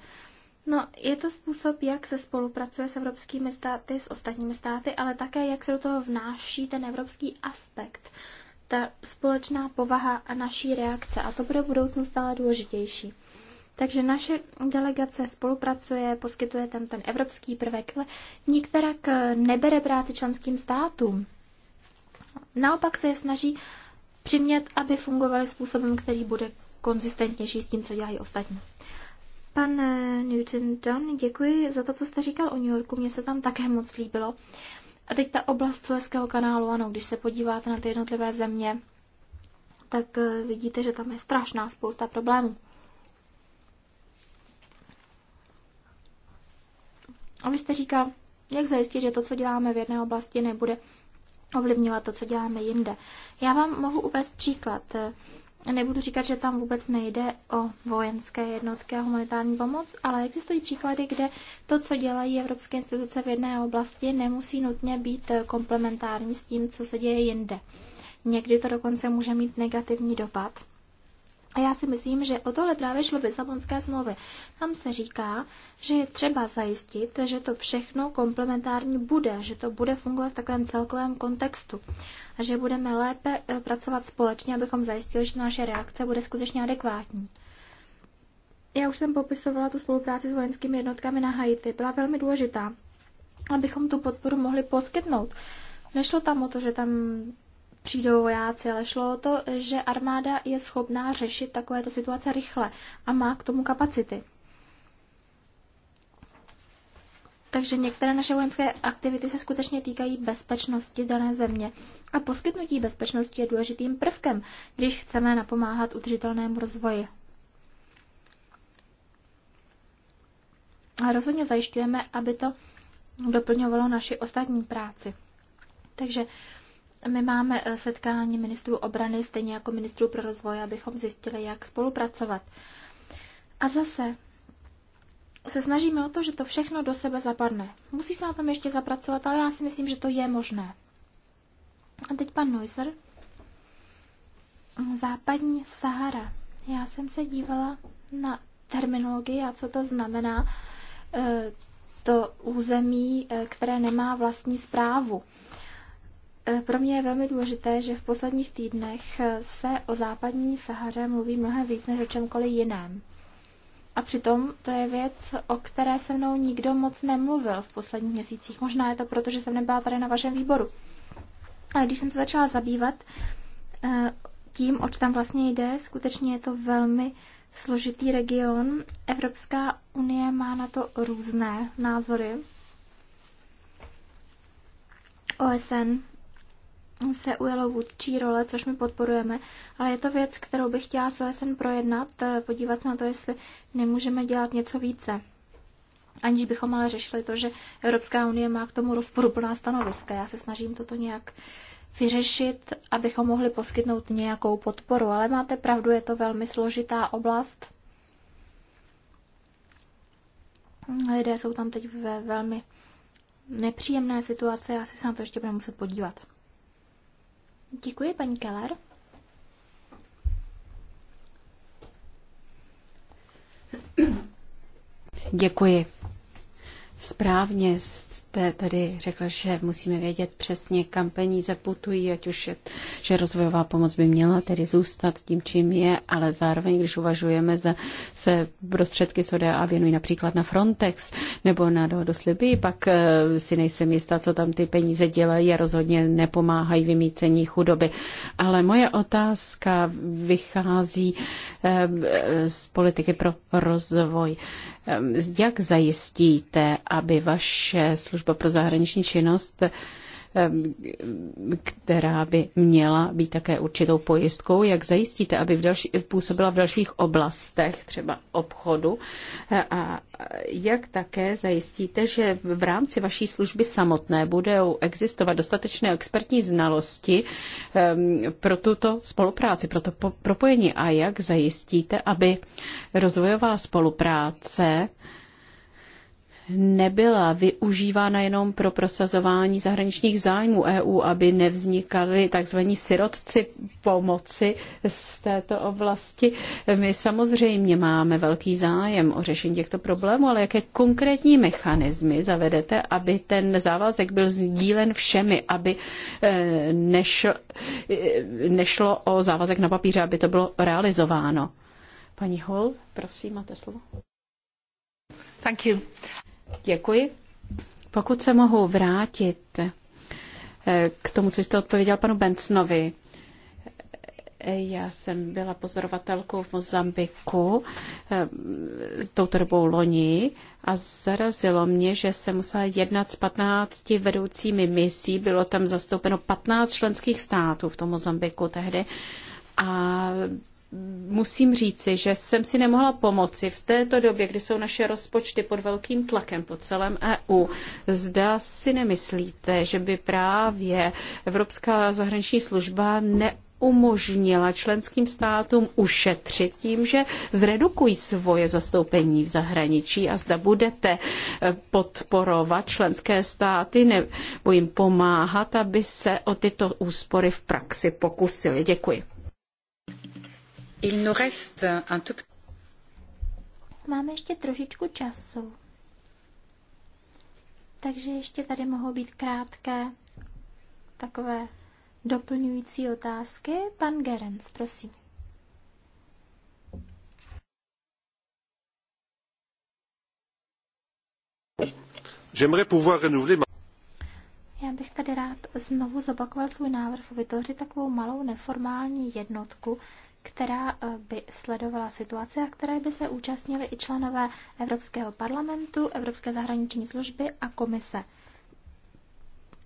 No, je to způsob, jak se spolupracuje s evropskými státy, s ostatními státy, ale také jak se do toho vnáší ten evropský aspekt, ta společná povaha a naší reakce. A to bude v budoucnu stále důležitější. Takže naše delegace spolupracuje, poskytuje tam ten evropský prvek, ale nikterak eh, nebere práci členským státům. Naopak se je snaží přimět, aby fungovaly způsobem, který bude konzistentnější s tím, co dělají ostatní. Pan eh, Newton John, děkuji za to, co jste říkal o New Yorku. Mně se tam také moc líbilo. A teď ta oblast Suezského kanálu, ano, když se podíváte na ty jednotlivé země, tak eh, vidíte, že tam je strašná spousta problémů. A vy jste říkal, jak zajistit, že to, co děláme v jedné oblasti, nebude ovlivňovat to, co děláme jinde. Já vám mohu uvést příklad. Nebudu říkat, že tam vůbec nejde o vojenské jednotky a humanitární pomoc, ale existují příklady, kde to, co dělají evropské instituce v jedné oblasti, nemusí nutně být komplementární s tím, co se děje jinde. Někdy to dokonce může mít negativní dopad a já si myslím, že o tohle právě šlo v Lisabonské smlouvě. Tam se říká, že je třeba zajistit, že to všechno komplementární bude, že to bude fungovat v takovém celkovém kontextu a že budeme lépe e, pracovat společně, abychom zajistili, že naše reakce bude skutečně adekvátní. Já už jsem popisovala tu spolupráci s vojenskými jednotkami na Haiti. Byla velmi důležitá, abychom tu podporu mohli poskytnout. Nešlo tam o to, že tam přijdou vojáci, ale šlo o to, že armáda je schopná řešit takovéto situace rychle a má k tomu kapacity. Takže některé naše vojenské aktivity se skutečně týkají bezpečnosti dané země. A poskytnutí bezpečnosti je důležitým prvkem, když chceme napomáhat udržitelnému rozvoji. A rozhodně zajišťujeme, aby to doplňovalo naši ostatní práci. Takže my máme eh, setkání ministrů obrany, stejně jako ministrů pro rozvoj, abychom zjistili, jak spolupracovat. A zase se snažíme o to, že to všechno do sebe zapadne. Musí se na tom ještě zapracovat, ale já si myslím, že to je možné. A teď pan Neusser. Západní Sahara. Já jsem se dívala na terminologii a co to znamená eh, to území, eh, které nemá vlastní zprávu. Eh, pro mě je velmi důležité, že v posledních týdnech eh, se o západní Sahaře mluví mnohem víc než o čemkoliv jiném. A přitom to je věc, o které se mnou nikdo moc nemluvil v posledních měsících. Možná je to proto, že jsem nebyla tady na vašem výboru. Ale když jsem se začala zabývat eh, tím, oč tam vlastně jde, skutečně je to velmi složitý region. Evropská unie má na to různé názory. OSN se ujalo vůdčí role, což my podporujeme, ale je to věc, kterou bych chtěla s OSN projednat, eh, podívat se na to, jestli nemůžeme dělat něco více. Aniž bychom ale řešili to, že Evropská unie má k tomu rozporuplná stanoviska. Já se snažím toto nějak vyřešit, abychom mohli poskytnout nějakou podporu, ale máte pravdu, je to velmi složitá oblast. Lidé jsou tam teď ve velmi nepříjemné situace. já si se na to ještě budeme muset podívat. Děkuji, paní Keller. Děkuji. Správně jste tady řekl, že musíme vědět přesně, kam peníze putují, ať už je, že rozvojová pomoc by měla tedy zůstat tím, čím je, ale zároveň, když uvažujeme, zda se prostředky z ODA věnují například na Frontex nebo na dohodu s Libii, pak eh, si nejsem jistá, co tam ty peníze dělají a rozhodně nepomáhají vymícení chudoby. Ale moje otázka vychází eh, z politiky pro rozvoj. Ehm, jak zajistíte, aby vaše služba pro zahraniční činnost Ehm, která by měla být také určitou pojistkou. Jak zajistíte, aby v další, působila v dalších oblastech, třeba obchodu? E, a jak také zajistíte, že v rámci vaší služby samotné budou existovat dostatečné expertní znalosti ehm, pro tuto spolupráci, pro to propojení? A jak zajistíte, aby rozvojová spolupráce nebyla využívána jenom pro prosazování zahraničních zájmů EU, aby nevznikaly tzv. sirotci pomoci z této oblasti. My samozřejmě máme velký zájem o řešení těchto problémů, ale jaké konkrétní mechanismy zavedete, aby ten závazek byl sdílen všemi, aby eh, nešlo, eh, nešlo o závazek na papíře, aby to bylo realizováno? Paní Hol, prosím, máte slovo. Thank you. Děkuji. Pokud se mohu vrátit eh, k tomu, co jste odpověděl panu Bencnovi. Eh, já jsem byla pozorovatelkou v Mozambiku eh, s touto dobou loni a zarazilo mě, že se musela jednat s 15 vedoucími misí. Bylo tam zastoupeno 15 členských států v tom Mozambiku tehdy a musím říci, že jsem si nemohla pomoci v této době, kdy jsou naše rozpočty pod velkým tlakem po celém EU. Zda si nemyslíte, že by právě Evropská zahraniční služba ne umožnila členským státům ušetřit tím, že zredukují svoje zastoupení v zahraničí a zda budete eh, podporovat členské státy nebo jim pomáhat, aby se o tyto úspory v praxi pokusili. Děkuji. Il nous reste un tout... Máme ještě trošičku času. Takže ještě tady mohou být krátké takové doplňující otázky. Pan Gerenc, prosím. Já bych tady rád znovu zopakoval svůj návrh vytvořit takovou malou neformální jednotku, která eh, by sledovala situaci a které by se účastnili i členové Evropského parlamentu, Evropské zahraniční služby a komise.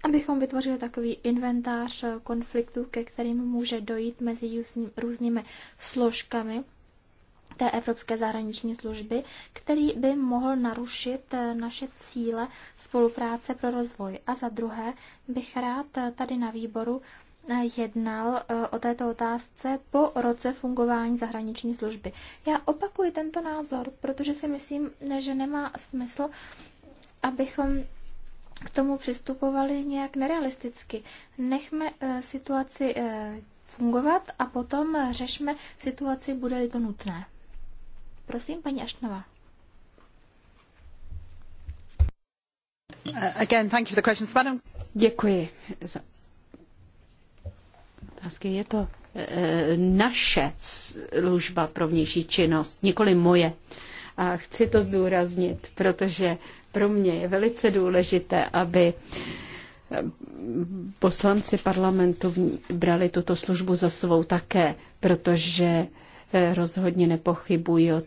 Abychom vytvořili takový inventář eh, konfliktů, ke kterým může dojít mezi různými složkami té Evropské zahraniční služby, který by mohl narušit eh, naše cíle spolupráce pro rozvoj. A za druhé bych rád tady na výboru jednal eh, o této otázce po roce fungování zahraniční služby. Já opakuji tento názor, protože si myslím, že nemá smysl, abychom k tomu přistupovali nějak nerealisticky. Nechme eh, situaci eh, fungovat a potom řešme situaci, bude-li to nutné. Prosím, paní Aštnová. Uh, again, thank you for the questions, madam. Děkuji za otázky. Je to e, e, naše služba pro vnější činnost, nikoli moje. A chci to zdůraznit, protože pro mě je velice důležité, aby e, poslanci parlamentu brali tuto službu za svou také, protože rozhodně nepochybuji o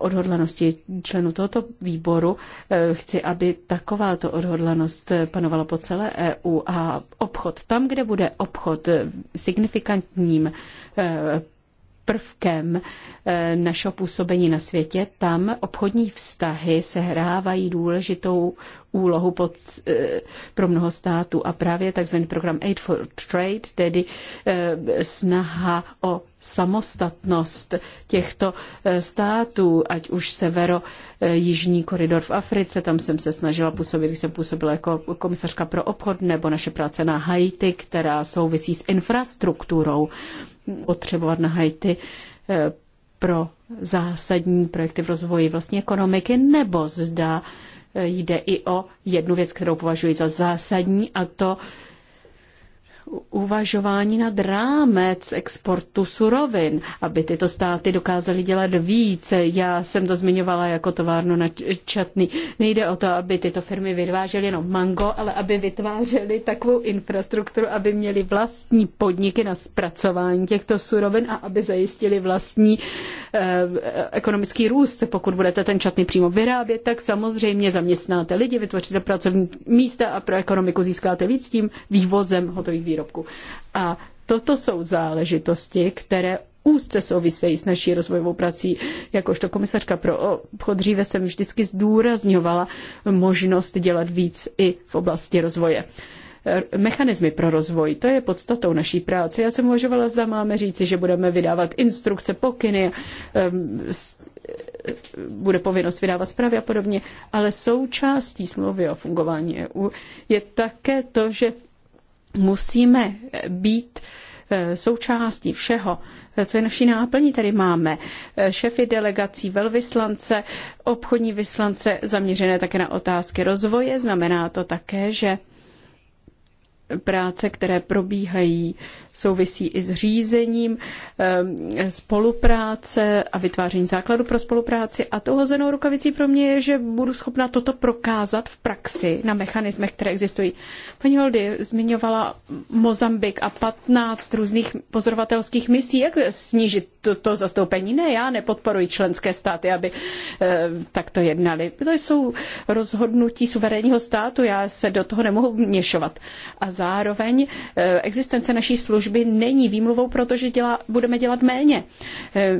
odhodlanosti členů tohoto výboru. Eh, chci, aby takováto odhodlanost eh, panovala po celé EU a obchod tam, kde bude obchod eh, signifikantním prvkem našeho působení na světě, tam obchodní vztahy sehrávají důležitou úlohu pod, eh, pro mnoho států. A právě takzvaný program Aid for Trade, tedy eh, snaha o samostatnost těchto eh, států, ať už severo-jižní koridor v Africe, tam jsem se snažila působit, když jsem působila jako komisařka pro obchod, nebo naše práce na Haiti, která souvisí s infrastrukturou potřebovat na Haiti pro zásadní projekty v rozvoji vlastní ekonomiky, nebo zda jde i o jednu věc, kterou považuji za zásadní, a to uvažování nad rámec exportu surovin, aby tyto státy dokázaly dělat více. Já jsem to zmiňovala jako továrnu na čatny. Nejde o to, aby tyto firmy vyvážely jenom mango, ale aby vytvářely takovou infrastrukturu, aby měly vlastní podniky na zpracování těchto surovin a aby zajistili vlastní eh, ekonomický růst. Pokud budete ten čatny přímo vyrábět, tak samozřejmě zaměstnáte lidi, vytvoříte pracovní místa a pro ekonomiku získáte víc tím vývozem hotových výrobků výrobků. A toto jsou záležitosti, které úzce souvisejí s naší rozvojovou prací. Jakožto komisařka pro obchod dříve jsem vždycky zdůrazňovala možnost dělat víc i v oblasti rozvoje mechanismy pro rozvoj. To je podstatou naší práce. Já jsem uvažovala, zda máme říci, že budeme vydávat instrukce, pokyny, um, bude povinnost vydávat zprávy a podobně, ale součástí smlouvy o fungování EU je také to, že musíme být eh, součástí všeho, eh, co je naší náplní. Tady máme eh, šefy delegací, velvyslance, obchodní vyslance zaměřené také na otázky rozvoje. Znamená to také, že práce, které probíhají, souvisí i s řízením ehm, spolupráce a vytváření základu pro spolupráci. A tou hozenou rukavicí pro mě je, že budu schopna toto prokázat v praxi na mechanismech, které existují. Paní Holdy zmiňovala Mozambik a 15 různých pozorovatelských misí. Jak snížit toto zastoupení? Ne, já nepodporuji členské státy, aby ehm, takto jednali. To jsou rozhodnutí suverénního státu, já se do toho nemohu měšovat. A zároveň eh, existence naší služby není výmluvou, protože dělá, budeme dělat méně. Eh,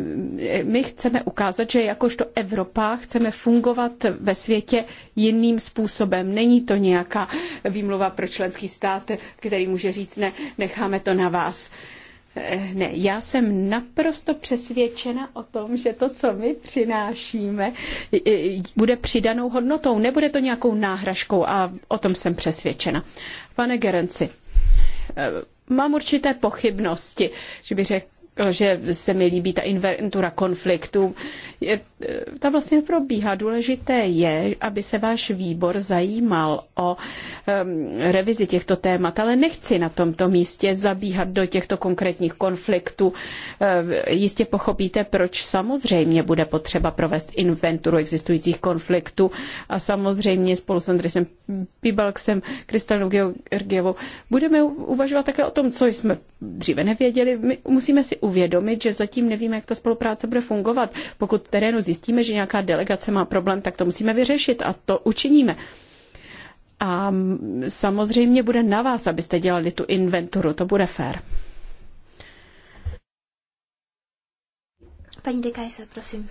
my chceme ukázat, že jakožto Evropa chceme fungovat ve světě jiným způsobem. Není to nějaká výmluva pro členský stát, který může říct ne, necháme to na vás. Eh, ne, já jsem naprosto přesvědčena o tom, že to, co my přinášíme, bude přidanou hodnotou, nebude to nějakou náhražkou a o tom jsem přesvědčena. Pane Gerenci, eh, mám určité pochybnosti, že by řekl, že se mi líbí ta inventura konfliktů. Je, ta vlastně probíhá. Důležité je, aby se váš výbor zajímal o um, revizi těchto témat, ale nechci na tomto místě zabíhat do těchto konkrétních konfliktů. Uh, jistě pochopíte, proč samozřejmě bude potřeba provést inventuru existujících konfliktů a samozřejmě spolu s Andresem Pibalksem, Kristalnou Georgievou budeme uvažovat také o tom, co jsme dříve nevěděli. My musíme si uvědomit, uvědomit, že zatím nevíme, jak ta spolupráce bude fungovat. Pokud terénu zjistíme, že nějaká delegace má problém, tak to musíme vyřešit a to učiníme. A samozřejmě bude na vás, abyste dělali tu inventuru, to bude fér. Paní Dekajsa, prosím.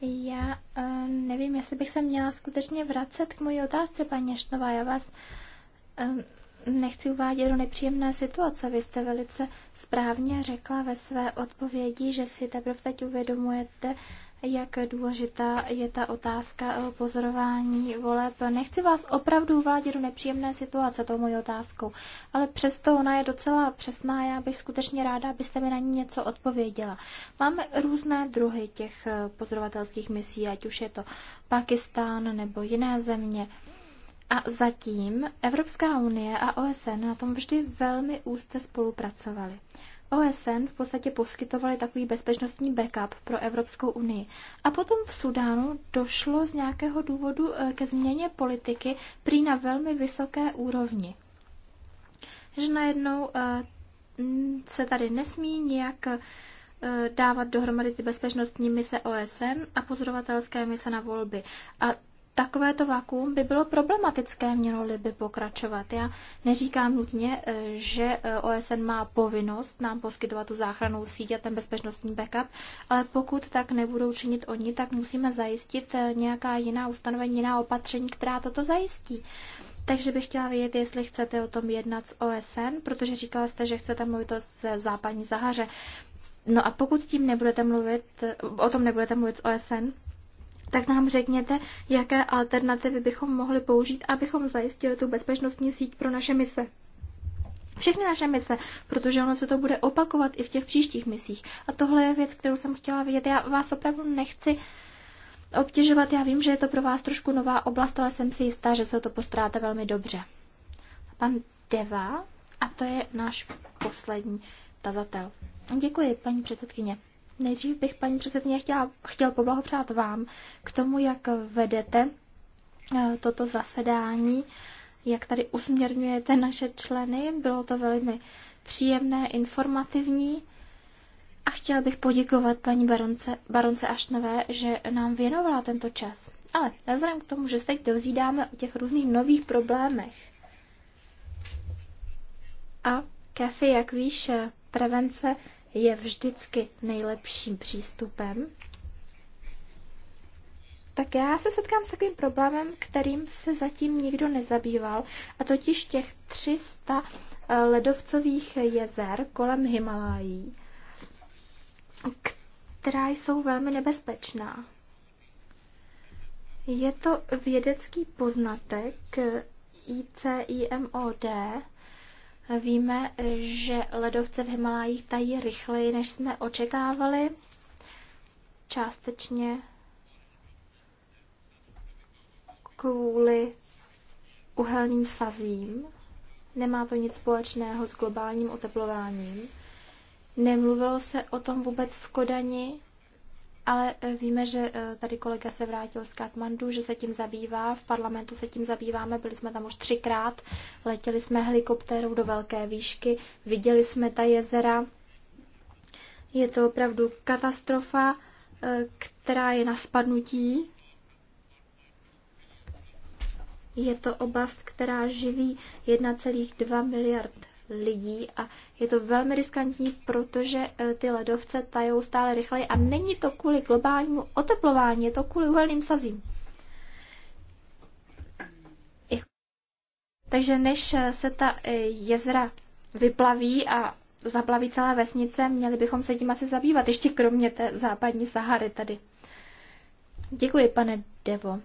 Já uh, nevím, jestli bych se měla skutečně vracet k mojí otázce, paní Štnová. Já vás uh, nechci uvádět do nepříjemné situace. Vy jste velice správně řekla ve své odpovědi, že si teprve teď uvědomujete, jak důležitá je ta otázka o pozorování voleb. Nechci vás opravdu uvádět do nepříjemné situace tou mojí otázkou, ale přesto ona je docela přesná. Já bych skutečně ráda, abyste mi na ní něco odpověděla. Máme různé druhy těch pozorovatelských misí, ať už je to Pakistán nebo jiné země. A zatím Evropská unie a OSN na tom vždy velmi úzce spolupracovali. OSN v podstatě poskytovali takový bezpečnostní backup pro Evropskou unii. A potom v Sudánu došlo z nějakého důvodu eh, ke změně politiky prý na velmi vysoké úrovni. Že najednou eh, se tady nesmí nějak eh, dávat dohromady ty bezpečnostní mise OSN a pozorovatelské mise na volby. A takovéto vakuum by bylo problematické, mělo-li by pokračovat. Já neříkám nutně, eh, že eh, OSN má povinnost nám poskytovat tu záchranou síť a ten bezpečnostní backup, ale pokud tak nebudou činit oni, tak musíme zajistit eh, nějaká jiná ustanovení, jiná opatření, která toto zajistí. Takže bych chtěla vědět, jestli chcete o tom jednat s OSN, protože říkala jste, že chcete mluvit o se západní zahaře. No a pokud tím nebudete mluvit, o tom nebudete mluvit s OSN, tak nám řekněte, jaké alternativy bychom mohli použít, abychom zajistili tu bezpečnostní síť pro naše mise. Všechny naše mise, protože ono se to bude opakovat i v těch příštích misích. A tohle je věc, kterou jsem chtěla vidět. Já vás opravdu nechci obtěžovat. Já vím, že je to pro vás trošku nová oblast, ale jsem si jistá, že se to postráte velmi dobře. Pan Deva, a to je náš poslední tazatel. Děkuji, paní předsedkyně. Nejdřív bych, paní předsedně chtěla, chtěl poblahopřát vám k tomu, jak vedete eh, toto zasedání, jak tady usměrňujete naše členy. Bylo to velmi příjemné, informativní. A chtěla bych poděkovat paní baronce, baronce Aštnové, že nám věnovala tento čas. Ale vzhledem k tomu, že se teď dozvídáme o těch různých nových problémech. A Kathy, jak víš, prevence je vždycky nejlepším přístupem, tak já se setkám s takovým problémem, kterým se zatím nikdo nezabýval, a totiž těch 300 eh, ledovcových jezer kolem Himalájí, která jsou velmi nebezpečná. Je to vědecký poznatek eh, ICIMOD, Víme, že ledovce v Himalájích tají rychleji, než jsme očekávali. Částečně kvůli uhelným sazím. Nemá to nic společného s globálním oteplováním. Nemluvilo se o tom vůbec v Kodani, ale eh, víme, že eh, tady kolega se vrátil z Katmandu, že se tím zabývá, v parlamentu se tím zabýváme, byli jsme tam už třikrát, letěli jsme helikoptérou do velké výšky, viděli jsme ta jezera. Je to opravdu katastrofa, eh, která je na spadnutí. Je to oblast, která živí 1,2 miliard lidí a je to velmi riskantní, protože eh, ty ledovce tajou stále rychleji a není to kvůli globálnímu oteplování, je to kvůli uhelným sazím. Takže než eh, se ta eh, jezera vyplaví a zaplaví celé vesnice, měli bychom se tím asi zabývat, ještě kromě té západní Sahary tady. Děkuji, pane Devo.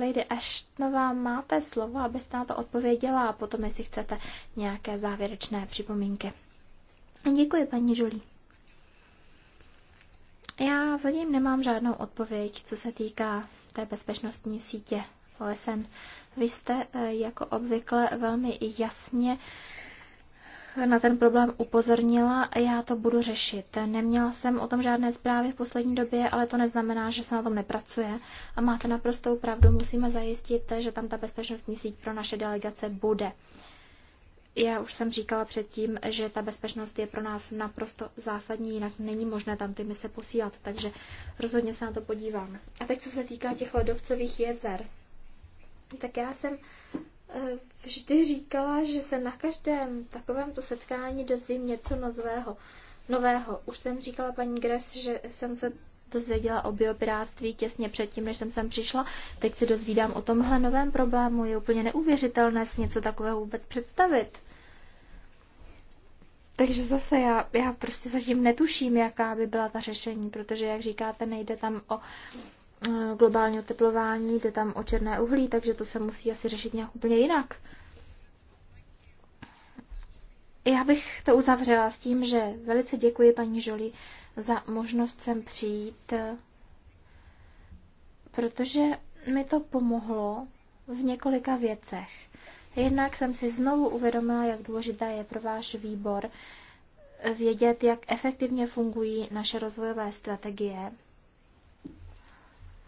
Lady Ashtonová, máte slovo, abyste na to odpověděla a potom, jestli chcete nějaké závěrečné připomínky. Děkuji, paní Žulí. Já zatím nemám žádnou odpověď, co se týká té bezpečnostní sítě OSN. Vy jste eh, jako obvykle velmi jasně na ten problém upozornila a já to budu řešit. Neměla jsem o tom žádné zprávy v poslední době, ale to neznamená, že se na tom nepracuje. A máte naprostou pravdu, musíme zajistit, že tam ta bezpečnostní síť pro naše delegace bude. Já už jsem říkala předtím, že ta bezpečnost je pro nás naprosto zásadní, jinak není možné tam ty mise posílat, takže rozhodně se na to podívám. A teď, co se týká těch ledovcových jezer, tak já jsem Eh, vždy říkala, že se na každém takovémto setkání dozvím něco nového. nového. Už jsem říkala paní Gres, že jsem se dozvěděla o biopiráctví těsně předtím, než jsem sem přišla. Teď se dozvídám o tomhle novém problému. Je úplně neuvěřitelné si něco takového vůbec představit. Takže zase já, já prostě zatím netuším, jaká by byla ta řešení, protože, jak říkáte, nejde tam o Eh, globální oteplování, jde tam o černé uhlí, takže to se musí asi řešit nějak úplně jinak. Já bych to uzavřela s tím, že velice děkuji paní Žoli za možnost sem přijít, protože mi to pomohlo v několika věcech. Jednak jsem si znovu uvědomila, jak důležitá je pro váš výbor vědět, jak efektivně fungují naše rozvojové strategie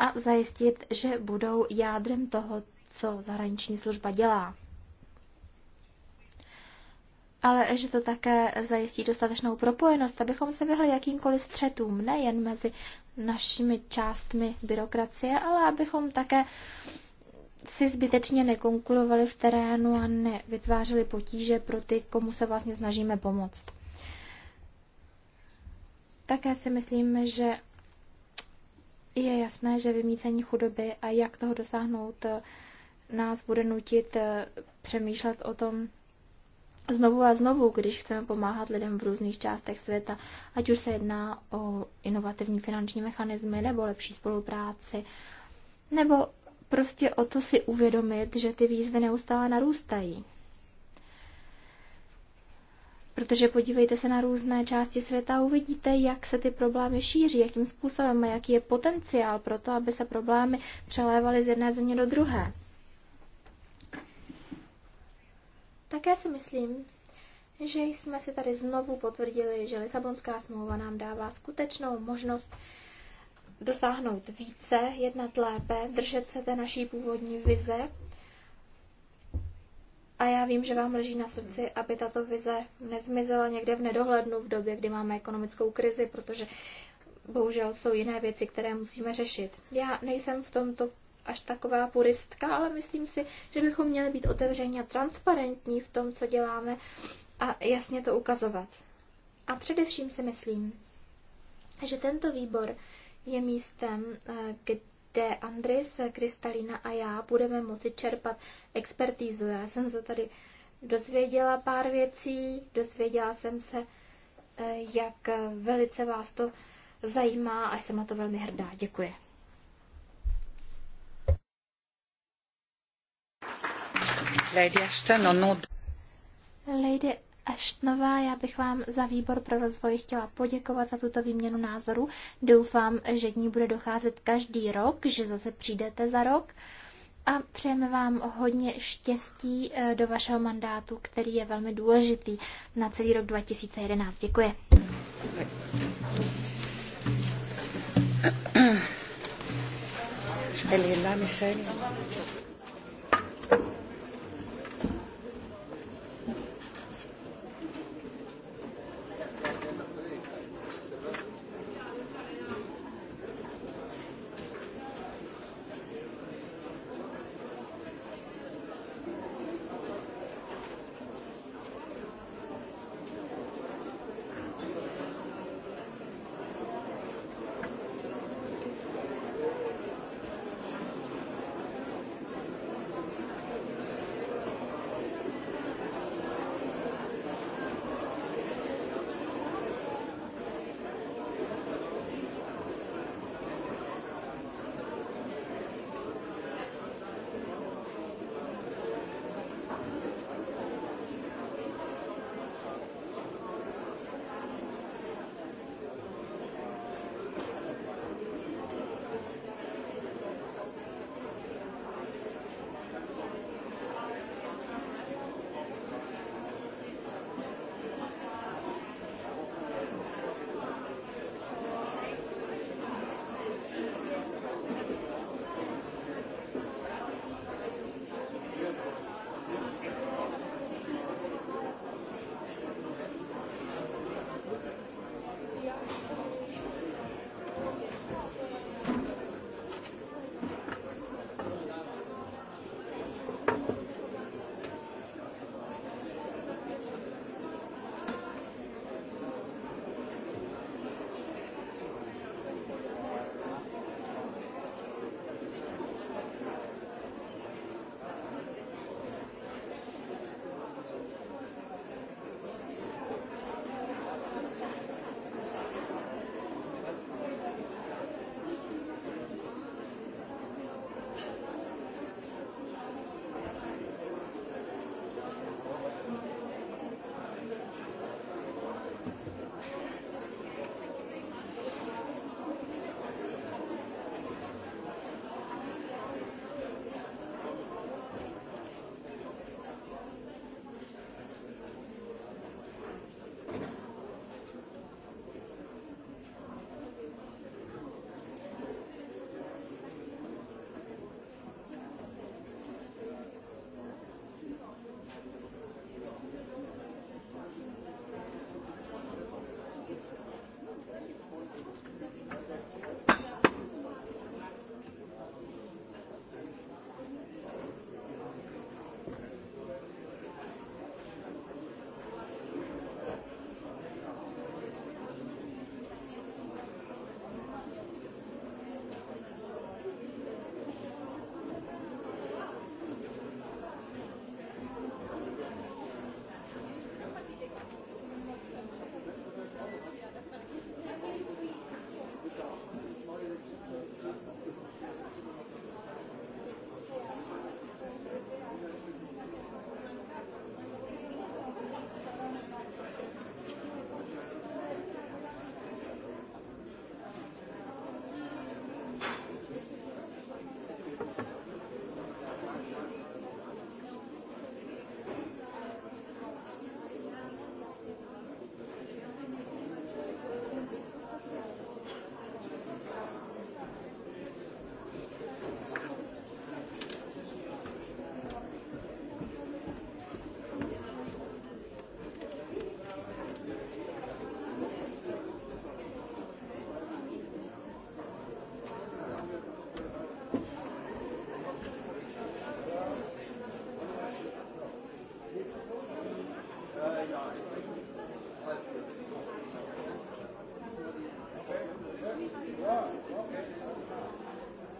a zajistit, že budou jádrem toho, co zahraniční služba dělá. Ale že to také zajistí dostatečnou propojenost, abychom se vyhli jakýmkoliv střetům, nejen mezi našimi částmi byrokracie, ale abychom také si zbytečně nekonkurovali v terénu a nevytvářeli potíže pro ty, komu se vlastně snažíme pomoct. Také si myslím, že je jasné, že vymícení chudoby a jak toho dosáhnout eh, nás bude nutit eh, přemýšlet o tom znovu a znovu, když chceme pomáhat lidem v různých částech světa, ať už se jedná o inovativní finanční mechanismy nebo lepší spolupráci, nebo prostě o to si uvědomit, že ty výzvy neustále narůstají. Protože podívejte se na různé části světa a uvidíte, jak se ty problémy šíří, jakým způsobem a jaký je potenciál pro to, aby se problémy přelévaly z jedné země do druhé. Také si myslím, že jsme si tady znovu potvrdili, že Lisabonská smlouva nám dává skutečnou možnost dosáhnout více, jednat lépe, držet se té naší původní vize a já vím, že vám leží na srdci, aby tato vize nezmizela někde v nedohlednu v době, kdy máme ekonomickou krizi, protože bohužel jsou jiné věci, které musíme řešit. Já nejsem v tomto až taková puristka, ale myslím si, že bychom měli být otevření a transparentní v tom, co děláme a jasně to ukazovat. A především si myslím, že tento výbor je místem, eh, kde kde Andris, Kristalina a já budeme moci čerpat expertízu. Já jsem se tady dozvěděla pár věcí, dozvěděla jsem se, eh, jak velice vás to zajímá a jsem na to velmi hrdá. Děkuji. Lady Ashton, no, no. Lady Eštnová, já bych vám za výbor pro rozvoj chtěla poděkovat za tuto výměnu názoru. Doufám, že k ní bude docházet každý rok, že zase přijdete za rok. A přejeme vám hodně štěstí eh, do vašeho mandátu, který je velmi důležitý na celý rok 2011. Děkuji. Elle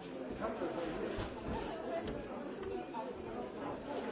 Thank you.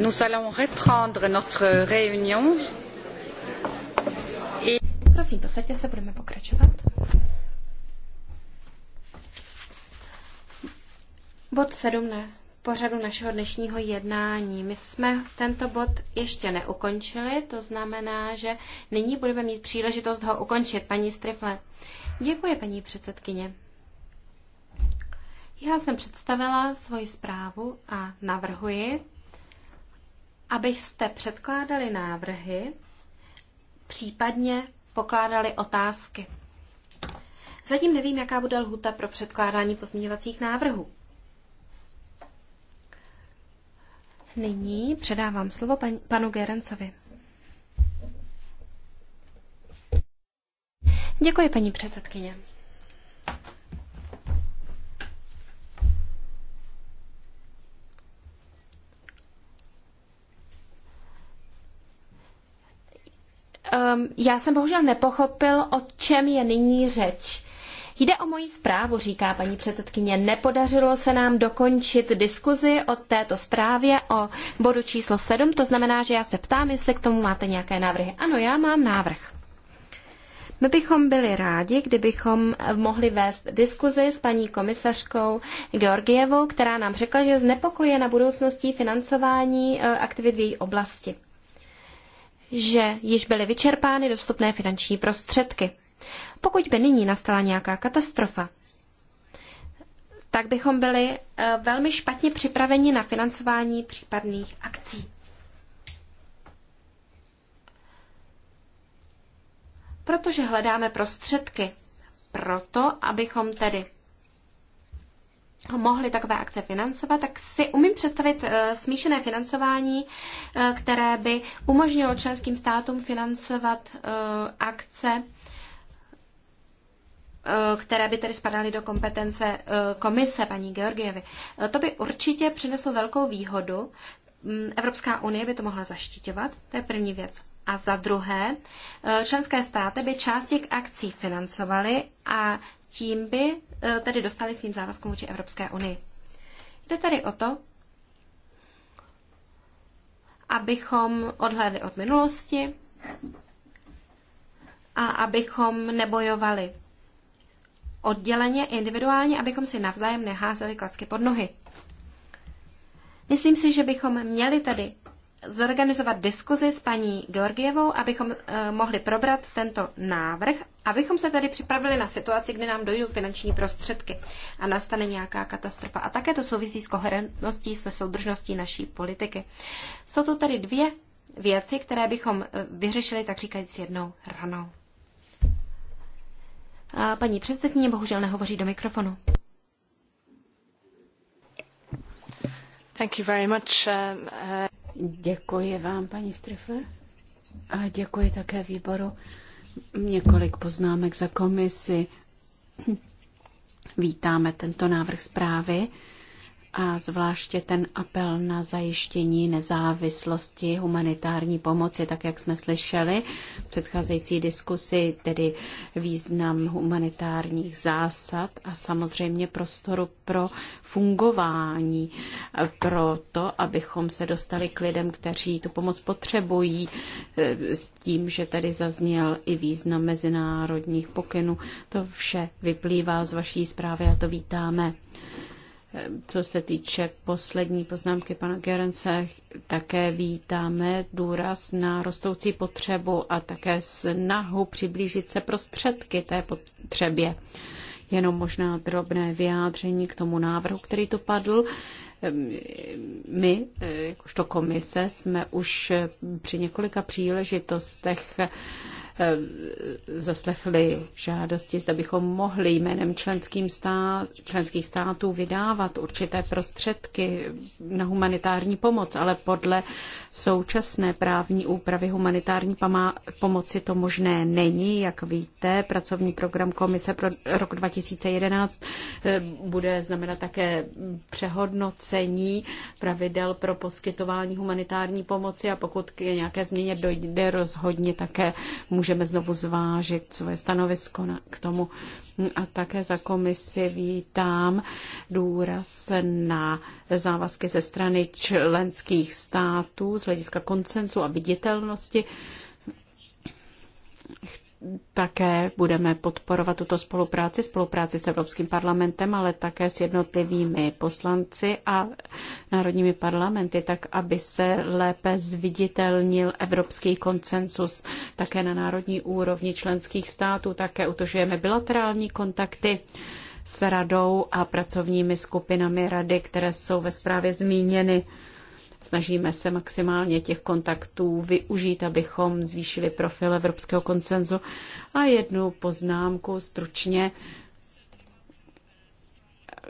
Nous allons reprendre notre réunion. Et... Prosím, posaďte se, budeme pokračovat. Bod 7 na pořadu našeho dnešního jednání. My jsme tento bod ještě neukončili, to znamená, že nyní budeme mít příležitost ho ukončit, paní Strifle. Děkuji, paní předsedkyně. Já jsem představila svoji zprávu a navrhuji abyste předkládali návrhy, případně pokládali otázky. Zatím nevím, jaká bude lhuta pro předkládání pozměňovacích návrhů. Nyní předávám slovo pan, panu Gerencovi. Děkuji, paní předsedkyně. Um, já jsem bohužel nepochopil, o čem je nyní řeč. Jde o moji zprávu, říká paní předsedkyně. Nepodařilo se nám dokončit diskuzi o této zprávě o bodu číslo 7, to znamená, že já se ptám, jestli k tomu máte nějaké návrhy. Ano, já mám návrh. My bychom byli rádi, kdybychom mohli vést diskuzi s paní komisařkou Georgievou, která nám řekla, že je znepokojena budoucností financování eh, aktivit v její oblasti že již byly vyčerpány dostupné finanční prostředky. Pokud by nyní nastala nějaká katastrofa, tak bychom byli eh, velmi špatně připraveni na financování případných akcí. Protože hledáme prostředky proto, abychom tedy mohli takové akce financovat, tak si umím představit eh, smíšené financování, eh, které by umožnilo členským státům financovat eh, akce, které by tedy spadaly do kompetence komise paní Georgievy. To by určitě přineslo velkou výhodu. Mm, Evropská unie by to mohla zaštiťovat, to je první věc. A za druhé, členské státy by část těch akcí financovaly a tím by eh, tedy dostali svým závazkům vůči Evropské unii. Jde tady o to, abychom odhledli od minulosti a abychom nebojovali odděleně, individuálně, abychom si navzájem neházeli klacky pod nohy. Myslím si, že bychom měli tedy zorganizovat diskuzi s paní Georgievou, abychom eh, mohli probrat tento návrh, abychom se tady připravili na situaci, kdy nám dojdou finanční prostředky a nastane nějaká katastrofa. A také to souvisí s koherentností, se soudržností naší politiky. Jsou to tady dvě věci, které bychom eh, vyřešili, tak říkajíc, jednou ranou. A paní předsedkyně bohužel nehovoří do mikrofonu. Thank you very much. Um, uh... Děkuji vám, paní Strifer. A děkuji také výboru. Několik poznámek za komisi. Vítáme tento návrh zprávy a zvláště ten apel na zajištění nezávislosti humanitární pomoci, tak jak jsme slyšeli v předcházející diskusi, tedy význam humanitárních zásad a samozřejmě prostoru pro fungování, pro to, abychom se dostali k lidem, kteří tu pomoc potřebují, eh, s tím, že tady zazněl i význam mezinárodních pokynů. To vše vyplývá z vaší zprávy a to vítáme. Co se týče poslední poznámky pana Gerence, také vítáme důraz na rostoucí potřebu a také snahu přiblížit se prostředky té potřebě. Jenom možná drobné vyjádření k tomu návrhu, který tu padl my, jakožto komise, jsme už při několika příležitostech Eh, zaslechli žádosti, zda bychom mohli jménem členským stát, členských států vydávat určité prostředky na humanitární pomoc, ale podle současné právní úpravy humanitární pomoci to možné není. Jak víte, pracovní program Komise pro rok 2011 eh, bude znamenat také přehodnocení pravidel pro poskytování humanitární pomoci a pokud k nějaké změně dojde, rozhodně také může můžeme znovu zvážit svoje stanovisko na, k tomu. A také za komisi vítám důraz na závazky ze strany členských států z hlediska koncensu a viditelnosti také budeme podporovat tuto spolupráci, spolupráci s Evropským parlamentem, ale také s jednotlivými poslanci a národními parlamenty, tak aby se lépe zviditelnil evropský koncensus také na národní úrovni členských států. Také utožujeme bilaterální kontakty s radou a pracovními skupinami rady, které jsou ve zprávě zmíněny. Snažíme se maximálně těch kontaktů využít, abychom zvýšili profil evropského koncenzu. A jednu poznámku stručně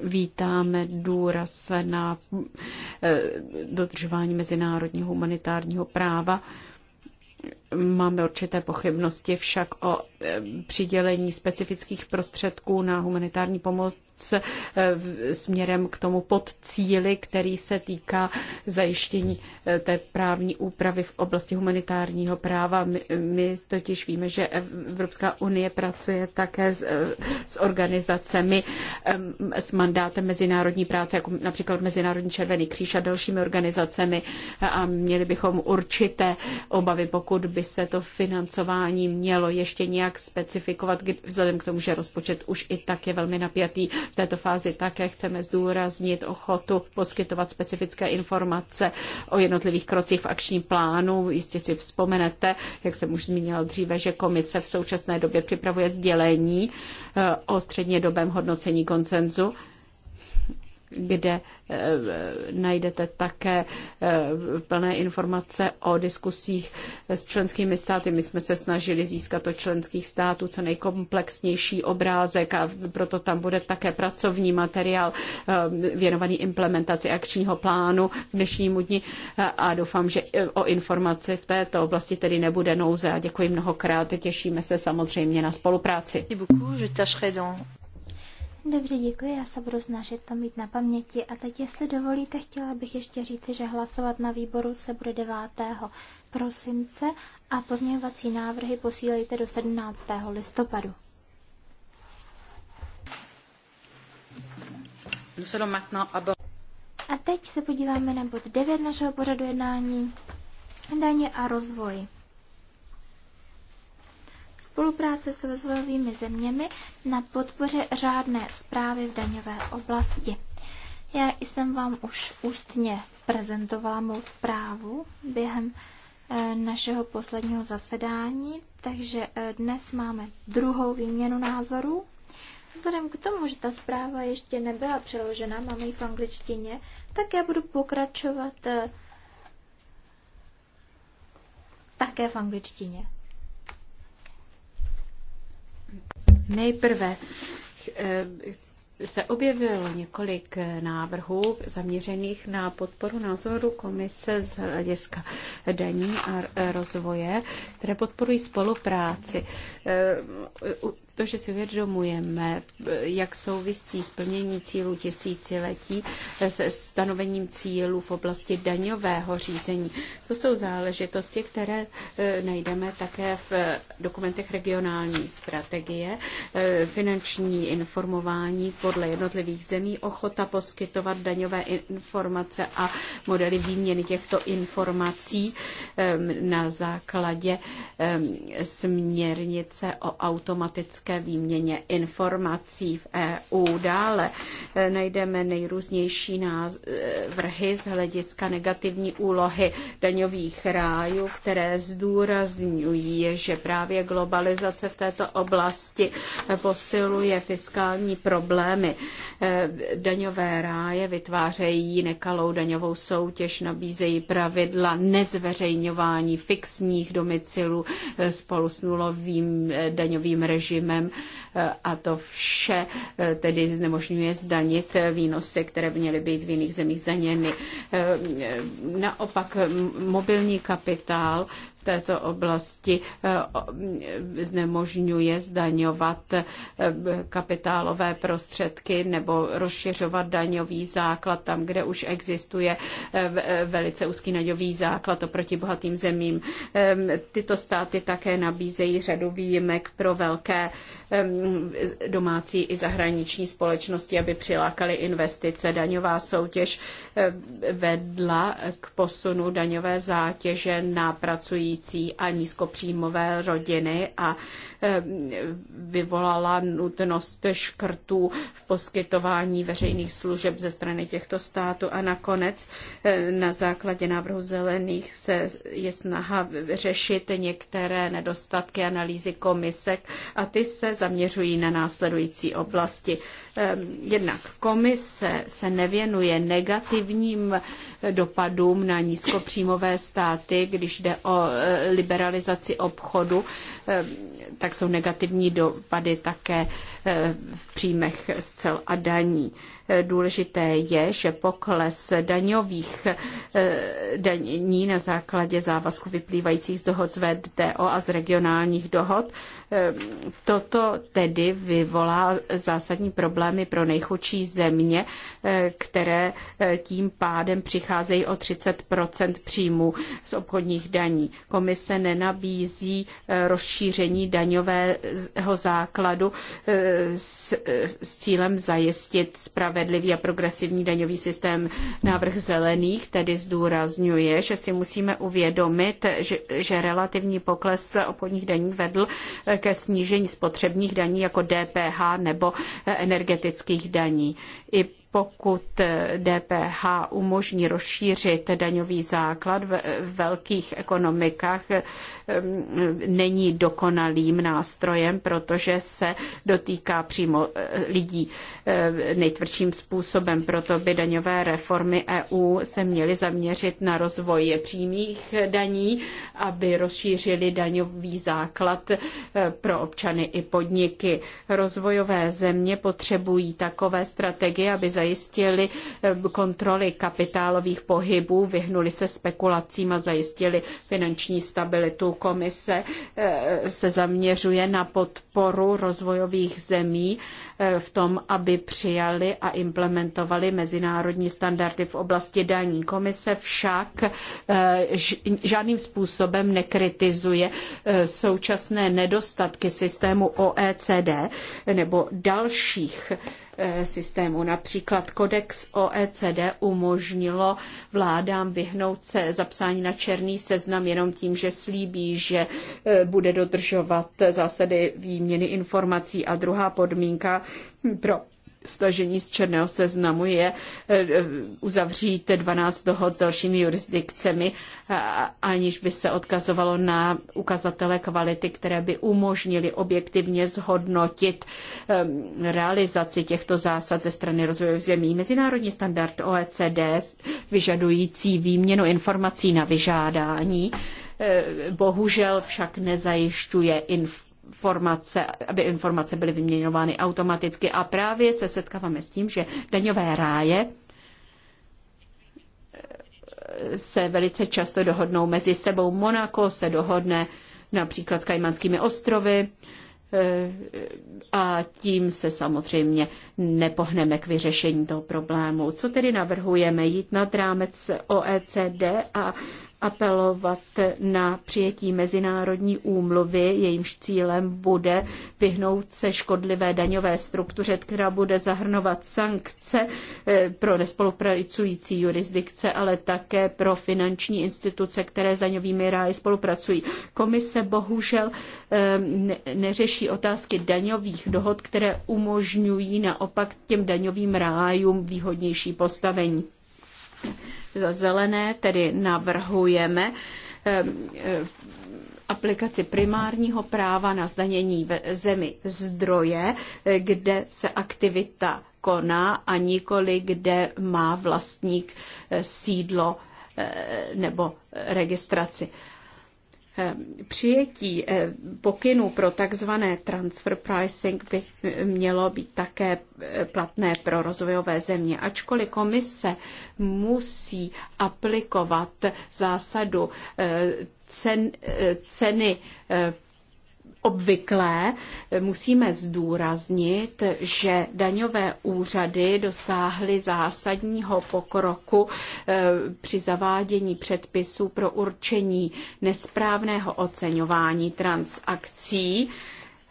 vítáme důraz na eh, dodržování mezinárodního humanitárního práva. Máme určité pochybnosti však o eh, přidělení specifických prostředků na humanitární pomoc pomoc eh, směrem k tomu podcíli, který se týká zajištění eh, té právní úpravy v oblasti humanitárního práva. My, my totiž víme, že Evropská unie pracuje také s, eh, s organizacemi s mandátem mezinárodní práce, jako například Mezinárodní červený kříž a dalšími organizacemi a měli bychom určité obavy, pokud by se to financování mělo ještě nějak specifikovat, vzhledem k tomu, že rozpočet už i tak je velmi napjatý. V této fázi také chceme zdůraznit ochotu poskytovat specifické informace o jednotlivých krocích v akčním plánu. Jistě si vzpomenete, jak jsem už zmínila dříve, že komise v současné době připravuje sdělení eh, o střednědobém hodnocení koncenzu kde eh, najdete také eh, plné informace o diskusích s členskými státy. My jsme se snažili získat od členských států co nejkomplexnější obrázek a proto tam bude také pracovní materiál eh, věnovaný implementaci akčního plánu v dnešnímu dni a doufám, že o informaci v této oblasti tedy nebude nouze a děkuji mnohokrát. Těšíme se samozřejmě na spolupráci. Dobře, děkuji, já se budu snažit to mít na paměti. A teď, jestli dovolíte, chtěla bych ještě říct, že hlasovat na výboru se bude 9. prosince a pozměňovací návrhy posílejte do 17. listopadu. A teď se podíváme na bod 9 našeho pořadu jednání. Daně a rozvoj spolupráce s rozvojovými zeměmi na podpoře řádné zprávy v daňové oblasti. Já jsem vám už ústně prezentovala mou zprávu během eh, našeho posledního zasedání, takže eh, dnes máme druhou výměnu názorů. Vzhledem k tomu, že ta zpráva ještě nebyla přeložena, máme ji v angličtině, tak já budu pokračovat eh, také v angličtině. Nejprve eh, se objevilo několik eh, návrhů zaměřených na podporu názoru komise z hlediska daní a eh, rozvoje, které podporují spolupráci. To, že si uvědomujeme, jak souvisí splnění cílů tisíciletí se stanovením cílů v oblasti daňového řízení, to jsou záležitosti, které eh, najdeme také v dokumentech regionální strategie, eh, finanční informování podle jednotlivých zemí, ochota poskytovat daňové informace a modely výměny těchto informací ehm, na základě ehm, směrnice o automatické hospodářské výměně informací v EU. Dále eh, najdeme nejrůznější návrhy eh, z hlediska negativní úlohy daňových rájů, které zdůrazňují, že právě globalizace v této oblasti eh, posiluje fiskální problémy. Daňové ráje vytvářejí nekalou daňovou soutěž, nabízejí pravidla nezveřejňování fixních domicilů spolu s nulovým daňovým režimem příjmem eh, a to vše eh, tedy znemožňuje zdanit eh, výnosy, které by měly být v jiných zemích zdaněny. Naopak mobilní kapitál této oblasti eh, znemožňuje zdaňovat eh, kapitálové prostředky nebo rozšiřovat daňový základ tam, kde už existuje eh, velice úzký daňový základ oproti bohatým zemím. Ehm, tyto státy také nabízejí řadu výjimek pro velké domácí i zahraniční společnosti, aby přilákali investice. Daňová soutěž vedla k posunu daňové zátěže na pracující a nízkopříjmové rodiny a vyvolala nutnost škrtů v poskytování veřejných služeb ze strany těchto států a nakonec na základě návrhu zelených se je snaha řešit některé nedostatky analýzy komisek a ty se zaměřují na následující oblasti. Ehm, jednak komise se nevěnuje negativním eh, dopadům na nízkopříjmové státy, když jde o eh, liberalizaci obchodu, ehm, tak jsou negativní dopady také eh, v příjmech z cel a daní. Důležité je, že pokles daňových eh, daní na základě závazku vyplývajících z dohod z VDO a z regionálních dohod, eh, toto tedy vyvolá zásadní problémy pro nejchudší země, eh, které tím pádem přicházejí o 30 příjmů z obchodních daní. Komise nenabízí rozšíření daňového základu s, s cílem zajistit spravedlnost spravedlivý a progresivní daňový systém. Návrh zelených tedy zdůrazňuje, že si musíme uvědomit, že, že relativní pokles obchodních daní vedl eh, ke snížení spotřebních daní jako DPH nebo eh, energetických daní. I pokud DPH umožní rozšířit daňový základ v velkých ekonomikách, není dokonalým nástrojem, protože se dotýká přímo eh, lidí eh, nejtvrdším způsobem. Proto by daňové reformy EU se měly zaměřit na rozvoj přímých daní, aby rozšířili daňový základ eh, pro občany i podniky. Rozvojové země potřebují takové strategie, aby zajistili eh, kontroly kapitálových pohybů, vyhnuli se spekulacím a zajistili finanční stabilitu. Komise eh, se zaměřuje na podporu rozvojových zemí eh, v tom, aby přijali a implementovali mezinárodní standardy v oblasti daní. Komise však žádným způsobem nekritizuje současné nedostatky systému OECD nebo dalších Eh, systému. Například kodex OECD umožnilo vládám vyhnout se zapsání na černý seznam jenom tím, že slíbí, že eh, bude dodržovat zásady výměny informací. A druhá podmínka pro stažení z černého seznamu je eh, eh, uzavřít 12 dohod s dalšími jurisdikcemi, aniž by se odkazovalo na ukazatele kvality, které by umožnily objektivně zhodnotit eh, realizaci těchto zásad ze strany rozvojových zemí. Mezinárodní standard OECD vyžadující výměnu informací na vyžádání bohužel však nezajišťuje informace informace, aby informace byly vyměňovány automaticky. A právě se setkáváme s tím, že daňové ráje se velice často dohodnou mezi sebou. Monako se dohodne například s Kajmanskými ostrovy eh, a tím se samozřejmě nepohneme k vyřešení toho problému. Co tedy navrhujeme? Jít nad rámec OECD a apelovat na přijetí mezinárodní úmluvy, jejímž cílem bude vyhnout se škodlivé daňové struktuře, která bude zahrnovat sankce eh, pro nespolupracující jurisdikce, ale také pro finanční instituce, které s daňovými ráji spolupracují. Komise bohužel ehm, neřeší otázky daňových dohod, které umožňují naopak těm daňovým rájům výhodnější postavení. Za zelené tedy navrhujeme ehm, ehm, aplikaci primárního práva na zdanění ve zemi zdroje, kde se aktivita koná a nikoli kde má vlastník eh, sídlo eh, nebo registraci. Eh, přijetí eh, pokynů pro takzvané transfer pricing by eh, mělo být také platné pro rozvojové země, ačkoliv komise musí aplikovat zásadu cen, ceny obvyklé, musíme zdůraznit, že daňové úřady dosáhly zásadního pokroku eh, při zavádění předpisů pro určení nesprávného oceňování transakcí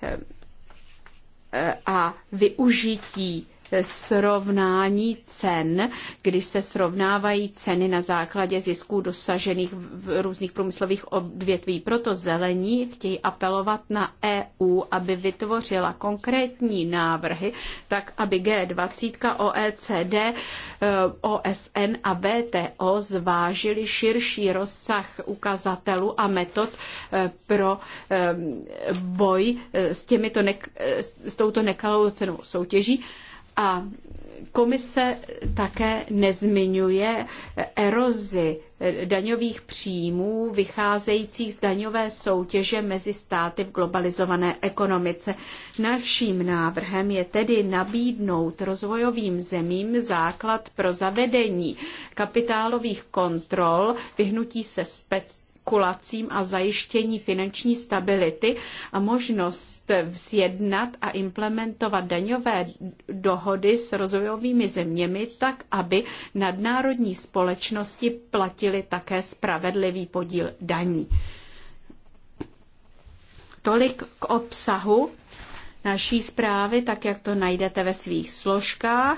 eh, a využití srovnání cen, kdy se srovnávají ceny na základě zisků dosažených v různých průmyslových odvětví. Proto zelení chtějí apelovat na EU, aby vytvořila konkrétní návrhy, tak aby G20, OECD, eh, OSN a VTO zvážili širší rozsah ukazatelů a metod eh, pro eh, boj s, těmito s touto nekalou cenou soutěží a komise také nezmiňuje erozi daňových příjmů vycházejících z daňové soutěže mezi státy v globalizované ekonomice. Naším návrhem je tedy nabídnout rozvojovým zemím základ pro zavedení kapitálových kontrol, vyhnutí se spec spekulacím a zajištění finanční stability a možnost sjednat a implementovat daňové dohody s rozvojovými zeměmi tak, aby nadnárodní společnosti platily také spravedlivý podíl daní. Tolik k obsahu naší zprávy, tak jak to najdete ve svých složkách.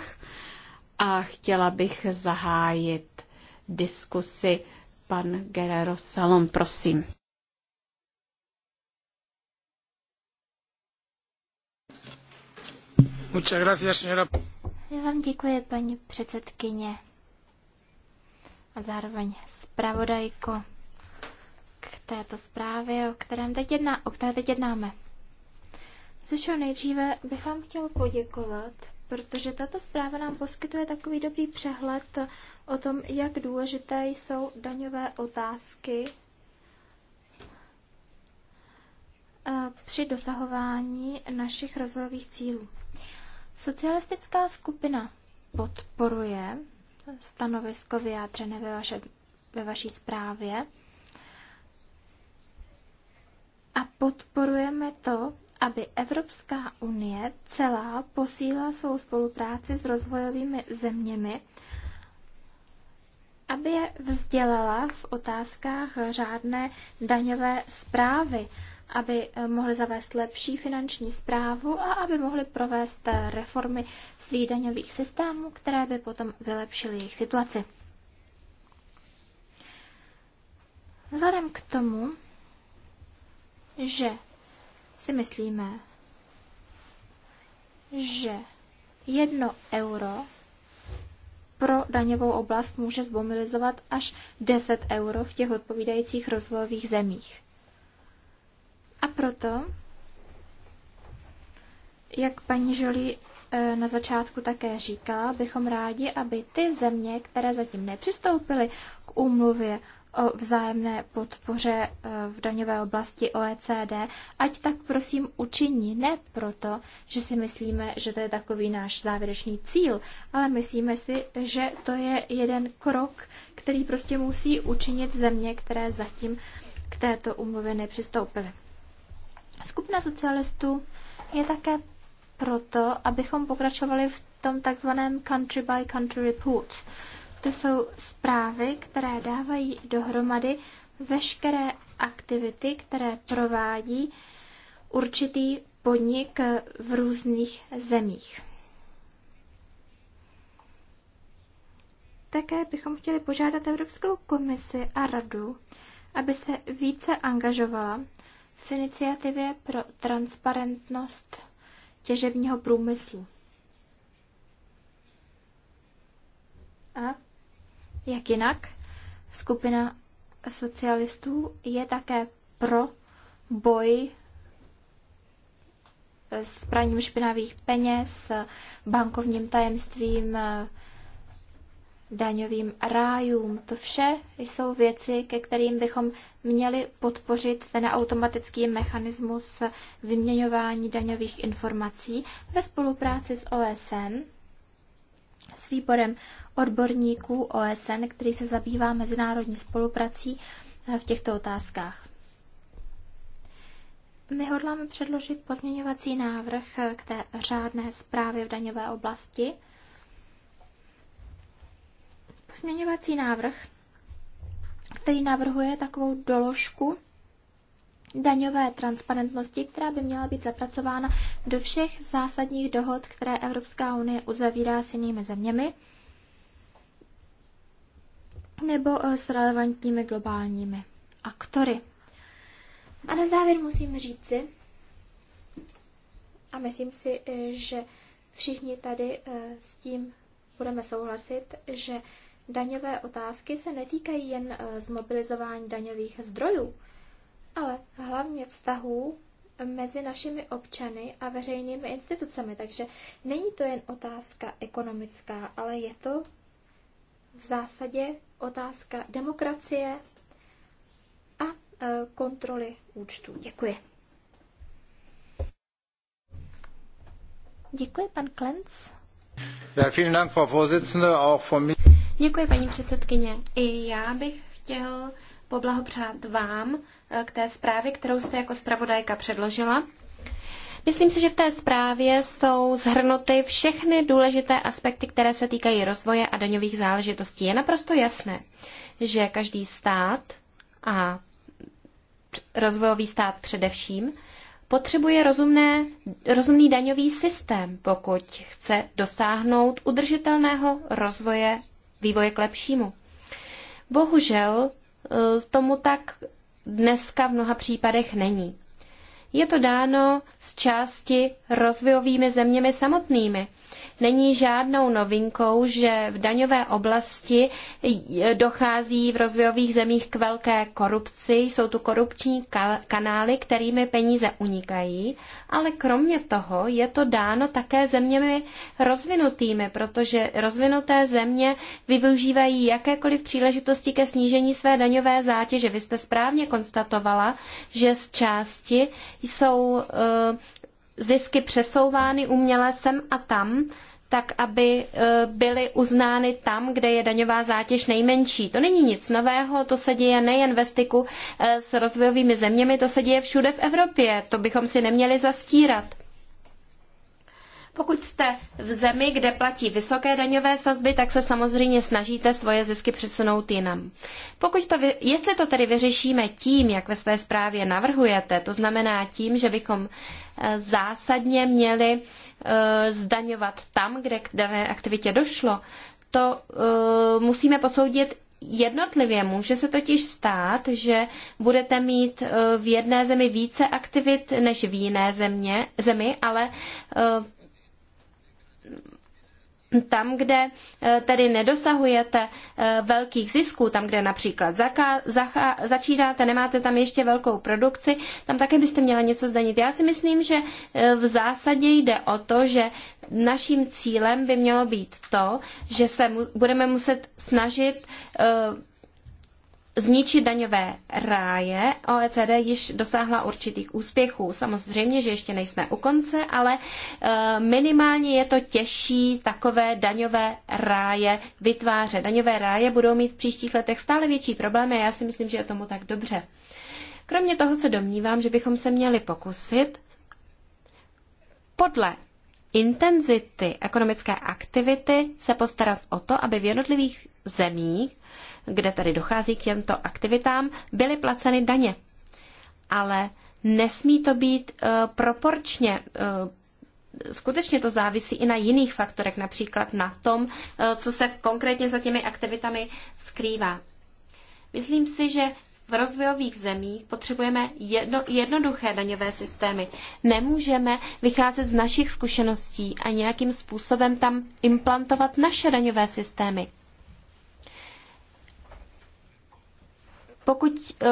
A chtěla bych zahájit diskusi Pan Guerrero Salom, prosím. Muchas gracias, señora. Já vám děkuji, paní předsedkyně a zároveň zpravodajko k této zprávě, o, kterém teď jedná, o které teď jednáme. Ze nejdříve bych vám chtěl poděkovat protože tato zpráva nám poskytuje takový dobrý přehled o tom, jak důležité jsou daňové otázky eh, při dosahování našich rozvojových cílů. Socialistická skupina podporuje stanovisko vyjádřené ve, vaše, ve vaší zprávě a podporujeme to, aby Evropská unie celá posílila svou spolupráci s rozvojovými zeměmi, aby je vzdělala v otázkách řádné daňové zprávy, aby eh, mohly zavést lepší finanční zprávu a aby mohly provést eh, reformy svých daňových systémů, které by potom vylepšily jejich situaci. Vzhledem k tomu, že si myslíme, že jedno euro pro daňovou oblast může zmobilizovat až 10 euro v těch odpovídajících rozvojových zemích. A proto, jak paní Žoli eh, na začátku také říkala, bychom rádi, aby ty země, které zatím nepřistoupily k úmluvě o vzájemné podpoře eh, v daňové oblasti OECD, ať tak prosím učiní. Ne proto, že si myslíme, že to je takový náš závěrečný cíl, ale myslíme si, že to je jeden krok, který prostě musí učinit země, které zatím k této umluvě nepřistoupily. Skupina socialistů je také proto, abychom pokračovali v tom takzvaném country by country report. To jsou zprávy, které dávají dohromady veškeré aktivity, které provádí určitý podnik v různých zemích. Také bychom chtěli požádat Evropskou komisi a radu, aby se více angažovala v iniciativě pro transparentnost těžebního průmyslu. A jak jinak, skupina socialistů je také pro boj s praním špinavých peněz, bankovním tajemstvím, daňovým rájům. To vše jsou věci, ke kterým bychom měli podpořit ten automatický mechanismus vyměňování daňových informací ve spolupráci s OSN s výborem odborníků OSN, který se zabývá mezinárodní spoluprací eh, v těchto otázkách. My hodláme předložit pozměňovací návrh eh, k té řádné zprávě v daňové oblasti. Pozměňovací návrh, který navrhuje takovou doložku daňové transparentnosti, která by měla být zapracována do všech zásadních dohod, které Evropská unie uzavírá s jinými zeměmi nebo eh, s relevantními globálními aktory. A na závěr musím říci, a myslím si, eh, že všichni tady eh, s tím budeme souhlasit, že daňové otázky se netýkají jen zmobilizování daňových zdrojů, ale hlavně vztahů mezi našimi občany a veřejnými institucemi. Takže není to jen otázka ekonomická, ale je to v zásadě otázka demokracie a e, kontroly účtů. Děkuji. Děkuji, pan Klenc. Děkuji, paní předsedkyně. I já bych chtěl poblahopřát vám eh, k té zprávě, kterou jste jako zpravodajka předložila. Myslím si, že v té zprávě jsou zhrnuty všechny důležité aspekty, které se týkají rozvoje a daňových záležitostí. Je naprosto jasné, že každý stát a rozvojový stát především potřebuje rozumné, rozumný daňový systém, pokud chce dosáhnout udržitelného rozvoje vývoje k lepšímu. Bohužel Eh, tomu tak dneska v mnoha případech není. Je to dáno z části rozvojovými zeměmi samotnými. Není žádnou novinkou, že v daňové oblasti dochází v rozvojových zemích k velké korupci, jsou tu korupční kanály, kterými peníze unikají, ale kromě toho je to dáno také zeměmi rozvinutými, protože rozvinuté země využívají jakékoliv příležitosti ke snížení své daňové zátěže. Vy jste správně konstatovala, že z části jsou eh, zisky přesouvány uměle sem a tam tak aby e, byly uznány tam, kde je daňová zátěž nejmenší. To není nic nového, to se děje nejen ve styku e, s rozvojovými zeměmi, to se děje všude v Evropě. To bychom si neměli zastírat. Pokud jste v zemi, kde platí vysoké daňové sazby, tak se samozřejmě snažíte svoje zisky přesunout jinam. Pokud to, jestli to tedy vyřešíme tím, jak ve své zprávě navrhujete, to znamená tím, že bychom eh, zásadně měli eh, zdaňovat tam, kde k dané aktivitě došlo, to eh, musíme posoudit jednotlivě. Může se totiž stát, že budete mít v jedné zemi více aktivit než v jiné země, zemi, ale tam, kde eh, tedy nedosahujete eh, velkých zisků, tam, kde například zaka, zacha, začínáte, nemáte tam ještě velkou produkci, tam také byste měla něco zdanit. Já si myslím, že eh, v zásadě jde o to, že naším cílem by mělo být to, že se budeme muset snažit zničit daňové ráje. OECD již dosáhla určitých úspěchů. Samozřejmě, že ještě nejsme u konce, ale eh, minimálně je to těžší takové daňové ráje vytvářet. Daňové ráje budou mít v příštích letech stále větší problémy a já si myslím, že je tomu tak dobře. Kromě toho se domnívám, že bychom se měli pokusit podle intenzity ekonomické aktivity se postarat o to, aby v jednotlivých zemích kde tady dochází k těmto aktivitám, byly placeny daně. Ale nesmí to být uh, proporčně. Uh, skutečně to závisí i na jiných faktorech, například na tom, e, co se konkrétně za těmi aktivitami skrývá. Myslím si, že v rozvojových zemích potřebujeme jedno, jednoduché daňové systémy. Nemůžeme vycházet z našich zkušeností a nějakým způsobem tam implantovat naše daňové systémy. Pokud uh,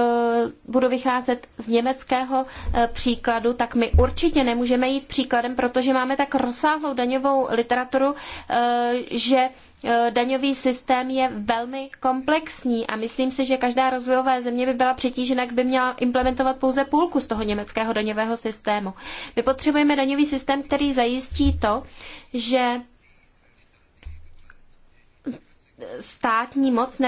budu vycházet z německého uh, příkladu, tak my určitě nemůžeme jít příkladem, protože máme tak rozsáhlou daňovou literaturu, uh, že daňový systém je velmi komplexní a myslím si, že každá rozvojová země by byla přetížena, kdyby měla implementovat pouze půlku z toho německého daňového systému. My potřebujeme daňový systém, který zajistí to, že státní moc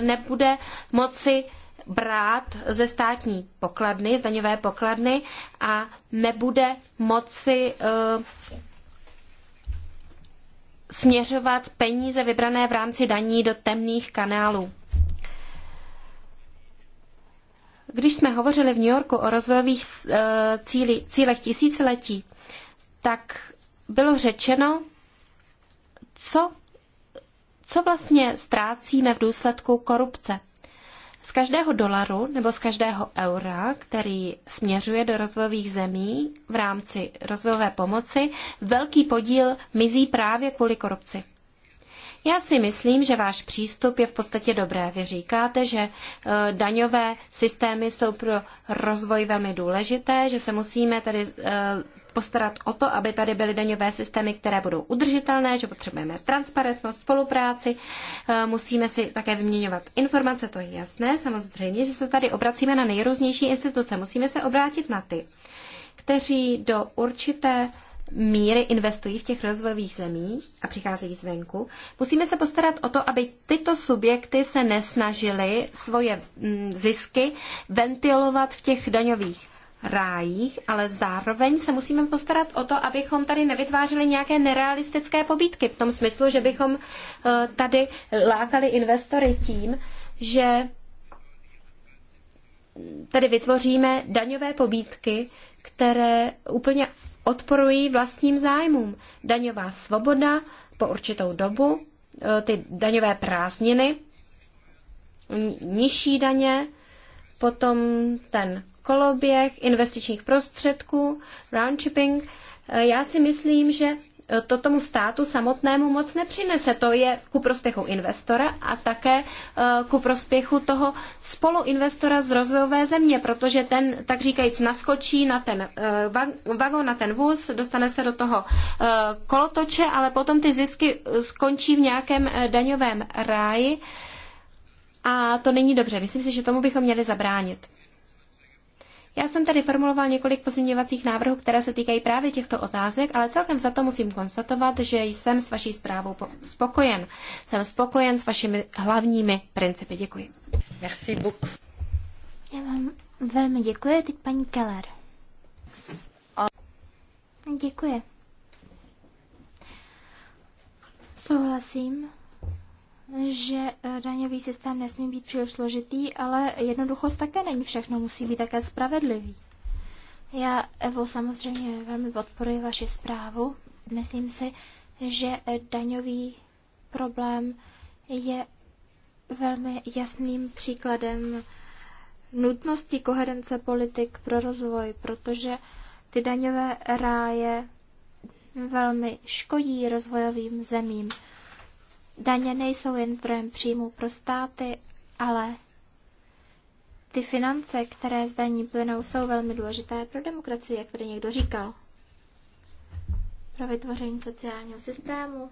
nebude moci brát ze státní pokladny, z daňové pokladny a nebude moci eh, směřovat peníze vybrané v rámci daní do temných kanálů. Když jsme hovořili v New Yorku o rozvojových eh, cíli, cílech tisíciletí, tak bylo řečeno, co, co vlastně ztrácíme v důsledku korupce. Z každého dolaru nebo z každého eura, který směřuje do rozvojových zemí v rámci rozvojové pomoci, velký podíl mizí právě kvůli korupci. Já si myslím, že váš přístup je v podstatě dobré. Vy říkáte, že e, daňové systémy jsou pro rozvoj velmi důležité, že se musíme tedy e, postarat o to, aby tady byly daňové systémy, které budou udržitelné, že potřebujeme transparentnost, spolupráci, eh, musíme si také vyměňovat informace, to je jasné. Samozřejmě, že se tady obracíme na nejrůznější instituce. Musíme se obrátit na ty, kteří do určité míry investují v těch rozvojových zemích a přicházejí zvenku, musíme se postarat o to, aby tyto subjekty se nesnažily svoje mm, zisky ventilovat v těch daňových rájích, ale zároveň se musíme postarat o to, abychom tady nevytvářeli nějaké nerealistické pobídky v tom smyslu, že bychom eh, tady lákali investory tím, že tady vytvoříme daňové pobídky, které úplně odporují vlastním zájmům. Daňová svoboda po určitou dobu, eh, ty daňové prázdniny, nižší daně, potom ten koloběh investičních prostředků, roundshipping. Eh, já si myslím, že eh, to tomu státu samotnému moc nepřinese. To je ku prospěchu investora a také eh, ku prospěchu toho spoluinvestora z rozvojové země, protože ten, tak říkajíc, naskočí na ten vagon, na ten vůz, dostane se do toho kolotoče, ale potom ty zisky skončí v nějakém daňovém ráji a to není dobře. Myslím si, že tomu bychom měli zabránit. Já jsem tady formuloval několik pozměňovacích návrhů, které se týkají právě těchto otázek, ale celkem za to musím konstatovat, že jsem s vaší zprávou spokojen. Jsem spokojen s vašimi hlavními principy. Děkuji. Merci beaucoup. Já vám velmi děkuji. Teď paní Keller. Děkuji. Souhlasím že eh, daňový systém nesmí být příliš složitý, ale jednoduchost také není všechno, musí být také spravedlivý. Já, Evo, samozřejmě velmi podporuji vaši zprávu. Myslím si, že eh, daňový problém je velmi jasným příkladem nutnosti koherence politik pro rozvoj, protože ty daňové ráje velmi škodí rozvojovým zemím. Daně nejsou jen zdrojem příjmů pro státy, ale ty finance, které z daní plynou, jsou velmi důležité pro demokracii, jak tady někdo říkal. Pro vytvoření sociálního systému,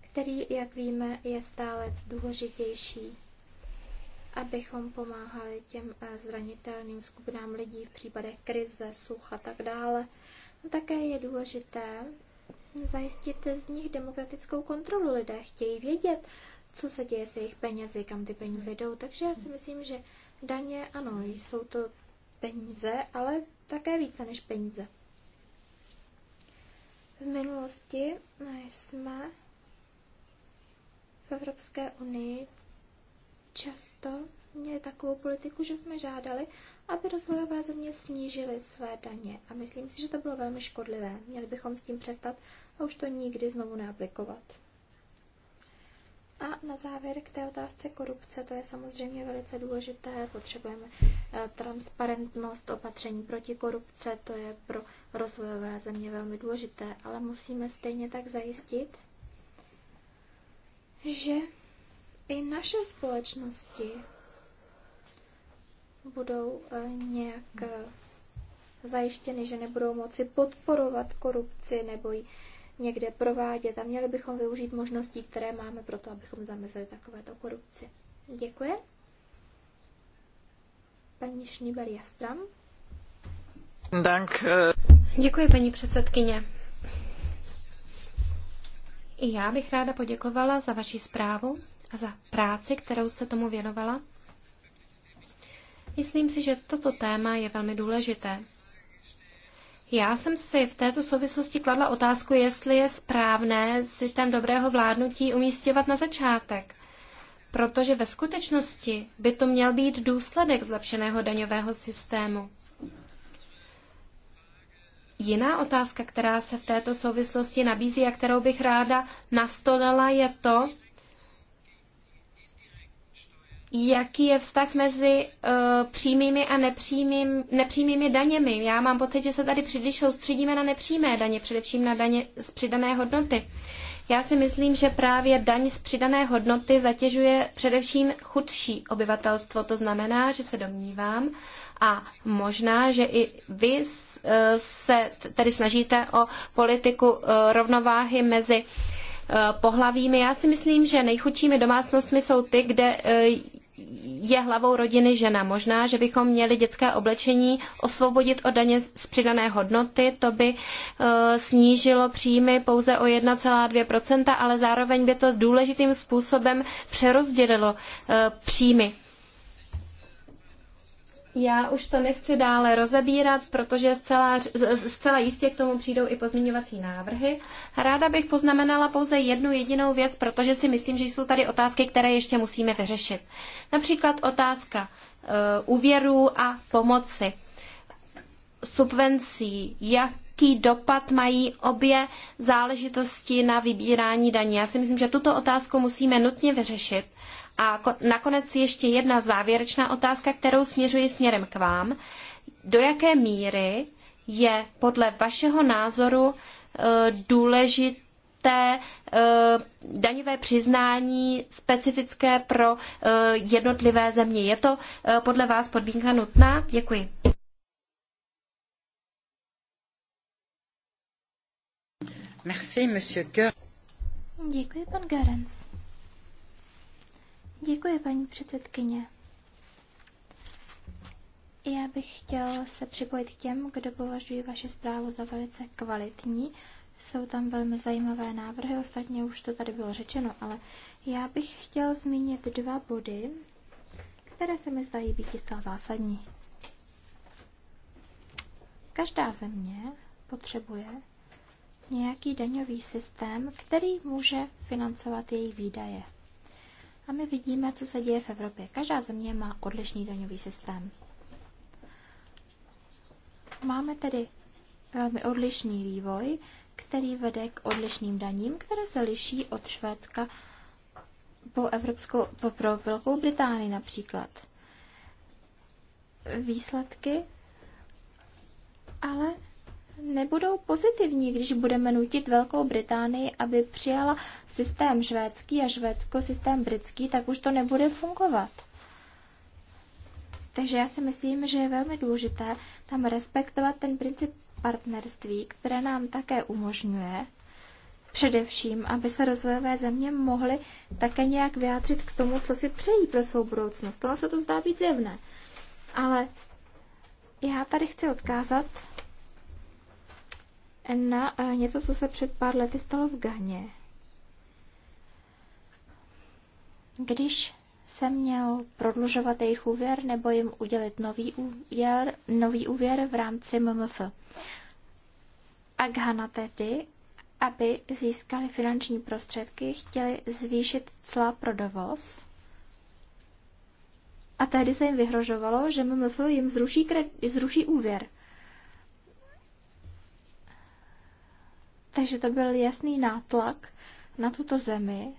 který, jak víme, je stále důležitější, abychom pomáhali těm eh, zranitelným skupinám lidí v případech krize, sucha a tak dále. Také je důležité, Zajistěte z nich demokratickou kontrolu. Lidé chtějí vědět, co se děje s jejich penězi, kam ty peníze jdou. Takže já si myslím, že daně, ano, jsou to peníze, ale také více než peníze. V minulosti no, jsme v Evropské unii často měli takovou politiku, že jsme žádali, aby rozvojové země snížily své daně. A myslím si, že to bylo velmi škodlivé. Měli bychom s tím přestat a už to nikdy znovu neaplikovat. A na závěr k té otázce korupce, to je samozřejmě velice důležité. Potřebujeme eh, transparentnost, opatření proti korupce, to je pro rozvojové země velmi důležité, ale musíme stejně tak zajistit, že i naše společnosti budou eh, nějak eh, zajištěny, že nebudou moci podporovat korupci nebo ji někde provádět a měli bychom využít možností, které máme pro to, abychom zamezili takovéto korupci. Děkuji. Paní Šniber Jastram. Dank. Eh. Děkuji, paní předsedkyně. I já bych ráda poděkovala za vaši zprávu a za práci, kterou jste tomu věnovala. Myslím si, že toto téma je velmi důležité. Já jsem si v této souvislosti kladla otázku, jestli je správné systém dobrého vládnutí umístěvat na začátek, protože ve skutečnosti by to měl být důsledek zlepšeného daňového systému. Jiná otázka, která se v této souvislosti nabízí a kterou bych ráda nastolila, je to, jaký je vztah mezi uh, přímými a nepřímým, nepřímými daněmi. Já mám pocit, že se tady příliš soustředíme na nepřímé daně, především na daně z přidané hodnoty. Já si myslím, že právě daň z přidané hodnoty zatěžuje především chudší obyvatelstvo. To znamená, že se domnívám a možná, že i vy eh, se tedy snažíte o politiku eh, rovnováhy mezi pohlavími. Já si myslím, že nejchudšími domácnostmi jsou ty, kde je hlavou rodiny žena. Možná, že bychom měli dětské oblečení osvobodit od daně z přidané hodnoty, to by eh, snížilo příjmy pouze o 1,2%, ale zároveň by to důležitým způsobem přerozdělilo eh, příjmy já už to nechci dále rozebírat, protože zcela, zcela jistě k tomu přijdou i pozměňovací návrhy. Ráda bych poznamenala pouze jednu jedinou věc, protože si myslím, že jsou tady otázky, které ještě musíme vyřešit. Například otázka e, eh, úvěrů a pomoci, subvencí, jak jaký dopad mají obě záležitosti na vybírání daní. Já si myslím, že tuto otázku musíme nutně vyřešit a nakonec ještě jedna závěrečná otázka, kterou směřuji směrem k vám. Do jaké míry je podle vašeho názoru e, důležité e, daňové přiznání specifické pro e, jednotlivé země? Je to podle vás podmínka nutná? Děkuji. Merci, monsieur Děkuji, pan Gerens. Děkuji, paní předsedkyně. Já bych chtěl se připojit k těm, kdo považují vaši zprávu za velice kvalitní. Jsou tam velmi zajímavé návrhy, ostatně už to tady bylo řečeno, ale já bych chtěl zmínit dva body, které se mi zdají být zcela zásadní. Každá země potřebuje nějaký daňový systém, který může financovat její výdaje. A my vidíme, co se děje v Evropě. Každá země má odlišný daňový systém. Máme tedy velmi odlišný vývoj, který vede k odlišným daním, které se liší od Švédska po, Evropskou, po pro Velkou Británii například. Výsledky ale nebudou pozitivní, když budeme nutit Velkou Británii, aby přijala systém švédský a Švédsko systém britský, tak už to nebude fungovat. Takže já si myslím, že je velmi důležité tam respektovat ten princip partnerství, které nám také umožňuje především, aby se rozvojové země mohly také nějak vyjádřit k tomu, co si přejí pro svou budoucnost. Ono se to zdá být zjevné. Ale já tady chci odkázat na eh, něco, co se před pár lety stalo v Ghaně. Když jsem měl prodlužovat jejich úvěr nebo jim udělit nový úvěr, nový úvěr v rámci MMF. A Ghana tedy, aby získali finanční prostředky, chtěli zvýšit cla pro dovoz. A tehdy se jim vyhrožovalo, že MMF jim zruší, zruší úvěr. Takže to byl jasný nátlak na tuto zemi.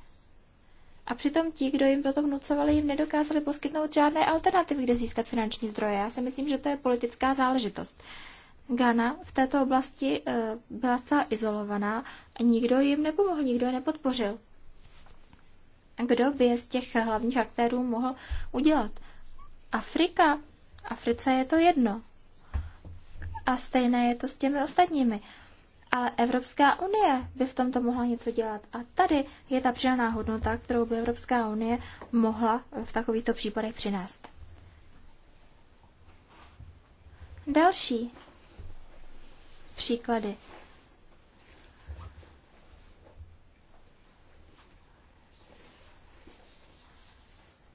A přitom ti, kdo jim toto vnucovali, jim nedokázali poskytnout žádné alternativy, kde získat finanční zdroje. Já si myslím, že to je politická záležitost. Ghana v této oblasti eh, byla zcela izolovaná a nikdo jim nepomohl, nikdo je nepodpořil. Kdo by je z těch hlavních aktérů mohl udělat? Afrika? Africe je to jedno. A stejné je to s těmi ostatními ale Evropská unie by v tomto mohla něco dělat. A tady je ta přidaná hodnota, kterou by Evropská unie mohla v takovýchto případech přinést. Další příklady.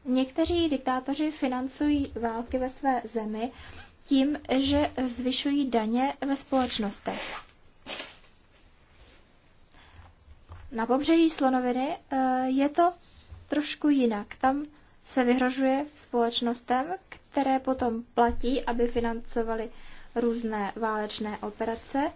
Někteří diktátoři financují války ve své zemi tím, že zvyšují daně ve společnostech. na pobřeží slonoviny eh, je to trošku jinak. Tam se vyhrožuje společnostem, které potom platí, aby financovali různé válečné operace,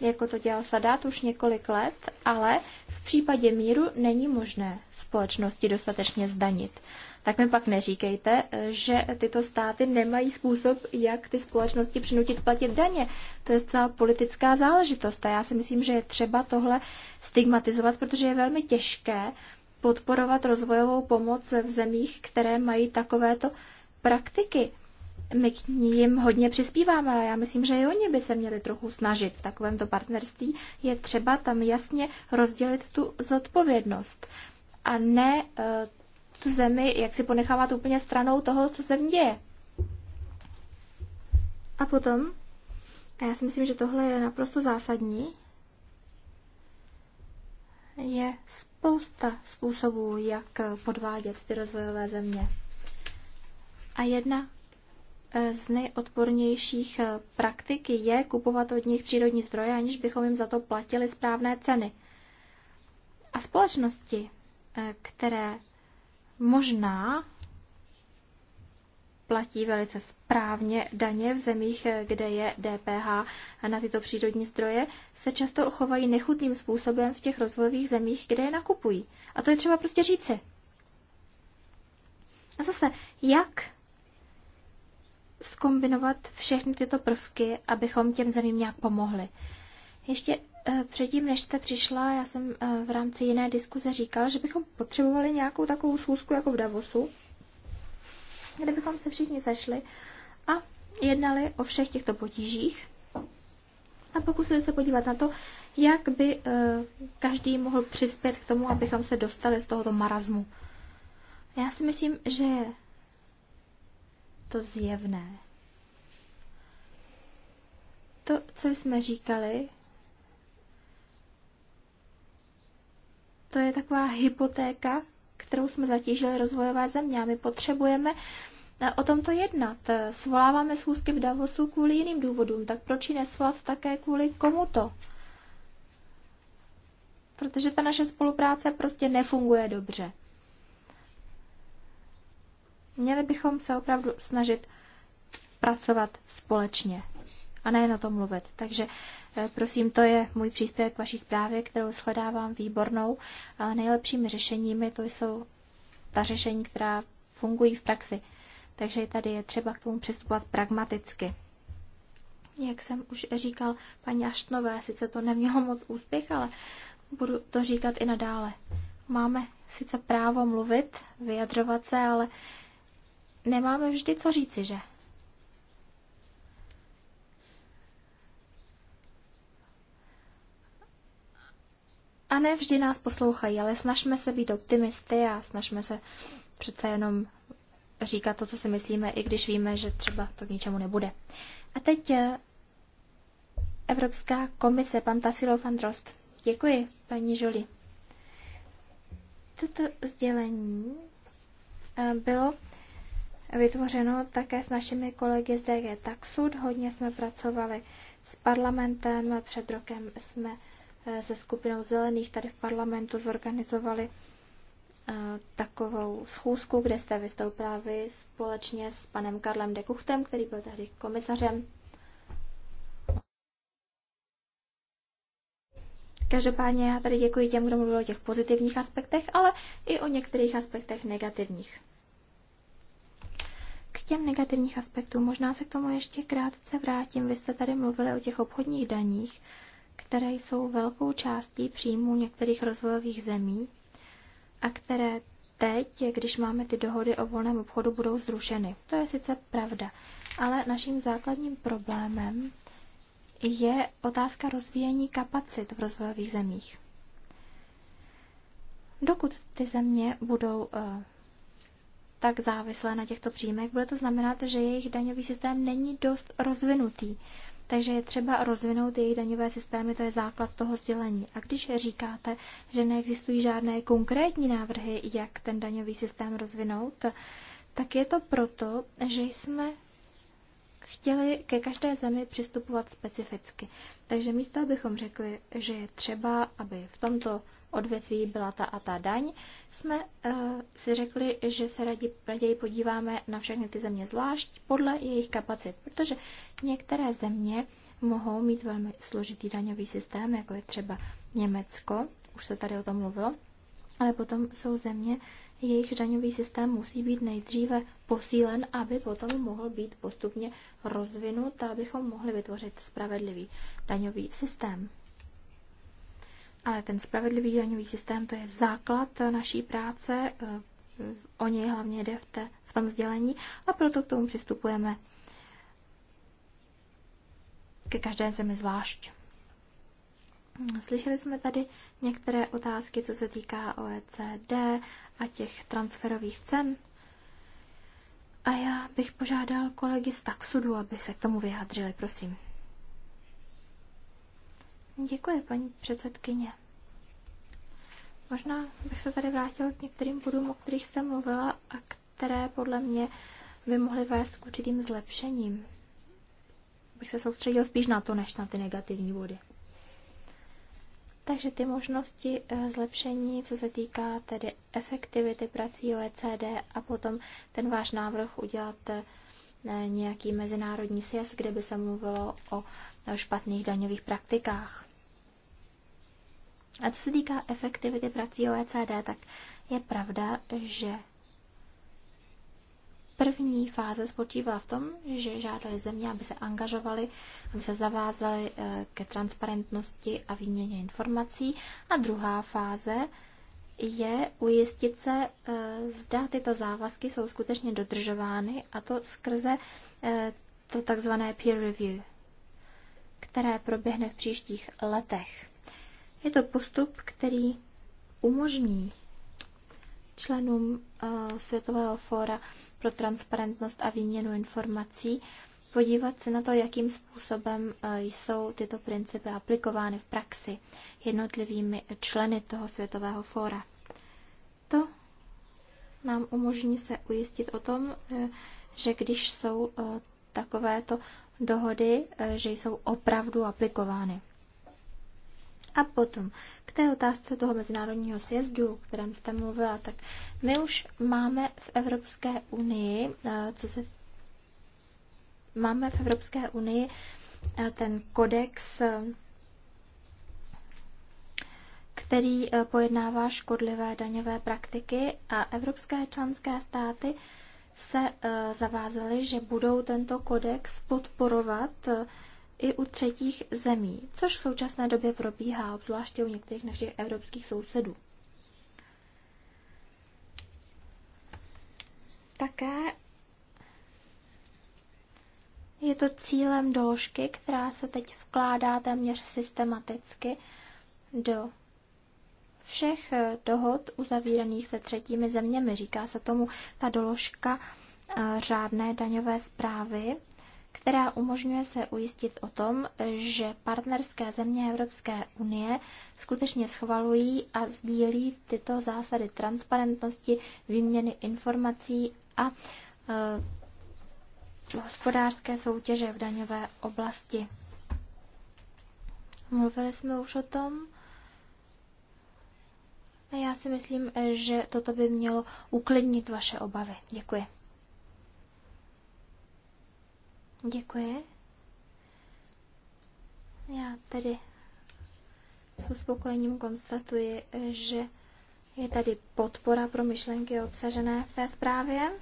jako to dělal Sadat už několik let, ale v případě míru není možné společnosti dostatečně zdanit tak mi pak neříkejte, že tyto státy nemají způsob, jak ty společnosti přinutit platit daně. To je celá politická záležitost a já si myslím, že je třeba tohle stigmatizovat, protože je velmi těžké podporovat rozvojovou pomoc v zemích, které mají takovéto praktiky. My k ním hodně přispíváme, ale já myslím, že i oni by se měli trochu snažit. V takovémto partnerství je třeba tam jasně rozdělit tu zodpovědnost a ne eh, tu zemi jak si ponechávat úplně stranou toho, co se v ní děje. A potom, a já si myslím, že tohle je naprosto zásadní, je spousta způsobů, jak podvádět ty rozvojové země. A jedna eh, z nejodpornějších eh, praktik je kupovat od nich přírodní zdroje, aniž bychom jim za to platili správné ceny. A společnosti, eh, které možná platí velice správně daně v zemích, kde je DPH na tyto přírodní zdroje, se často chovají nechutným způsobem v těch rozvojových zemích, kde je nakupují. A to je třeba prostě říci. A zase, jak skombinovat všechny tyto prvky, abychom těm zemím nějak pomohli? Ještě Eh, předtím, než jste přišla, já jsem eh, v rámci jiné diskuze říkala, že bychom potřebovali nějakou takovou schůzku jako v Davosu, kde bychom se všichni sešli a jednali o všech těchto potížích a pokusili se podívat na to, jak by eh, každý mohl přispět k tomu, abychom se dostali z tohoto marazmu. Já si myslím, že je to zjevné. To, co jsme říkali, to je taková hypotéka, kterou jsme zatížili rozvojové země a my potřebujeme eh, o tomto jednat. Svoláváme schůzky v Davosu kvůli jiným důvodům, tak proč ji nesvolat také kvůli komuto? Protože ta naše spolupráce prostě nefunguje dobře. Měli bychom se opravdu snažit pracovat společně a nejen o tom mluvit. Takže eh, prosím, to je můj příspěvek k vaší zprávě, kterou shledávám výbornou, ale nejlepšími řešeními to jsou ta řešení, která fungují v praxi. Takže tady je třeba k tomu přistupovat pragmaticky. Jak jsem už říkal paní Aštnové, sice to nemělo moc úspěch, ale budu to říkat i nadále. Máme sice právo mluvit, vyjadřovat se, ale nemáme vždy co říci, že? A ne vždy nás poslouchají, ale snažme se být optimisty a snažme se přece jenom říkat to, co si myslíme, i když víme, že třeba to k ničemu nebude. A teď eh, Evropská komise, pan Tasilo van Drost. Děkuji, paní Žoli. Toto sdělení eh, bylo vytvořeno také s našimi kolegy z DG Taxud. Hodně jsme pracovali s parlamentem, před rokem jsme Eh, se skupinou zelených tady v parlamentu zorganizovali eh, takovou schůzku, kde jste vystoupila vy společně s panem Karlem de Kuchtem, který byl tehdy komisařem. Každopádně já tady děkuji těm, kdo mluvil o těch pozitivních aspektech, ale i o některých aspektech negativních. K těm negativních aspektům možná se k tomu ještě krátce vrátím. Vy jste tady mluvili o těch obchodních daních které jsou velkou částí příjmů některých rozvojových zemí a které teď, když máme ty dohody o volném obchodu, budou zrušeny. To je sice pravda, ale naším základním problémem je otázka rozvíjení kapacit v rozvojových zemích. Dokud ty země budou eh, tak závislé na těchto příjmech, bude to znamenat, že jejich daňový systém není dost rozvinutý. Takže je třeba rozvinout jejich daňové systémy, to je základ toho sdělení. A když říkáte, že neexistují žádné konkrétní návrhy, jak ten daňový systém rozvinout, tak je to proto, že jsme chtěli ke každé zemi přistupovat specificky. Takže místo, abychom řekli, že je třeba, aby v tomto odvětví byla ta a ta daň, jsme uh, si řekli, že se raději, raději podíváme na všechny ty země zvlášť podle jejich kapacit, protože některé země mohou mít velmi složitý daňový systém, jako je třeba Německo, už se tady o tom mluvilo, ale potom jsou země, jejich daňový systém musí být nejdříve posílen, aby potom mohl být postupně rozvinut a abychom mohli vytvořit spravedlivý daňový systém. Ale ten spravedlivý daňový systém to je základ naší práce, eh, o něj hlavně jde v, té, v tom sdělení a proto k tomu přistupujeme ke každé zemi zvlášť. Slyšeli jsme tady některé otázky, co se týká OECD a těch transferových cen. A já bych požádal kolegy z Taxudu, aby se k tomu vyjádřili, prosím. Děkuji, paní předsedkyně. Možná bych se tady vrátila k některým bodům, o kterých jste mluvila a které podle mě by mohly vést k určitým zlepšením. Bych se soustředil spíš na to, než na ty negativní body. Takže ty možnosti eh, zlepšení, co se týká tedy efektivity prací OECD a potom ten váš návrh udělat eh, nějaký mezinárodní sjezd, kde by se mluvilo o špatných daňových praktikách. A co se týká efektivity prací OECD, tak je pravda, že První fáze spočívá v tom, že žádali země, aby se angažovali, aby se zavázali eh, ke transparentnosti a výměně informací. A druhá fáze je ujistit se, eh, zda tyto závazky jsou skutečně dodržovány, a to skrze eh, to takzvané peer review, které proběhne v příštích letech. Je to postup, který umožní členům eh, Světového fóra pro transparentnost a výměnu informací podívat se na to, jakým způsobem eh, jsou tyto principy aplikovány v praxi jednotlivými členy toho Světového fóra. To nám umožní se ujistit o tom, eh, že když jsou takovéto dohody, že jsou opravdu aplikovány. A potom k té otázce toho mezinárodního sjezdu, o kterém jste mluvila, tak my už máme v Evropské unii, eh, co se máme v Evropské unii eh, ten kodex, eh, který pojednává škodlivé daňové praktiky a evropské členské státy se zavázaly, že budou tento kodex podporovat i u třetích zemí, což v současné době probíhá, obzvláště u některých našich evropských sousedů. Také je to cílem doložky, která se teď vkládá téměř systematicky do všech eh, dohod uzavíraných se třetími zeměmi. Říká se tomu ta doložka eh, řádné daňové zprávy která umožňuje se ujistit o tom, že partnerské země Evropské unie skutečně schvalují a sdílí tyto zásady transparentnosti, výměny informací a e, hospodářské soutěže v daňové oblasti. Mluvili jsme už o tom. Já si myslím, že toto by mělo uklidnit vaše obavy. Děkuji. Děkuji. Já tedy s uspokojením konstatuji, že je tady podpora pro myšlenky obsažené v té zprávě.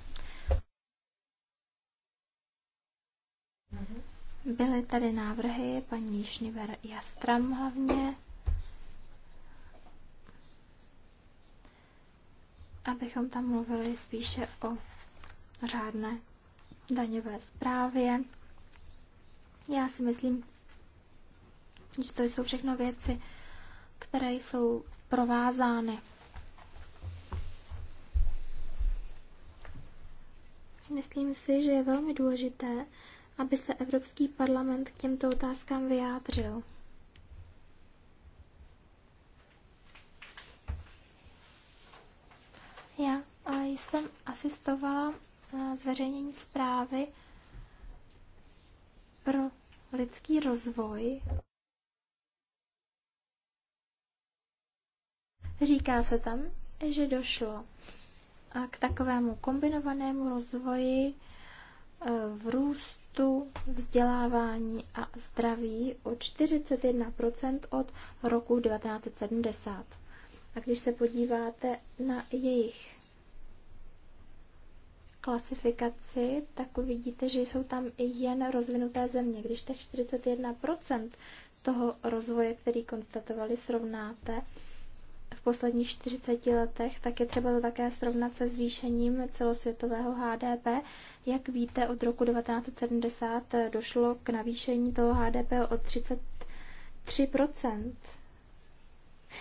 Byly tady návrhy paní Šniver Jastram hlavně, abychom tam mluvili spíše o řádné daňové zprávě. Já si myslím, že to jsou všechno věci, které jsou provázány. Myslím si, že je velmi důležité, aby se Evropský parlament k těmto otázkám vyjádřil. Já jsem asistovala zveřejnění zprávy pro lidský rozvoj. Říká se tam, že došlo k takovému kombinovanému rozvoji eh, v růstu vzdělávání a zdraví o 41% od roku 1970. A když se podíváte na jejich klasifikaci, tak uvidíte, že jsou tam i jen rozvinuté země. Když těch 41% toho rozvoje, který konstatovali, srovnáte v posledních 40 letech, tak je třeba to také srovnat se zvýšením celosvětového HDP. Jak víte, od roku 1970 došlo k navýšení toho HDP o 33%.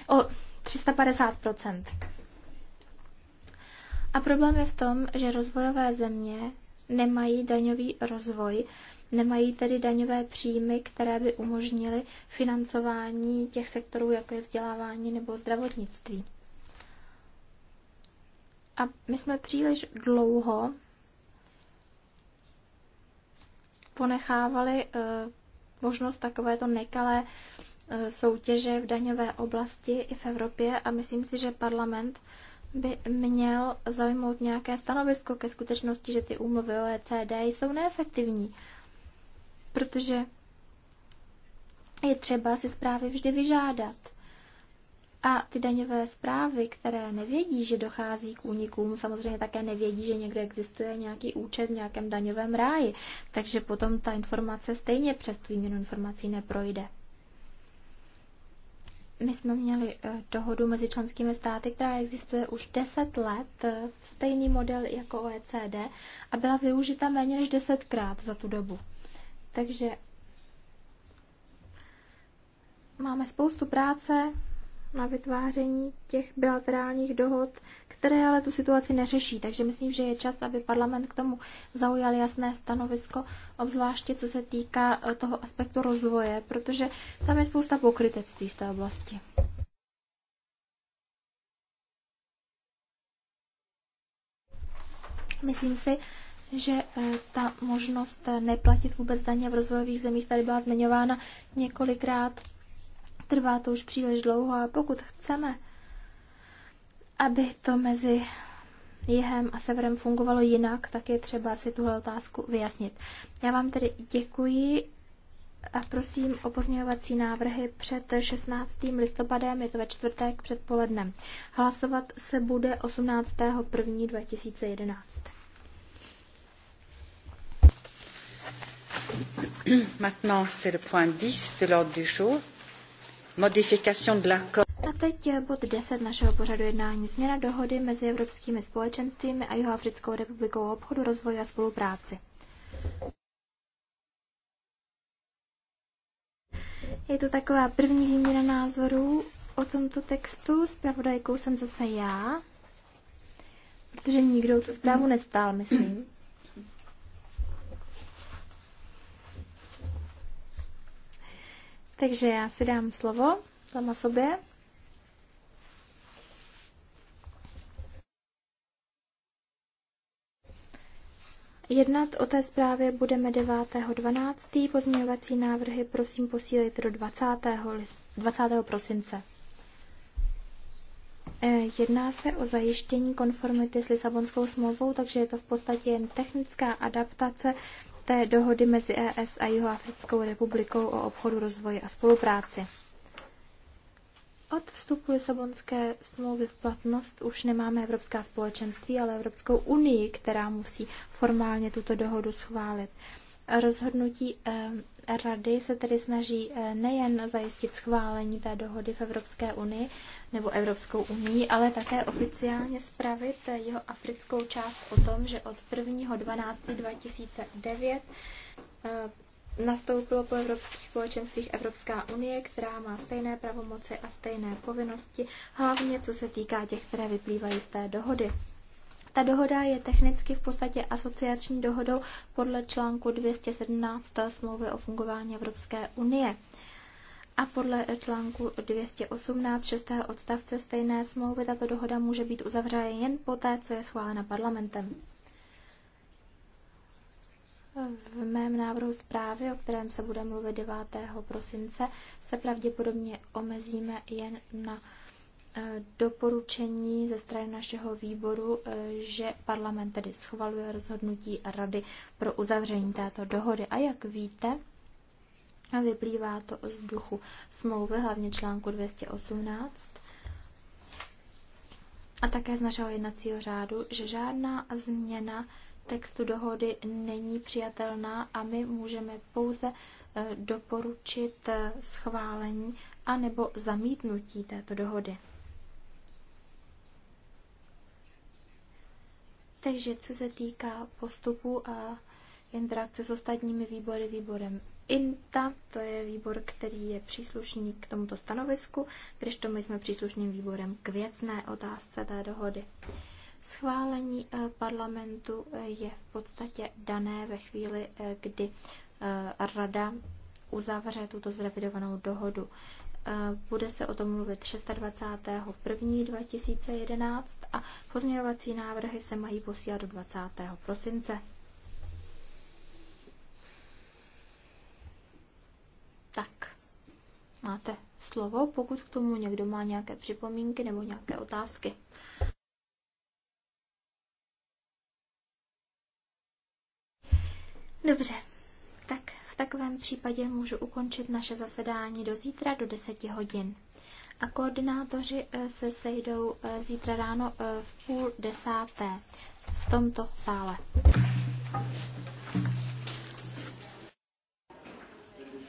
O 350%. A problém je v tom, že rozvojové země nemají daňový rozvoj, nemají tedy daňové příjmy, které by umožnily financování těch sektorů, jako je vzdělávání nebo zdravotnictví. A my jsme příliš dlouho ponechávali eh, možnost takovéto nekalé eh, soutěže v daňové oblasti i v Evropě a myslím si, že parlament by měl zaujmout nějaké stanovisko ke skutečnosti, že ty úmluvy OECD jsou neefektivní. Protože je třeba si zprávy vždy vyžádat. A ty daňové zprávy, které nevědí, že dochází k únikům, samozřejmě také nevědí, že někde existuje nějaký účet v nějakém daňovém ráji, takže potom ta informace stejně přes tu výměnu informací neprojde. My jsme měli eh, dohodu mezi členskými státy, která existuje už 10 let, eh, stejný model jako OECD a byla využita méně než 10krát za tu dobu. Takže máme spoustu práce, na vytváření těch bilaterálních dohod, které ale tu situaci neřeší. Takže myslím, že je čas, aby parlament k tomu zaujal jasné stanovisko, obzvláště co se týká eh, toho aspektu rozvoje, protože tam je spousta pokrytectví v té oblasti. Myslím si, že eh, ta možnost eh, neplatit vůbec daně v rozvojových zemích tady byla zmiňována několikrát. Trvá to už příliš dlouho a pokud chceme, aby to mezi jihem a severem fungovalo jinak, tak je třeba si tuhle otázku vyjasnit. Já vám tedy děkuji a prosím o pozměňovací návrhy před 16. listopadem, je to ve čtvrtek předpolednem. Hlasovat se bude 18. 2011. Maintenant, c'est le point 10 de l'ordre du jour modification de l'accord. A teď bod 10 našeho pořadu jednání. Změna dohody mezi evropskými společenstvími a Jihoafrickou republikou o obchodu, rozvoji a spolupráci. Je to taková první výměna názorů o tomto textu. Spravodajkou jsem zase já, protože nikdo tu zprávu nestál, myslím. Takže já si dám slovo sama sobě. Jednat o té zprávě budeme 9.12. Pozměňovací návrhy prosím posílit do 20. List, 20. prosince. E, jedná se o zajištění konformity s Lisabonskou smlouvou, takže je to v podstatě jen technická adaptace té dohody mezi ES a Jihoafrickou republikou o obchodu, rozvoji a spolupráci. Od vstupu Lisabonské smlouvy v platnost už nemáme Evropská společenství, ale Evropskou unii, která musí formálně tuto dohodu schválit. Rozhodnutí eh, Rady se tedy snaží eh, nejen zajistit schválení té dohody v Evropské unii nebo Evropskou unii, ale také oficiálně spravit eh, jeho africkou část o tom, že od 1.12.2009 eh, nastoupilo po evropských společenstvích Evropská unie, která má stejné pravomoci a stejné povinnosti, hlavně co se týká těch, které vyplývají z té dohody. Ta dohoda je technicky v podstatě asociační dohodou podle článku 217 smlouvy o fungování Evropské unie a podle článku 218 6. odstavce stejné smlouvy tato dohoda může být uzavřena jen poté, co je schválena parlamentem. V mém návrhu zprávy, o kterém se bude mluvit 9. prosince, se pravděpodobně omezíme jen na Eh, doporučení ze strany našeho výboru, eh, že parlament tedy schvaluje rozhodnutí Rady pro uzavření této dohody. A jak víte, vyplývá to z duchu smlouvy, hlavně článku 218, a také z našeho jednacího řádu, že žádná změna textu dohody není přijatelná a my můžeme pouze eh, doporučit schválení anebo zamítnutí této dohody. Takže co se týká postupu a interakce s ostatními výbory, výborem INTA, to je výbor, který je příslušný k tomuto stanovisku, kdežto my jsme příslušným výborem k věcné otázce té dohody. Schválení eh, parlamentu eh, je v podstatě dané ve chvíli, eh, kdy rada uzavře tuto zrevidovanou dohodu. Bude se o tom mluvit 26. první 2011 a pozměňovací návrhy se mají posílat do 20. prosince. Tak, máte slovo, pokud k tomu někdo má nějaké připomínky nebo nějaké otázky. Dobře, tak v takovém případě můžu ukončit naše zasedání do zítra do 10 hodin. A koordinátoři eh, se sejdou eh, zítra ráno eh, v půl desáté v tomto sále.